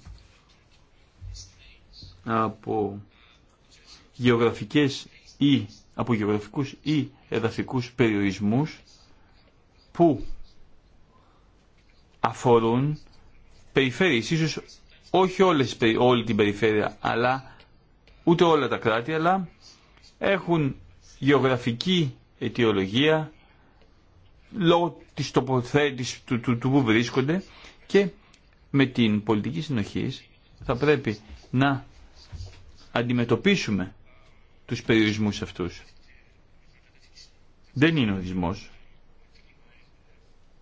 από γεωγραφικές ή από γεωγραφικούς ή εδαφικούς περιορισμούς που αφορούν περιφέρειες, ίσως όχι όλες, όλη την περιφέρεια, αλλά ούτε όλα τα κράτη, αλλά έχουν γεωγραφική αιτιολογία λόγω της τοποθέτησης του, του, που βρίσκονται και με την πολιτική συνοχή θα πρέπει να αντιμετωπίσουμε τους περιορισμούς αυτούς. Δεν είναι ορισμός.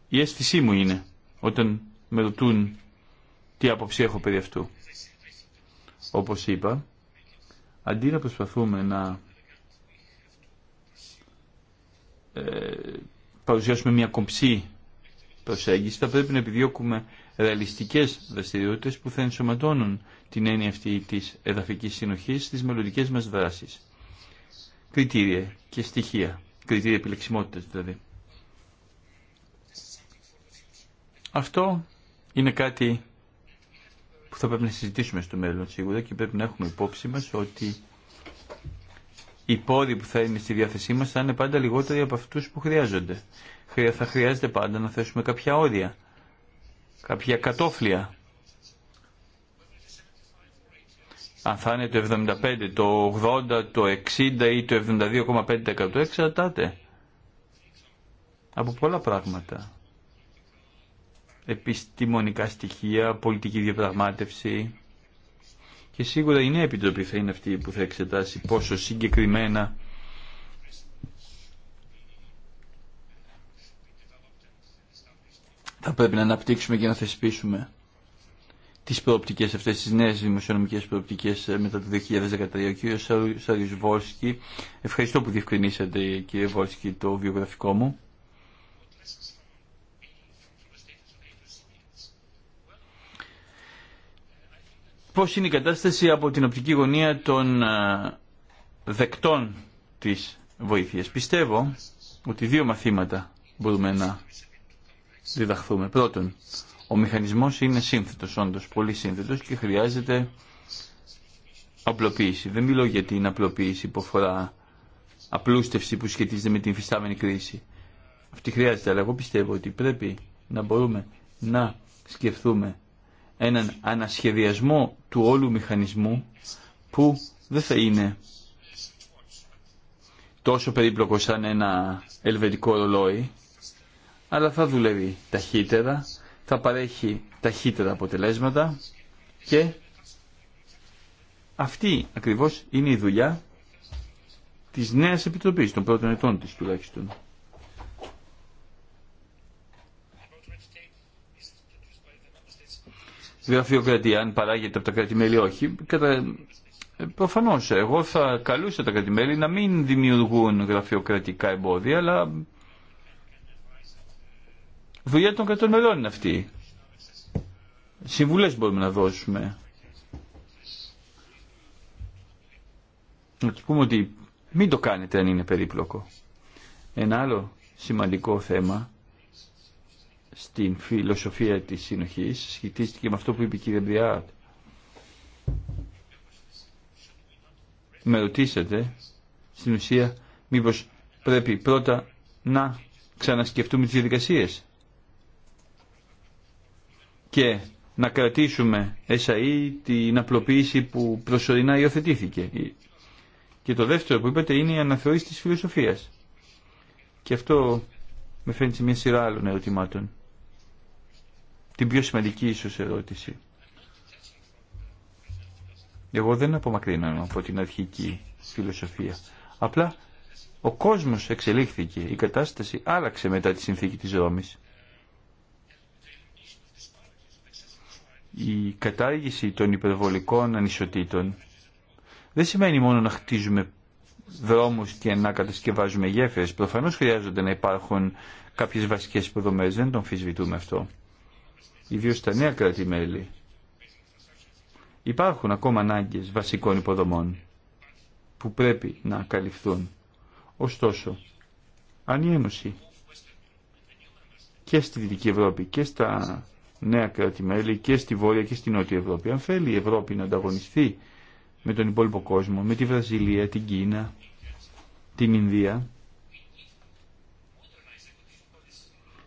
Η αίσθησή μου είναι όταν με ρωτούν τι άποψη έχω περί αυτού. Όπως είπα, αντί να προσπαθούμε να ε, παρουσιάσουμε μια κομψή προσέγγιση, θα πρέπει να επιδιώκουμε ρεαλιστικές δραστηριότητες που θα ενσωματώνουν την έννοια αυτή της εδαφικής συνοχής στις μελλοντικέ μας δράσεις. Κριτήρια και στοιχεία, κριτήρια επιλεξιμότητας δηλαδή. Αυτό είναι κάτι που θα πρέπει να συζητήσουμε στο μέλλον σίγουρα και πρέπει να έχουμε υπόψη μας ότι οι πόροι που θα είναι στη διάθεσή μας θα είναι πάντα λιγότεροι από αυτούς που χρειάζονται. Θα χρειάζεται πάντα να θέσουμε κάποια όρια, κάποια κατόφλια. Αν θα είναι το 75, το 80, το 60 ή το 72,5% εξαρτάται από πολλά πράγματα επιστημονικά στοιχεία, πολιτική διαπραγμάτευση και σίγουρα η νέα επιτροπή θα είναι αυτή που θα εξετάσει πόσο συγκεκριμένα θα πρέπει να αναπτύξουμε και να θεσπίσουμε τις προοπτικές αυτές, τις νέες δημοσιονομικές προοπτικές ε, μετά το 2013. Ο κ. Σαριουσβόλσκι, ευχαριστώ που διευκρινίσατε κύριε Βόλσκι το βιογραφικό μου. πώς είναι η κατάσταση από την οπτική γωνία των ε, δεκτών της βοήθειας. Πιστεύω ότι δύο μαθήματα μπορούμε να διδαχθούμε. Πρώτον, ο μηχανισμός είναι σύνθετος, όντως πολύ σύνθετος και χρειάζεται απλοποίηση. Δεν μιλώ για την απλοποίηση που αφορά απλούστευση που σχετίζεται με την φυστάμενη κρίση. Αυτή χρειάζεται, αλλά εγώ πιστεύω ότι πρέπει να μπορούμε να σκεφτούμε έναν ανασχεδιασμό του όλου μηχανισμού που δεν θα είναι τόσο περίπλοκο σαν ένα ελβετικό ρολόι, αλλά θα δουλεύει ταχύτερα, θα παρέχει ταχύτερα αποτελέσματα και αυτή ακριβώς είναι η δουλειά της νέας επιτροπής των πρώτων ετών της τουλάχιστον. γραφειοκρατία, αν παράγεται από τα κρατημέλη όχι. Κατα... Ε, Προφανώ, εγώ θα καλούσα τα κρατημέλη να μην δημιουργούν γραφειοκρατικά εμπόδια, αλλά δουλειά των κρατών μελών είναι αυτή. Συμβουλέ μπορούμε να δώσουμε. Να του πούμε ότι μην το κάνετε αν είναι περίπλοκο. Ένα άλλο σημαντικό θέμα στην φιλοσοφία της συνοχής, σχετίστηκε με αυτό που είπε η κυρία Μπριάτ. Με ρωτήσατε, στην ουσία, μήπως πρέπει πρώτα να ξανασκεφτούμε τις διαδικασίες και να κρατήσουμε εσαΐ την απλοποίηση που προσωρινά υιοθετήθηκε. Και το δεύτερο που είπατε είναι η αναθεώρηση της φιλοσοφίας. Και αυτό με φαίνεται σε μια σειρά άλλων ερωτημάτων την πιο σημαντική ίσως ερώτηση. Εγώ δεν απομακρύνω από την αρχική φιλοσοφία. Απλά ο κόσμος εξελίχθηκε, η κατάσταση άλλαξε μετά τη συνθήκη της Ρώμης. Η κατάργηση των υπερβολικών ανισοτήτων δεν σημαίνει μόνο να χτίζουμε δρόμους και να κατασκευάζουμε γέφυρες. Προφανώς χρειάζονται να υπάρχουν κάποιες βασικές υποδομές, δεν τον φυσβητούμε αυτό ιδίως στα νέα κράτη-μέλη, υπάρχουν ακόμα ανάγκες βασικών υποδομών που πρέπει να καλυφθούν. Ωστόσο, αν η Ένωση και στη Δυτική Ευρώπη και στα νέα κράτη-μέλη και στη Βόρεια και στη Νότια Ευρώπη, αν θέλει η Ευρώπη να ανταγωνιστεί με τον υπόλοιπο κόσμο, με τη Βραζιλία, την Κίνα, την Ινδία,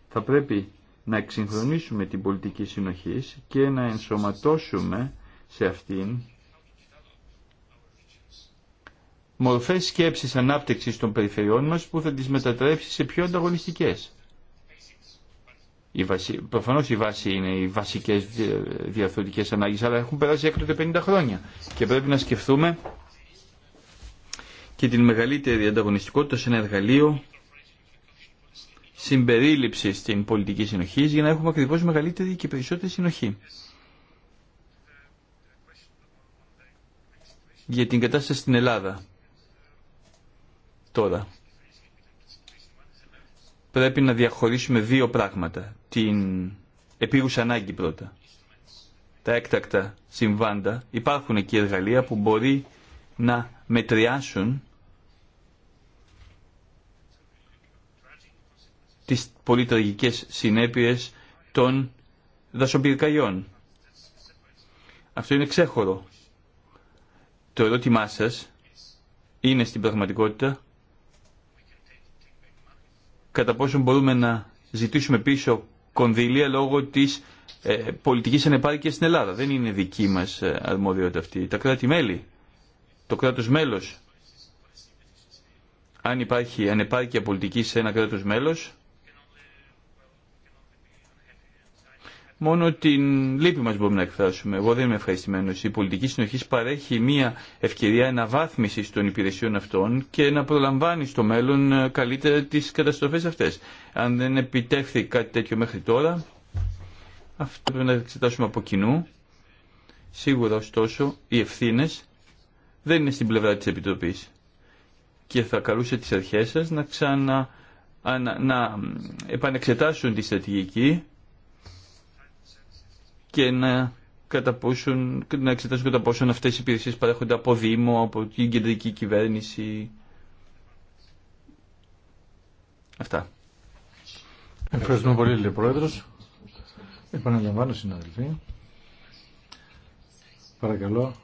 θα πρέπει να εξυγχρονίσουμε την πολιτική συνοχής και να ενσωματώσουμε σε αυτήν μορφές σκέψης ανάπτυξης των περιφερειών μας που θα τις μετατρέψει σε πιο ανταγωνιστικές. Η βασι, προφανώς η βάση είναι οι βασικές διαθροτικές ανάγκες, αλλά έχουν περάσει έκτοτε 50 χρόνια και πρέπει να σκεφτούμε και την μεγαλύτερη ανταγωνιστικότητα σε ένα εργαλείο συμπερίληψη στην πολιτική συνοχή για να έχουμε ακριβώ μεγαλύτερη και περισσότερη συνοχή. Για την κατάσταση στην Ελλάδα. Τώρα. Πρέπει να διαχωρίσουμε δύο πράγματα. Την επίγουσα ανάγκη πρώτα. Τα έκτακτα συμβάντα. Υπάρχουν εκεί εργαλεία που μπορεί να μετριάσουν τις πολυτραγικές συνέπειες των δασοπυρκαγιών. Αυτό είναι ξέχωρο. Το ερώτημά σας είναι στην πραγματικότητα κατά πόσο μπορούμε να ζητήσουμε πίσω κονδύλια λόγω της ε, πολιτικής ανεπάρκειας στην Ελλάδα. Δεν είναι δική μας ε, αρμοδιότητα αυτή. Τα κράτη-μέλη, το κράτος μέλος, αν υπάρχει ανεπάρκεια πολιτική σε ένα κράτος μέλος, μόνο την λύπη μας μπορούμε να εκφράσουμε. Εγώ δεν είμαι ευχαριστημένος. Η πολιτική συνοχή παρέχει μια ευκαιρία αναβάθμιση των υπηρεσιών αυτών και να προλαμβάνει στο μέλλον ε, καλύτερα τις καταστροφές αυτές. Αν δεν επιτεύχθη κάτι τέτοιο μέχρι τώρα, αυτό πρέπει να εξετάσουμε από κοινού. Σίγουρα ωστόσο οι ευθύνε δεν είναι στην πλευρά της Επιτροπής και θα καλούσε τις αρχές σας να ξανα να επανεξετάσουν τη στρατηγική και να, να εξετάσουν κατά πόσο αυτές οι υπηρεσίες παρέχονται από Δήμο, από την κεντρική κυβέρνηση. Αυτά. Ευχαριστούμε πολύ, λέει Πρόεδρος. Επαναλαμβάνω, συναδελφοί. Παρακαλώ,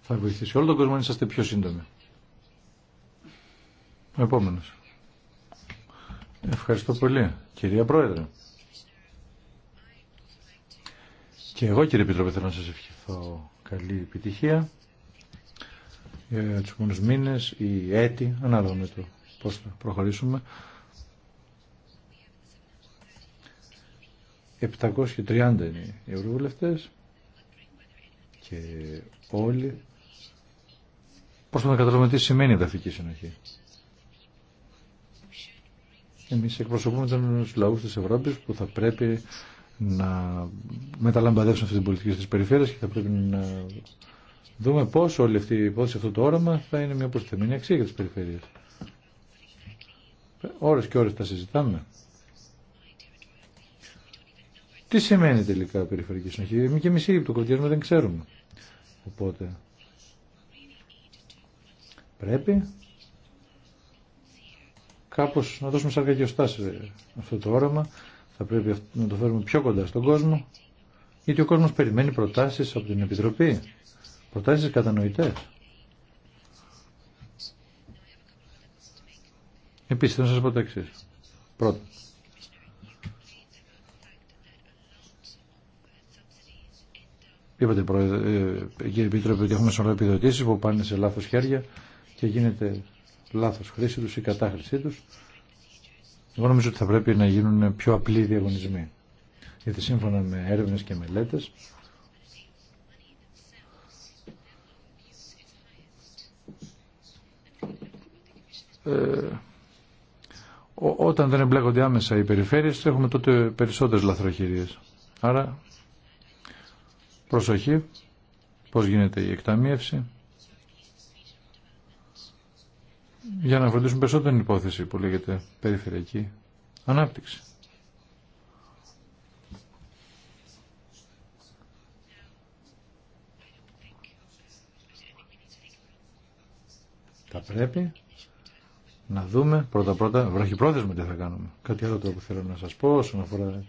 θα βοηθήσει όλο τον κόσμο να είσαστε πιο σύντομοι. Επόμενος. Ευχαριστώ πολύ, κυρία Πρόεδρε. Και εγώ κύριε Επιτροπέ θέλω να σας ευχηθώ καλή επιτυχία για τους επόμενους μήνες ή έτη, ανάλογα με το πώς θα προχωρήσουμε. 730 είναι οι ευρωβουλευτές και όλοι πώς να καταλάβουμε τι σημαίνει Δαφική συνοχή. Εμείς εκπροσωπούμε τους λαούς της Ευρώπης που θα πρέπει να μεταλαμπαδεύσουν αυτή την πολιτική στις περιφέρειες και θα πρέπει να δούμε πώς όλη αυτή η υπόθεση, αυτό το όραμα θα είναι μια προσθεμένη αξία για τις περιφέρειες. Ώρες και ώρες τα συζητάμε. Τι σημαίνει τελικά περιφερειακή συνοχή. Εμείς και εμείς το Υπτοκορδιασμοί δεν ξέρουμε. Οπότε πρέπει κάπως να δώσουμε σαν ε, αυτό το όραμα θα πρέπει να το φέρουμε πιο κοντά στον κόσμο, γιατί ο κόσμος περιμένει προτάσεις από την Επιτροπή, προτάσεις κατανοητές. Επίσης, θα σας πω το εξής. Πρώτον, Είπατε, ε, κύριε Επίτροπε, ότι έχουμε σωρό επιδοτήσει που πάνε σε λάθος χέρια και γίνεται λάθος χρήση τους ή κατάχρησή τους. Εγώ νομίζω ότι θα πρέπει να γίνουν πιο απλοί διαγωνισμοί. Γιατί σύμφωνα με έρευνες και μελέτες, ε, όταν δεν εμπλέκονται άμεσα οι περιφέρειες έχουμε τότε περισσότερες λαθροχειρίες. Άρα προσοχή πώς γίνεται η εκταμίευση για να φροντίσουν περισσότερο την υπόθεση που λέγεται περιφερειακή ανάπτυξη. Θα πρέπει να δούμε πρώτα-πρώτα βραχυπρόθεσμα τι θα κάνουμε. Κάτι άλλο το που θέλω να σας πω όσον αφορά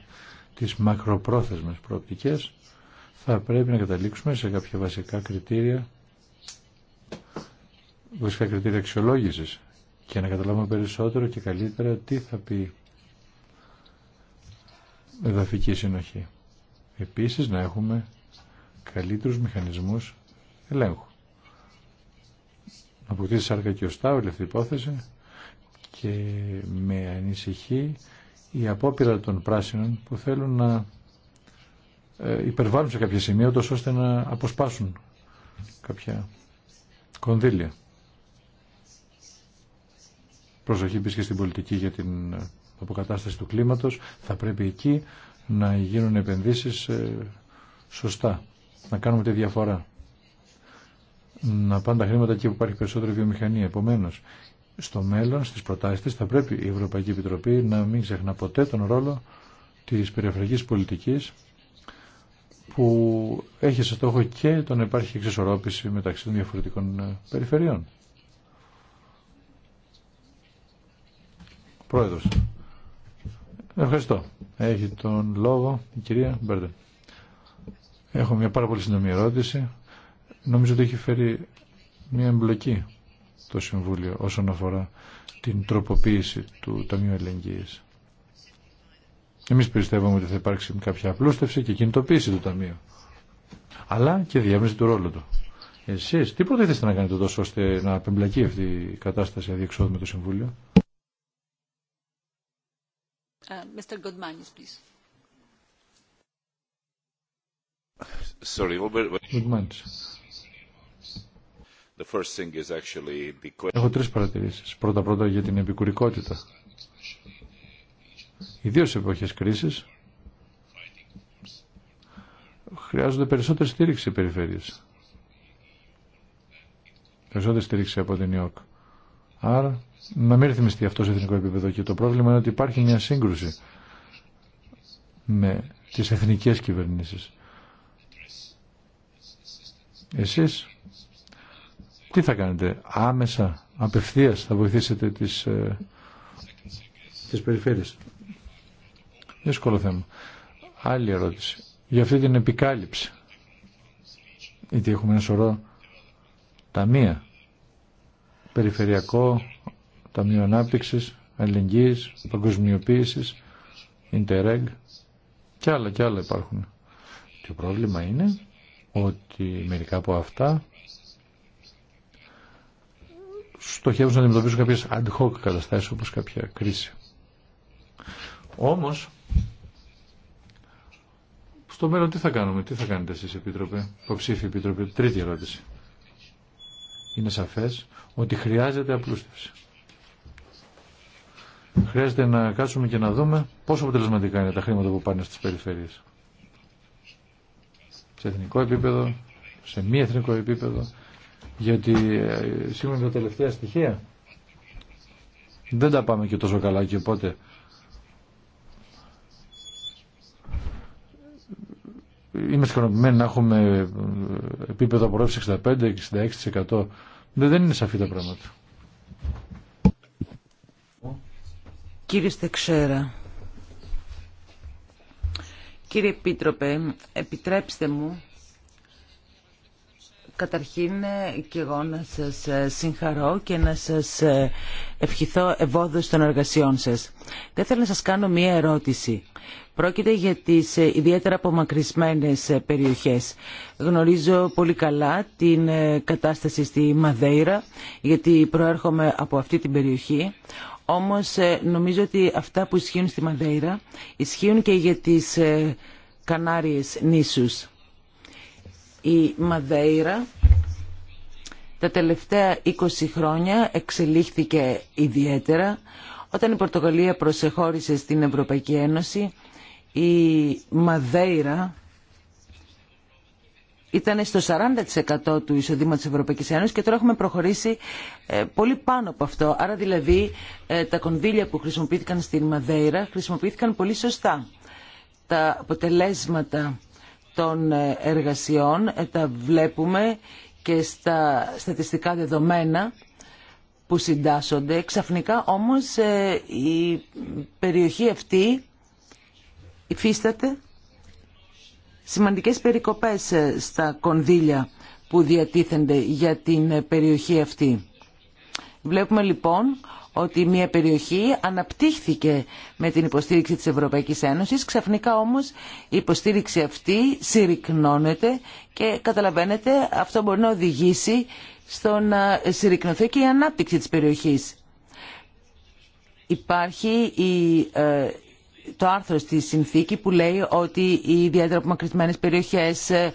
τις μακροπρόθεσμες προοπτικές θα πρέπει να καταλήξουμε σε κάποια βασικά κριτήρια βασικά κριτήρια αξιολόγηση και να καταλάβουμε περισσότερο και καλύτερα τι θα πει εδαφική συνοχή. Επίσης να έχουμε καλύτερους μηχανισμούς ελέγχου. Να αποκτήσει σάρκα και οστά όλη αυτή η υπόθεση και με ανησυχή η απόπειρα των πράσινων που θέλουν να ε, υπερβάλλουν σε κάποια σημεία ώστε να αποσπάσουν κάποια κονδύλια προσοχή επίσης και στην πολιτική για την ε, αποκατάσταση του κλίματος. Θα πρέπει εκεί να γίνουν επενδύσεις ε, σωστά, να κάνουμε τη διαφορά. Να πάνε τα χρήματα εκεί που υπάρχει περισσότερη βιομηχανία. Επομένως, στο μέλλον, στις προτάσεις της, θα πρέπει η Ευρωπαϊκή Επιτροπή να μην ξεχνά ποτέ τον ρόλο της περιφερειακής πολιτικής που έχει σε στόχο και να υπάρχει εξισορρόπηση μεταξύ των διαφορετικών ε, περιφερειών. Πρόεδρος. Ευχαριστώ. Έχει τον λόγο η κυρία Μπέρντε. Έχω μια πάρα πολύ σύντομη ερώτηση. Νομίζω ότι έχει φέρει μια εμπλοκή το Συμβούλιο όσον αφορά την τροποποίηση του Ταμείου Ελεγγύης. Εμείς πιστεύουμε ότι θα υπάρξει κάποια απλούστευση και κινητοποίηση του Ταμείου. Αλλά και διεύρυνση του ρόλου του. Εσείς τι προτείνετε να κάνετε τόσο ώστε να απεμπλακεί αυτή η κατάσταση αδιεξόδου με το Συμβούλιο. Έχω τρεις παρατηρήσεις. Πρώτα-πρώτα για την επικουρικότητα. Ιδίω σε εποχές κρίσης χρειάζονται περισσότερη στήριξη οι Περισσότερη στήριξη από την ΙΟΚ. Άρα να μην ρυθμιστεί αυτό σε εθνικό επίπεδο. Και το πρόβλημα είναι ότι υπάρχει μια σύγκρουση με τις εθνικές κυβερνήσεις. Εσείς τι θα κάνετε άμεσα, απευθείας θα βοηθήσετε τις, ε, τις περιφέρειες. Δύσκολο θέμα. Άλλη ερώτηση. Για αυτή την επικάλυψη. Γιατί έχουμε ένα σωρό ταμεία Περιφερειακό Ταμείο ανάπτυξη, αλληλεγγύη, Παγκοσμιοποίησης, Interreg και άλλα και άλλα υπάρχουν. Το πρόβλημα είναι ότι μερικά από αυτά στοχεύουν να αντιμετωπίσουν κάποιες ad hoc καταστάσεις όπως κάποια κρίση. Όμως, στο μέλλον τι θα κάνουμε, τι θα κάνετε εσείς Επίτροπε, υποψήφιοι Επίτροπε, τρίτη ερώτηση είναι σαφές ότι χρειάζεται απλούστευση. Χρειάζεται να κάτσουμε και να δούμε πόσο αποτελεσματικά είναι τα χρήματα που πάνε στις περιφέρειες. Σε εθνικό επίπεδο, σε μη εθνικό επίπεδο, γιατί ε, σύμφωνα με τα τελευταία στοιχεία δεν τα πάμε και τόσο καλά και οπότε είμαστε ικανοποιημένοι να έχουμε ε, επίπεδο απορρόφησης 65-66%. Δεν είναι σαφή τα πράγματα. Κύριε Στεξέρα, κύριε Επίτροπε, επιτρέψτε μου καταρχήν ε, και εγώ να σας ε, συγχαρώ και να σας ευχηθώ ευόδους των εργασιών σας. Δεν θέλω να σας κάνω μία ερώτηση. Πρόκειται για τις ε, ιδιαίτερα απομακρυσμένες ε, περιοχές. Γνωρίζω πολύ καλά την ε, κατάσταση στη Μαδέιρα, γιατί προέρχομαι από αυτή την περιοχή. Όμως νομίζω ότι αυτά που ισχύουν στη Μαδέιρα ισχύουν και για τις Κανάριες νήσους. Η Μαδέιρα τα τελευταία 20 χρόνια εξελίχθηκε ιδιαίτερα. Όταν η Πορτογαλία προσεχώρησε στην Ευρωπαϊκή Ένωση η Μαδέιρα ήταν στο 40% του εισοδήματος της Ευρωπαϊκής Ένωσης και τώρα έχουμε προχωρήσει ε, πολύ πάνω από αυτό. Άρα δηλαδή ε, τα κονδύλια που χρησιμοποιήθηκαν στην Μαδέιρα χρησιμοποιήθηκαν πολύ σωστά. Τα αποτελέσματα των ε, εργασιών τα βλέπουμε και στα στατιστικά δεδομένα που συντάσσονται. Ξαφνικά όμως η περιοχή αυτή υφίσταται σημαντικές περικοπές ε, στα κονδύλια που διατίθενται για την ε, περιοχή αυτή. Βλέπουμε λοιπόν ότι μια περιοχή αναπτύχθηκε με την υποστήριξη της Ευρωπαϊκής Ένωσης, ξαφνικά όμως η υποστήριξη αυτή συρρυκνώνεται και καταλαβαίνετε αυτό μπορεί να οδηγήσει στο να συρρυκνωθεί και η ανάπτυξη της περιοχής. Υπάρχει η ε, το άρθρο στη συνθήκη που λέει ότι οι ιδιαίτερα απομακρυσμένες περιοχές ε,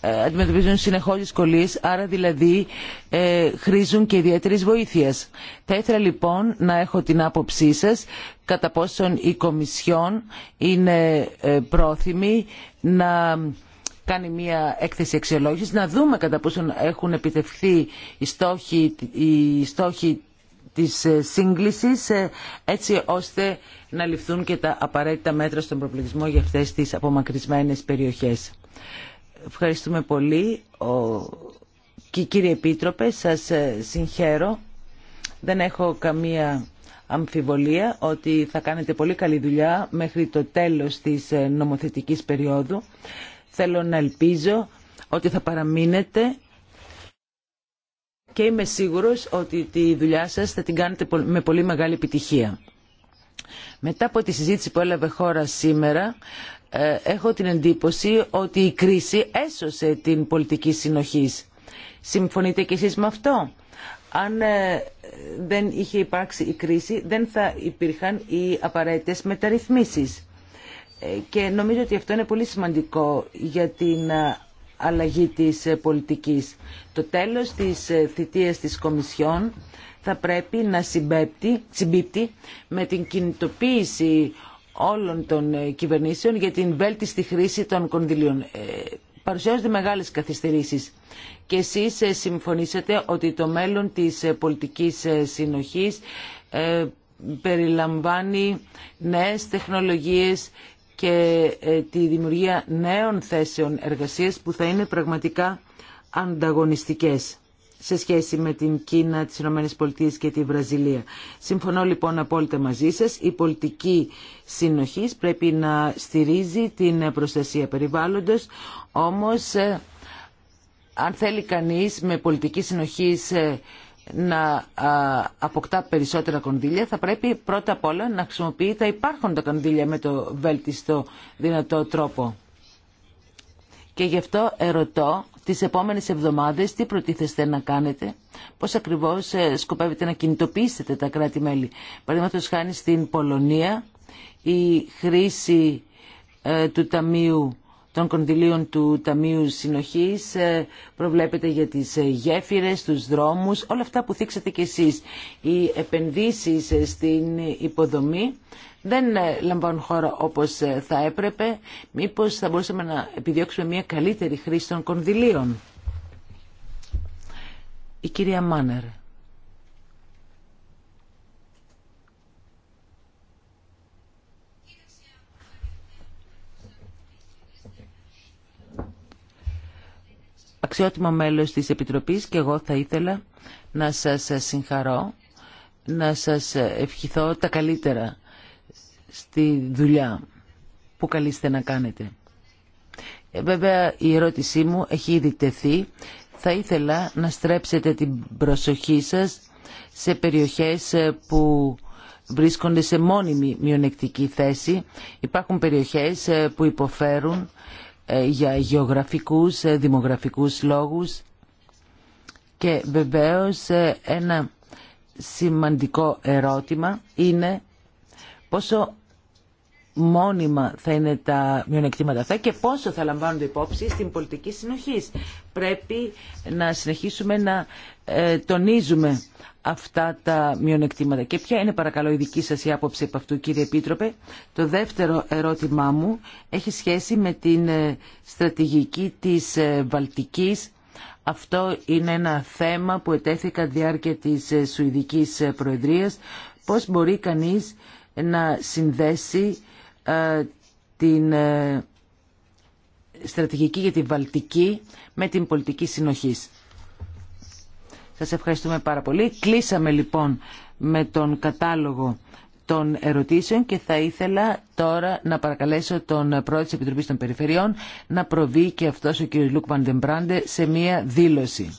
ε, αντιμετωπίζουν συνεχώ δυσκολίε, άρα δηλαδή ε, χρήζουν και ιδιαίτερη βοήθεια. Θα ήθελα λοιπόν να έχω την άποψή σα κατά πόσον η Κομισιόν είναι πρόθυμη να κάνει μια έκθεση αξιολόγηση, να δούμε κατά πόσον έχουν επιτευχθεί οι στόχοι, οι στόχοι της ε, σύγκλησης ε, έτσι ώστε να ληφθούν και τα απαραίτητα μέτρα στον προπληκτισμό για αυτές τις απομακρυσμένες περιοχές. Ευχαριστούμε πολύ και κύριε Επίτροπε σας ε, συγχαίρω. Δεν έχω καμία αμφιβολία ότι θα κάνετε πολύ καλή δουλειά μέχρι το τέλος της νομοθετικής περίοδου. Θέλω να ελπίζω ότι θα παραμείνετε και είμαι σίγουρος ότι τη δουλειά σας θα την κάνετε με πολύ μεγάλη επιτυχία. Μετά από τη συζήτηση που έλαβε χώρα σήμερα, ε, έχω την εντύπωση ότι η κρίση έσωσε την πολιτική συνοχής. Συμφωνείτε κι εσείς με αυτό. Αν ε, δεν είχε υπάρξει η κρίση, δεν θα υπήρχαν οι απαραίτητες μεταρρυθμίσεις. Ε, και νομίζω ότι αυτό είναι πολύ σημαντικό για την αλλαγή της ε, πολιτικής. Το τέλος της ε, θητείας της Κομισιόν θα πρέπει να συμπίπτει με την κινητοποίηση όλων των ε, κυβερνήσεων για την βέλτιστη χρήση των κονδυλίων. Παρουσιάζονται μεγάλες καθυστερήσεις και εσείς συμφωνήσατε ότι το μέλλον της πολιτικής συνοχής περιλαμβάνει νέες τεχνολογίες και ε, τη δημιουργία νέων θέσεων εργασίας που θα είναι πραγματικά ανταγωνιστικές σε σχέση με την Κίνα, τις Ηνωμένες και τη Βραζιλία. Συμφωνώ λοιπόν απόλυτα μαζί σας, η πολιτική συνοχής πρέπει να στηρίζει την προστασία περιβάλλοντος, όμως ε, αν θέλει κανείς με πολιτική συνοχής ε, να αποκτά περισσότερα κονδύλια θα πρέπει πρώτα απ' όλα να χρησιμοποιεί τα υπάρχοντα κονδύλια με το βέλτιστο δυνατό τρόπο. Και γι' αυτό ερωτώ τις επόμενες εβδομάδες τι προτίθεστε να κάνετε, πώς ακριβώς ε, σκοπεύετε να κινητοποιήσετε τα κράτη-μέλη. Παραδείγματο χάνει στην Πολωνία η χρήση ε, του Ταμείου των κονδυλίων του Ταμείου Συνοχής, ε, προβλέπεται για τις ε, γέφυρες, τους δρόμους, όλα αυτά που θίξατε κι εσείς. Οι επενδύσεις ε, στην υποδομή δεν λαμβάνουν χώρα όπως θα έπρεπε. Μήπως θα μπορούσαμε να επιδιώξουμε μια καλύτερη χρήση των κονδυλίων. Η κυρία Μάνερ. αξιότιμο μέλος της Επιτροπής και εγώ θα ήθελα να σας συγχαρώ, να σας ευχηθώ τα καλύτερα στη δουλειά που καλείστε να κάνετε. Ε, βέβαια η ερώτησή μου έχει ήδη τεθεί. Θα ήθελα να στρέψετε την προσοχή σας σε περιοχές ε, που βρίσκονται σε μόνιμη μειονεκτική θέση. Υπάρχουν περιοχές ε, που υποφέρουν ε, για γεωγραφικούς, ε, δημογραφικούς λόγους και βεβαίως ε, ένα σημαντικό ερώτημα είναι πόσο μόνιμα θα είναι τα μειονεκτήματα αυτά και πόσο θα λαμβάνονται υπόψη στην πολιτική συνοχή. Πρέπει να συνεχίσουμε να ε, τονίζουμε αυτά τα μειονεκτήματα. Και ποια είναι παρακαλώ η δική σας η άποψη από αυτού κύριε Επίτροπε. Το δεύτερο ερώτημά μου έχει σχέση με την ε, στρατηγική της ε, Βαλτικής. Αυτό είναι ένα θέμα που ετέθηκα διάρκεια της Σουηδικής Προεδρίας. Πώς μπορεί κανείς να συνδέσει ε, την ε, στρατηγική για τη Βαλτική με την πολιτική συνοχής. Σας ευχαριστούμε πάρα πολύ. Κλείσαμε λοιπόν με τον κατάλογο των ερωτήσεων και θα ήθελα τώρα να παρακαλέσω τον πρόεδρο της Επιτροπής των Περιφερειών να προβεί και αυτός ο κ. Λουκ Βαντεμπράντε σε μία δήλωση.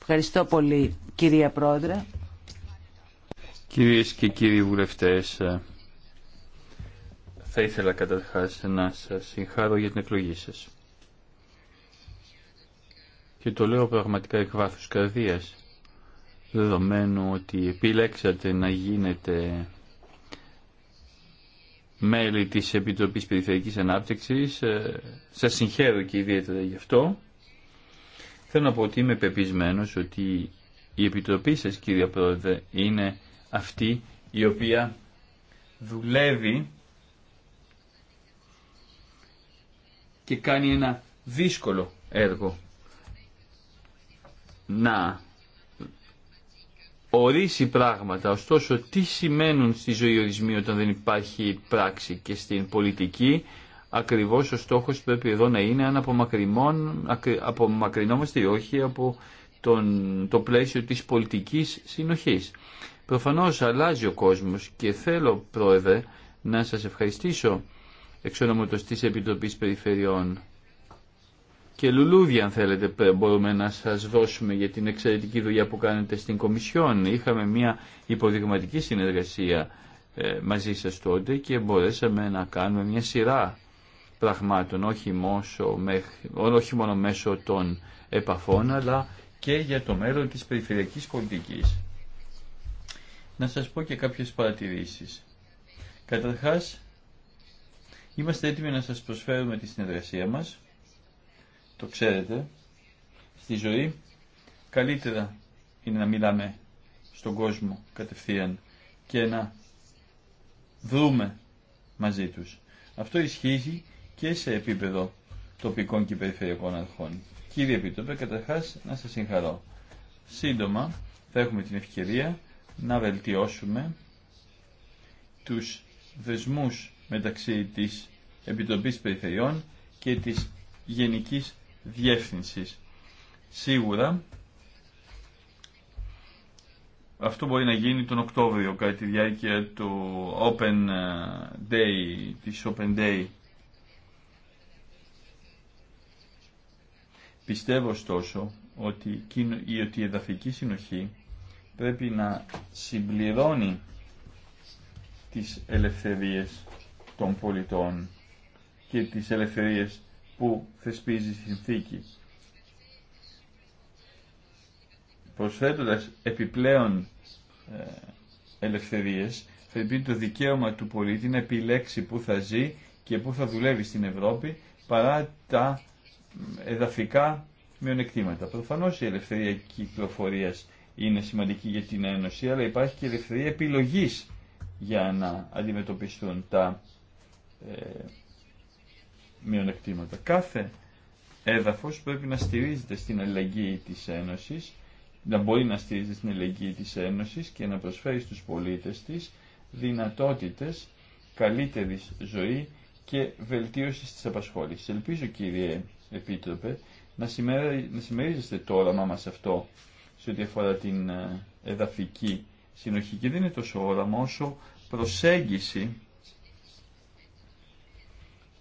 Ευχαριστώ πολύ κυρία Πρόεδρε. Κυρίες και κύριοι βουλευτές, θα ήθελα καταρχάς να σας συγχάρω για την εκλογή σας. Και το λέω πραγματικά εκ βάθους καρδίας, δεδομένου ότι επιλέξατε να γίνετε μέλη της Επιτροπής Περιφερειακής Ανάπτυξης. Ε, σας συγχαίρω και ιδιαίτερα γι' αυτό. Θέλω να πω ότι είμαι πεπισμένος ότι η Επιτροπή σας, κύριε Πρόεδρε, είναι αυτή η οποία δουλεύει και κάνει ένα δύσκολο έργο να ορίσει πράγματα, ωστόσο τι σημαίνουν στη ζωή ορισμοί όταν δεν υπάρχει πράξη και στην πολιτική, ακριβώς ο στόχος πρέπει εδώ να είναι αν απομακρυνόμαστε ή όχι από τον, το πλαίσιο της πολιτικής συνοχής. Προφανώς αλλάζει ο κόσμος και θέλω πρόεδρε να σας ευχαριστήσω εξ της Επιτροπής Περιφερειών. Και λουλούδια, αν θέλετε, μπορούμε να σας δώσουμε για την εξαιρετική δουλειά που κάνετε στην Κομισιόν. Είχαμε μια υποδειγματική συνεργασία ε, μαζί σας τότε και μπορέσαμε να κάνουμε μια σειρά πραγμάτων, όχι, μόσο, όχι μόνο μέσω των επαφών, αλλά και για το μέλλον της περιφερειακής πολιτική. Να σας πω και κάποιες παρατηρήσεις. Καταρχάς, Είμαστε έτοιμοι να σας προσφέρουμε τη συνεργασία μας, το ξέρετε, στη ζωή. Καλύτερα είναι να μιλάμε στον κόσμο κατευθείαν και να βρούμε μαζί τους. Αυτό ισχύει και σε επίπεδο τοπικών και περιφερειακών αρχών. Κύριε Επίτροπε, καταρχάς να σας συγχαρώ. Σύντομα θα έχουμε την ευκαιρία να βελτιώσουμε τους δεσμούς μεταξύ της Επιτροπής Περιφερειών και της Γενικής Διεύθυνσης. Σίγουρα αυτό μπορεί να γίνει τον Οκτώβριο κατά τη διάρκεια του Open ε, Day, της Open Day. Πιστεύω ωστόσο ότι η εδαφική συνοχή πρέπει να συμπληρώνει τις ελευθερίες των πολιτών και τις ελευθερίες που θεσπίζει η συνθήκη. Προσθέτοντας επιπλέον ε, ελευθερίες, θα υπήρχε το δικαίωμα του πολίτη να επιλέξει που θα ζει και που θα δουλεύει στην Ευρώπη παρά τα εδαφικά μειονεκτήματα. Προφανώς η ελευθερία κυκλοφορίας είναι σημαντική για την Ένωση, αλλά υπάρχει και ελευθερία επιλογής για να αντιμετωπιστούν τα ε, μειονεκτήματα. Κάθε έδαφος πρέπει να στηρίζεται στην αλληλεγγύη της Ένωσης, να μπορεί να στηρίζεται στην αλληλεγγύη της Ένωσης και να προσφέρει στους πολίτες της δυνατότητες καλύτερη ζωή και βελτίωσης της απασχόλησης. Ελπίζω κύριε Επίτροπε να, να συμμερίζεστε το όραμά μας αυτό σε ό,τι αφορά την ε, εδαφική συνοχή και δεν είναι τόσο όραμα όσο προσέγγιση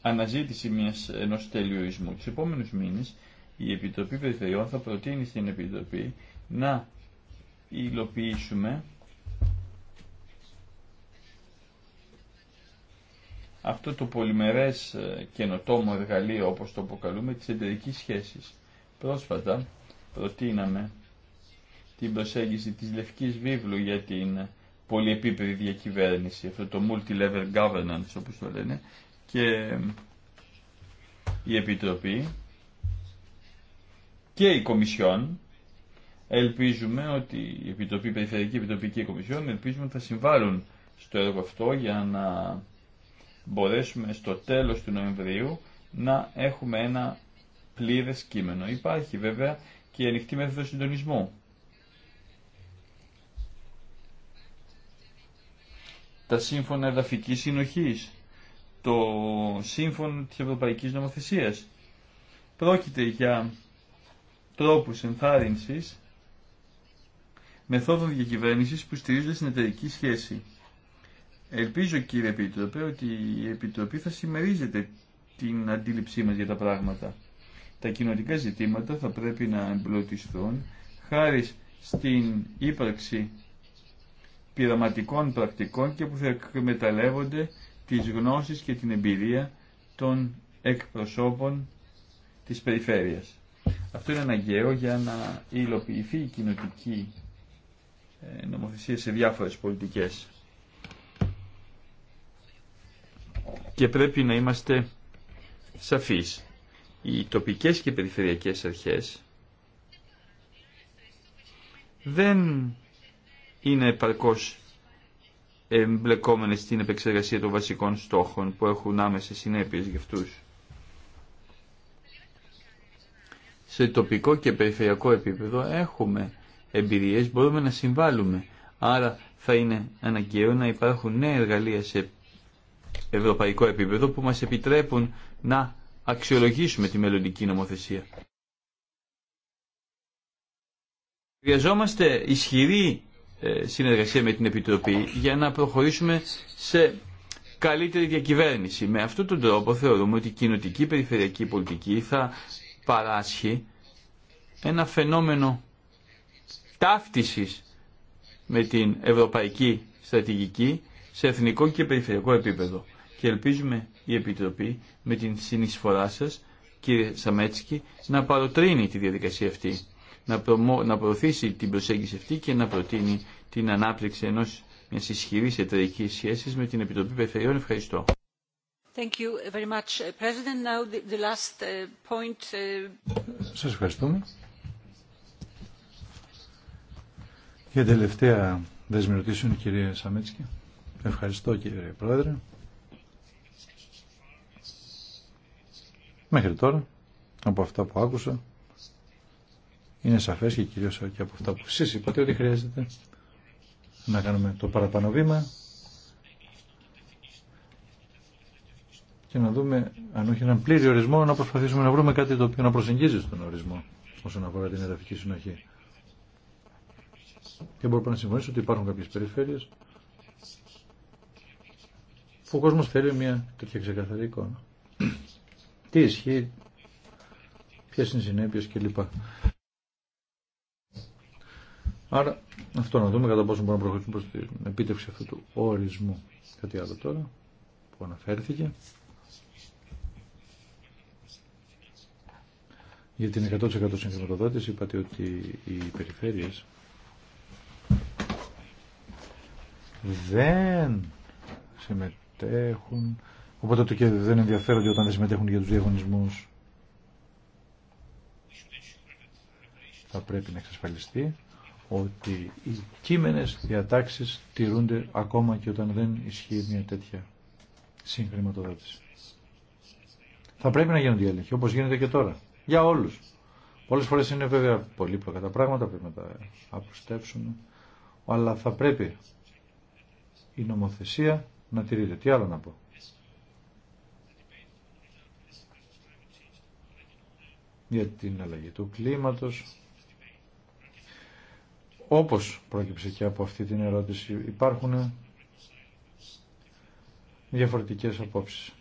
αναζήτηση μιας, ενός τελειορισμού. Τους επόμενους μήνες η Επιτροπή Περιφερειών θα προτείνει στην Επιτροπή να υλοποιήσουμε αυτό το πολυμερές ε, καινοτόμο εργαλείο όπως το αποκαλούμε της εταιρικής σχέσης. Πρόσφατα προτείναμε την προσέγγιση της Λευκής Βίβλου για την πολυεπίπεδη διακυβέρνηση, αυτό το multi-level governance όπως το λένε, και η Επιτροπή και η Κομισιόν ελπίζουμε ότι η Επιτροπή Περιφερειακή Επιτροπή και η Κομισιόν ελπίζουμε ότι θα συμβάλλουν στο έργο αυτό για να μπορέσουμε στο τέλος του Νοεμβρίου να έχουμε ένα πλήρες κείμενο. Υπάρχει βέβαια και η ανοιχτή μέθοδος συντονισμού. Τα σύμφωνα εδαφικής συνοχής το σύμφωνο της Ευρωπαϊκής Νομοθεσίας. Πρόκειται για τρόπους ενθάρρυνσης μεθόδων διακυβέρνησης που στηρίζονται στην εταιρική σχέση. Ελπίζω κύριε Επίτροπε ότι η Επιτροπή θα συμμερίζεται την αντίληψή μας για τα πράγματα. Τα κοινωνικά ζητήματα θα πρέπει να εμπλουτιστούν χάρη στην ύπαρξη πειραματικών πρακτικών και που θα εκμεταλλεύονται τις γνώσεις και την εμπειρία των εκπροσώπων της περιφέρειας. Αυτό είναι αναγκαίο για να υλοποιηθεί η κοινοτική ε, νομοθεσία σε διάφορες πολιτικές. Και πρέπει να είμαστε σαφείς. Οι τοπικές και περιφερειακές αρχές δεν είναι επαρκώς εμπλεκόμενες στην επεξεργασία των βασικών στόχων που έχουν άμεσες συνέπειες για αυτούς. Σε τοπικό και περιφερειακό επίπεδο έχουμε εμπειρίες, μπορούμε να συμβάλλουμε. Άρα θα είναι αναγκαίο να υπάρχουν νέα εργαλεία σε ευρωπαϊκό επίπεδο που μας επιτρέπουν να αξιολογήσουμε τη μελλοντική νομοθεσία. Χρειαζόμαστε ισχυρή ε, συνεργασία με την Επιτροπή για να προχωρήσουμε σε καλύτερη διακυβέρνηση. Με αυτόν τον τρόπο θεωρούμε ότι η κοινοτική περιφερειακή πολιτική θα παράσχει ένα φαινόμενο ταύτισης με την ευρωπαϊκή στρατηγική σε εθνικό και περιφερειακό επίπεδο. Και ελπίζουμε η Επιτροπή με την συνεισφορά σας, κύριε Σαμέτσκι, να παροτρύνει τη διαδικασία αυτή να, προμο, να προωθήσει την προσέγγιση αυτή και να προτείνει την ανάπτυξη ενός μιας ισχυρής εταιρικής σχέσης με την Επιτροπή Περιφερειών. Ευχαριστώ. Thank you very much, uh, President. Now the, last uh, point. Uh, Σας ευχαριστούμε. Για τελευταία δέσμη κύριε κυρία Ευχαριστώ, κύριε Πρόεδρε. Μέχρι τώρα, από αυτά που άκουσα, είναι σαφές και κυρίω και από αυτά που εσεί είπατε ότι χρειάζεται να κάνουμε το παραπάνω βήμα και να δούμε αν όχι έναν πλήρη ορισμό να προσπαθήσουμε να βρούμε κάτι το οποίο να προσεγγίζει στον ορισμό όσον αφορά την εδαφική συνοχή. Και μπορούμε να συμφωνήσω ότι υπάρχουν κάποιες περιφέρειε που ο κόσμο θέλει μια τέτοια ξεκαθαρή εικόνα. Τι ισχύει, ποιε είναι οι συνέπειε κλπ. Άρα αυτό να δούμε κατά πόσο μπορούμε να προχωρήσουμε προς την επίτευξη αυτού του ορισμού. Κάτι άλλο τώρα που αναφέρθηκε. Για την 100% συγχρηματοδότηση είπατε ότι οι περιφέρειες δεν συμμετέχουν οπότε το και δεν ενδιαφέρονται όταν δεν συμμετέχουν για τους διαγωνισμούς θα πρέπει να εξασφαλιστεί ότι οι κείμενες διατάξεις τηρούνται ακόμα και όταν δεν ισχύει μια τέτοια συγχρηματοδότηση. Θα πρέπει να γίνονται οι έλεγχοι, όπως γίνεται και τώρα. Για όλους. Πολλές φορές είναι βέβαια πολύ τα πράγματα, πρέπει να τα απλουστεύσουμε. Αλλά θα πρέπει η νομοθεσία να τηρείται. Τι άλλο να πω. Για την αλλαγή του κλίματος, όπως πρόκειψε και από αυτή την ερώτηση, υπάρχουν διαφορετικές απόψεις.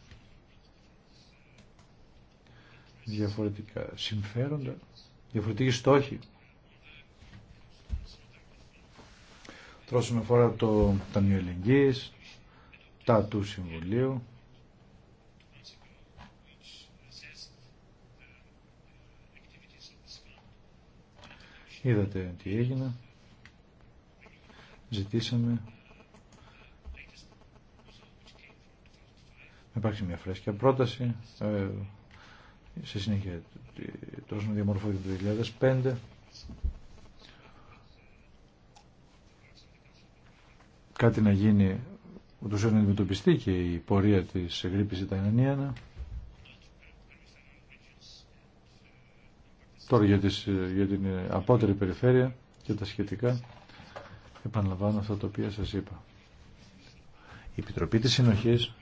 Διαφορετικά συμφέροντα, διαφορετικοί στόχοι. Τρώσουμε φορά το Ταμείο Ελεγγύης, τα του Συμβουλίου, Είδατε τι έγινε ζητήσαμε να υπάρξει μια φρέσκια πρόταση ε, σε συνέχεια το όσο διαμορφώθηκε το 2005 κάτι να γίνει ούτως ώστε να αντιμετωπιστεί και η πορεία της γρήπης Ιτανιανίανα τώρα για, τις, ε, για την ε, απότερη περιφέρεια και τα σχετικά επαναλαμβάνω αυτά τα οποία σας είπα. Η Επιτροπή της Συνοχής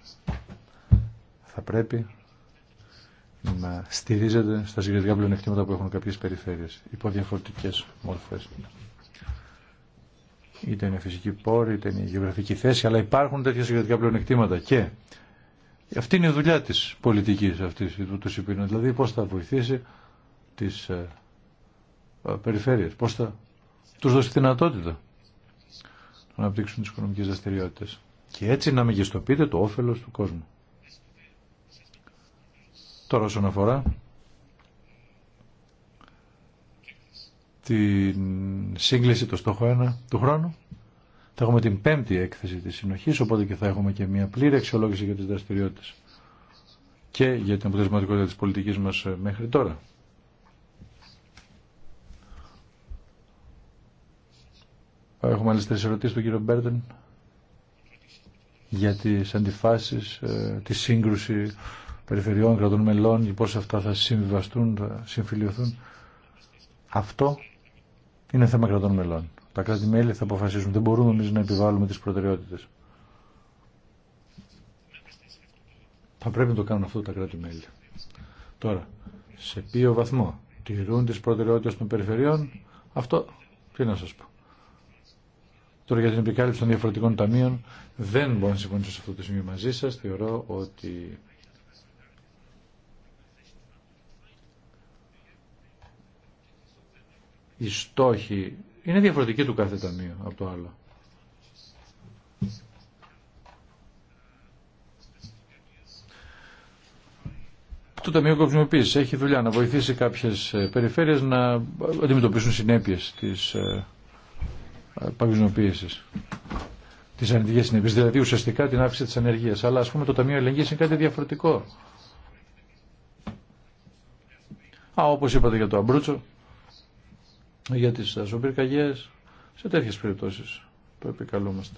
θα πρέπει να στηρίζεται στα συγκεκριτικά πλεονεκτήματα που έχουν κάποιες περιφέρειες υπό διαφορετικές μορφές. Είτε είναι φυσική πόρη, είτε είναι γεωγραφική θέση, αλλά υπάρχουν τέτοια συγκεκριτικά πλεονεκτήματα και αυτή είναι η δουλειά της πολιτικής αυτής του, του Δηλαδή πώς θα βοηθήσει τις ε, ε, περιφέρειες, πώς θα τους δώσει δυνατότητα να αναπτύξουν τι οικονομικέ δραστηριότητε. Και έτσι να μεγιστοποιείται το όφελο του κόσμου. Τώρα όσον αφορά την σύγκληση το στόχο 1 του χρόνου θα έχουμε την πέμπτη έκθεση της συνοχής οπότε και θα έχουμε και μια πλήρη αξιολόγηση για τις δραστηριότητες και για την αποτελεσματικότητα της πολιτικής μας μέχρι τώρα. Έχουμε άλλε τρεις ερωτήσει του κύριο Μπέρντεν για τις αντιφάσεις, ε, τη σύγκρουση περιφερειών, κρατών μελών και πώ αυτά θα συμβιβαστούν, θα συμφιλειωθούν. Αυτό είναι θέμα κρατών μελών. Τα κράτη-μέλη θα αποφασίσουν. Δεν μπορούμε εμεί να επιβάλλουμε τι προτεραιότητε. Θα πρέπει να το κάνουν αυτό τα κράτη-μέλη. Τώρα, σε ποιο βαθμό τηρούν τι προτεραιότητε των περιφερειών, αυτό τι να σα πω. Τώρα για την επικάλυψη των διαφορετικών ταμείων δεν μπορώ να συμφωνήσω σε αυτό το σημείο μαζί σας. Θεωρώ ότι οι στόχοι είναι διαφορετικοί του κάθε ταμείου από το άλλο. Το Ταμείο Κοψιμοποίησης έχει δουλειά να βοηθήσει κάποιες ε, περιφέρειες να αντιμετωπίσουν συνέπειες της ε, παγκοσμιοποίηση. Τι αρνητικέ δηλαδή ουσιαστικά την αύξηση τη ανεργία. Αλλά α πούμε το Ταμείο Ελεγγύη είναι κάτι διαφορετικό. Α, όπω είπατε για το Αμπρούτσο, για τι δασοπυρκαγιέ, σε τέτοιε περιπτώσει το επικαλούμαστε.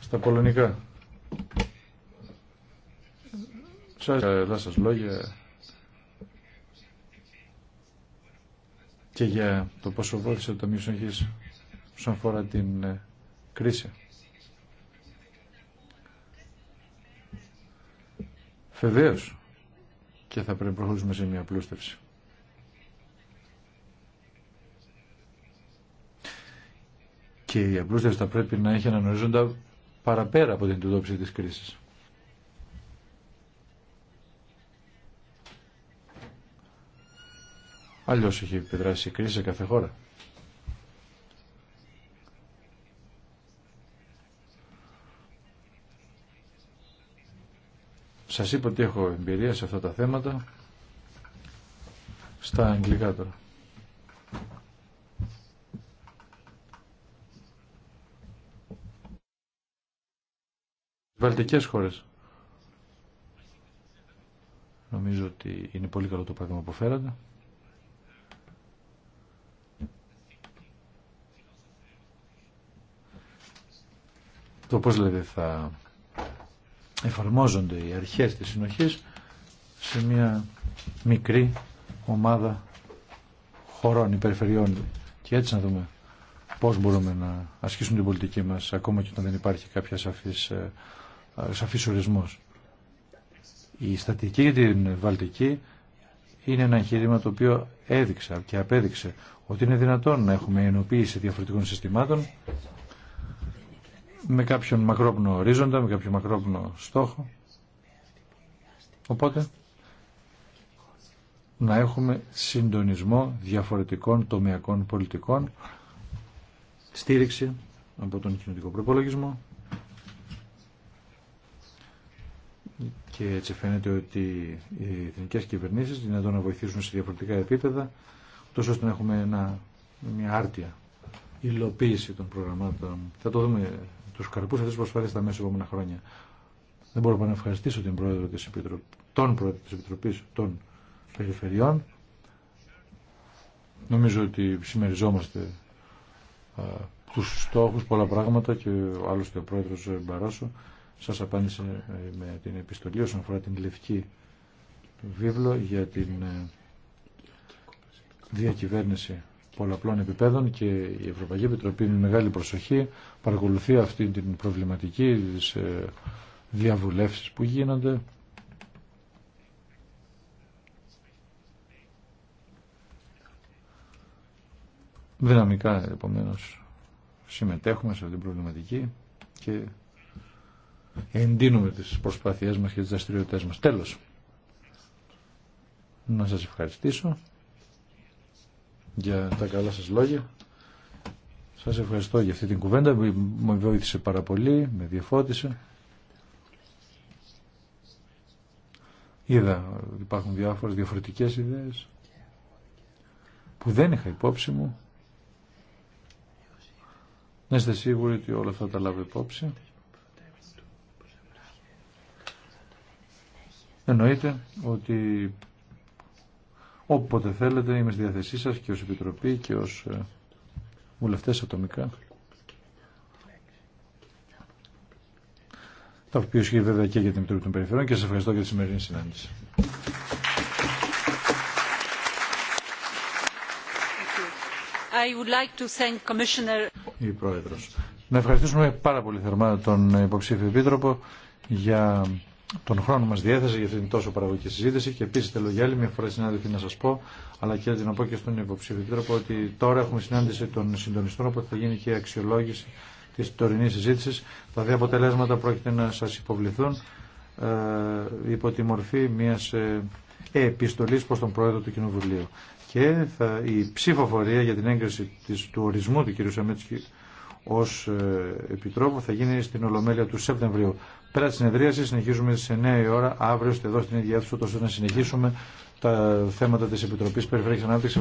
Στα πολωνικά. Σας καλά ε, σας λόγια και για το πόσο βόθησε το Ταμείο όσον αφορά την ε, κρίση. Βεβαίω και θα πρέπει να προχωρήσουμε σε μια απλούστευση Και η απλούστευση θα πρέπει να έχει έναν ορίζοντα παραπέρα από την εντοπίση της κρίσης. Αλλιώς έχει επιδράσει η κρίση σε κάθε χώρα. Σας είπα ότι έχω εμπειρία σε αυτά τα θέματα στα αγγλικά τώρα. Βαλτικές χώρες. Νομίζω ότι είναι πολύ καλό το πράγμα που φέρατε. Το πώς λέτε θα εφαρμόζονται οι αρχές της συνοχής σε μια μικρή ομάδα χωρών, υπερφεριών και έτσι να δούμε πώς μπορούμε να ασκήσουμε την πολιτική μας ακόμα και όταν δεν υπάρχει κάποια σαφής, ε, ε, σαφής ορισμός. Η στατική για την Βαλτική είναι ένα εγχείρημα το οποίο έδειξε και απέδειξε ότι είναι δυνατόν να έχουμε ενοποίηση διαφορετικών συστημάτων με κάποιον μακρόπνο ορίζοντα, με κάποιον μακρόπνο στόχο. Οπότε, να έχουμε συντονισμό διαφορετικών τομεακών πολιτικών, στήριξη από τον κοινωτικό προπολογισμό και έτσι φαίνεται ότι οι εθνικέ κυβερνήσεις δυνατόν να βοηθήσουν σε διαφορετικά επίπεδα τόσο ώστε να έχουμε ένα, μια άρτια υλοποίηση των προγραμμάτων. Θα το δούμε τους καρπούς αυτές τι προσπάθειε τα μέσα επόμενα χρόνια. Δεν μπορώ να ευχαριστήσω την πρόεδρο της Επιτροπής, τον πρόεδρο της Επιτροπής των Περιφερειών. Νομίζω ότι συμμεριζόμαστε τους στόχους, πολλά πράγματα και άλλωστε ο πρόεδρος Μπαρόσο σας απάντησε ε, με την επιστολή όσον αφορά την λευκή βίβλο για την ε, διακυβέρνηση πολλαπλών επιπέδων και η Ευρωπαϊκή Επιτροπή με μεγάλη προσοχή παρακολουθεί αυτή την προβληματική, τις ε, διαβουλεύσεις που γίνονται. Δυναμικά, επομένως, συμμετέχουμε σε αυτή την προβληματική και εντείνουμε τις προσπάθειές μας και τις δραστηριότητές μας. Τέλος, να σας ευχαριστήσω για τα καλά σας λόγια. Σας ευχαριστώ για αυτή την κουβέντα που με βοήθησε πάρα πολύ, με διαφώτισε. Είδα ότι υπάρχουν διάφορες διαφορετικές ιδέες που δεν είχα υπόψη μου. Να είστε σίγουροι ότι όλα αυτά τα λάβω υπόψη. Εννοείται ότι Όποτε θέλετε είμαι στη διάθεσή σας και ως Επιτροπή και ως ε, βουλευτές ατομικά. Τα οποία ισχύει βέβαια και για την Επιτροπή των Περιφερειών και σας ευχαριστώ για τη σημερινή συνάντηση. Να ευχαριστήσουμε πάρα πολύ θερμά τον υποψήφιο Επίτροπο για τον χρόνο μα διέθεσε για αυτήν την τόσο παραγωγική συζήτηση και επίση θέλω για άλλη μια φορά συνάδελφοι να σα πω αλλά και να πω και στον υποψήφιο τρόπο ότι τώρα έχουμε συνάντηση των συντονιστών οπότε θα γίνει και η αξιολόγηση τη τωρινή συζήτηση, τα δύο αποτελέσματα πρόκειται να σα υποβληθούν ε, υπό τη μορφή μια ε, επιστολής προς τον πρόεδρο του Κοινοβουλίου και η ψηφοφορία για την έγκριση της, του ορισμού του κ. Σαμίτσικη ως ε, επιτρόπου θα γίνει στην Ολομέλεια του Σεπτεμβρίου. Πέρα τη συνεδρίαση συνεχίζουμε σε 9 η ώρα αύριο εδώ στην ίδια αίθουσα ώστε να συνεχίσουμε τα θέματα τη επιτροπή Περιφερειακής ανάπτυξη.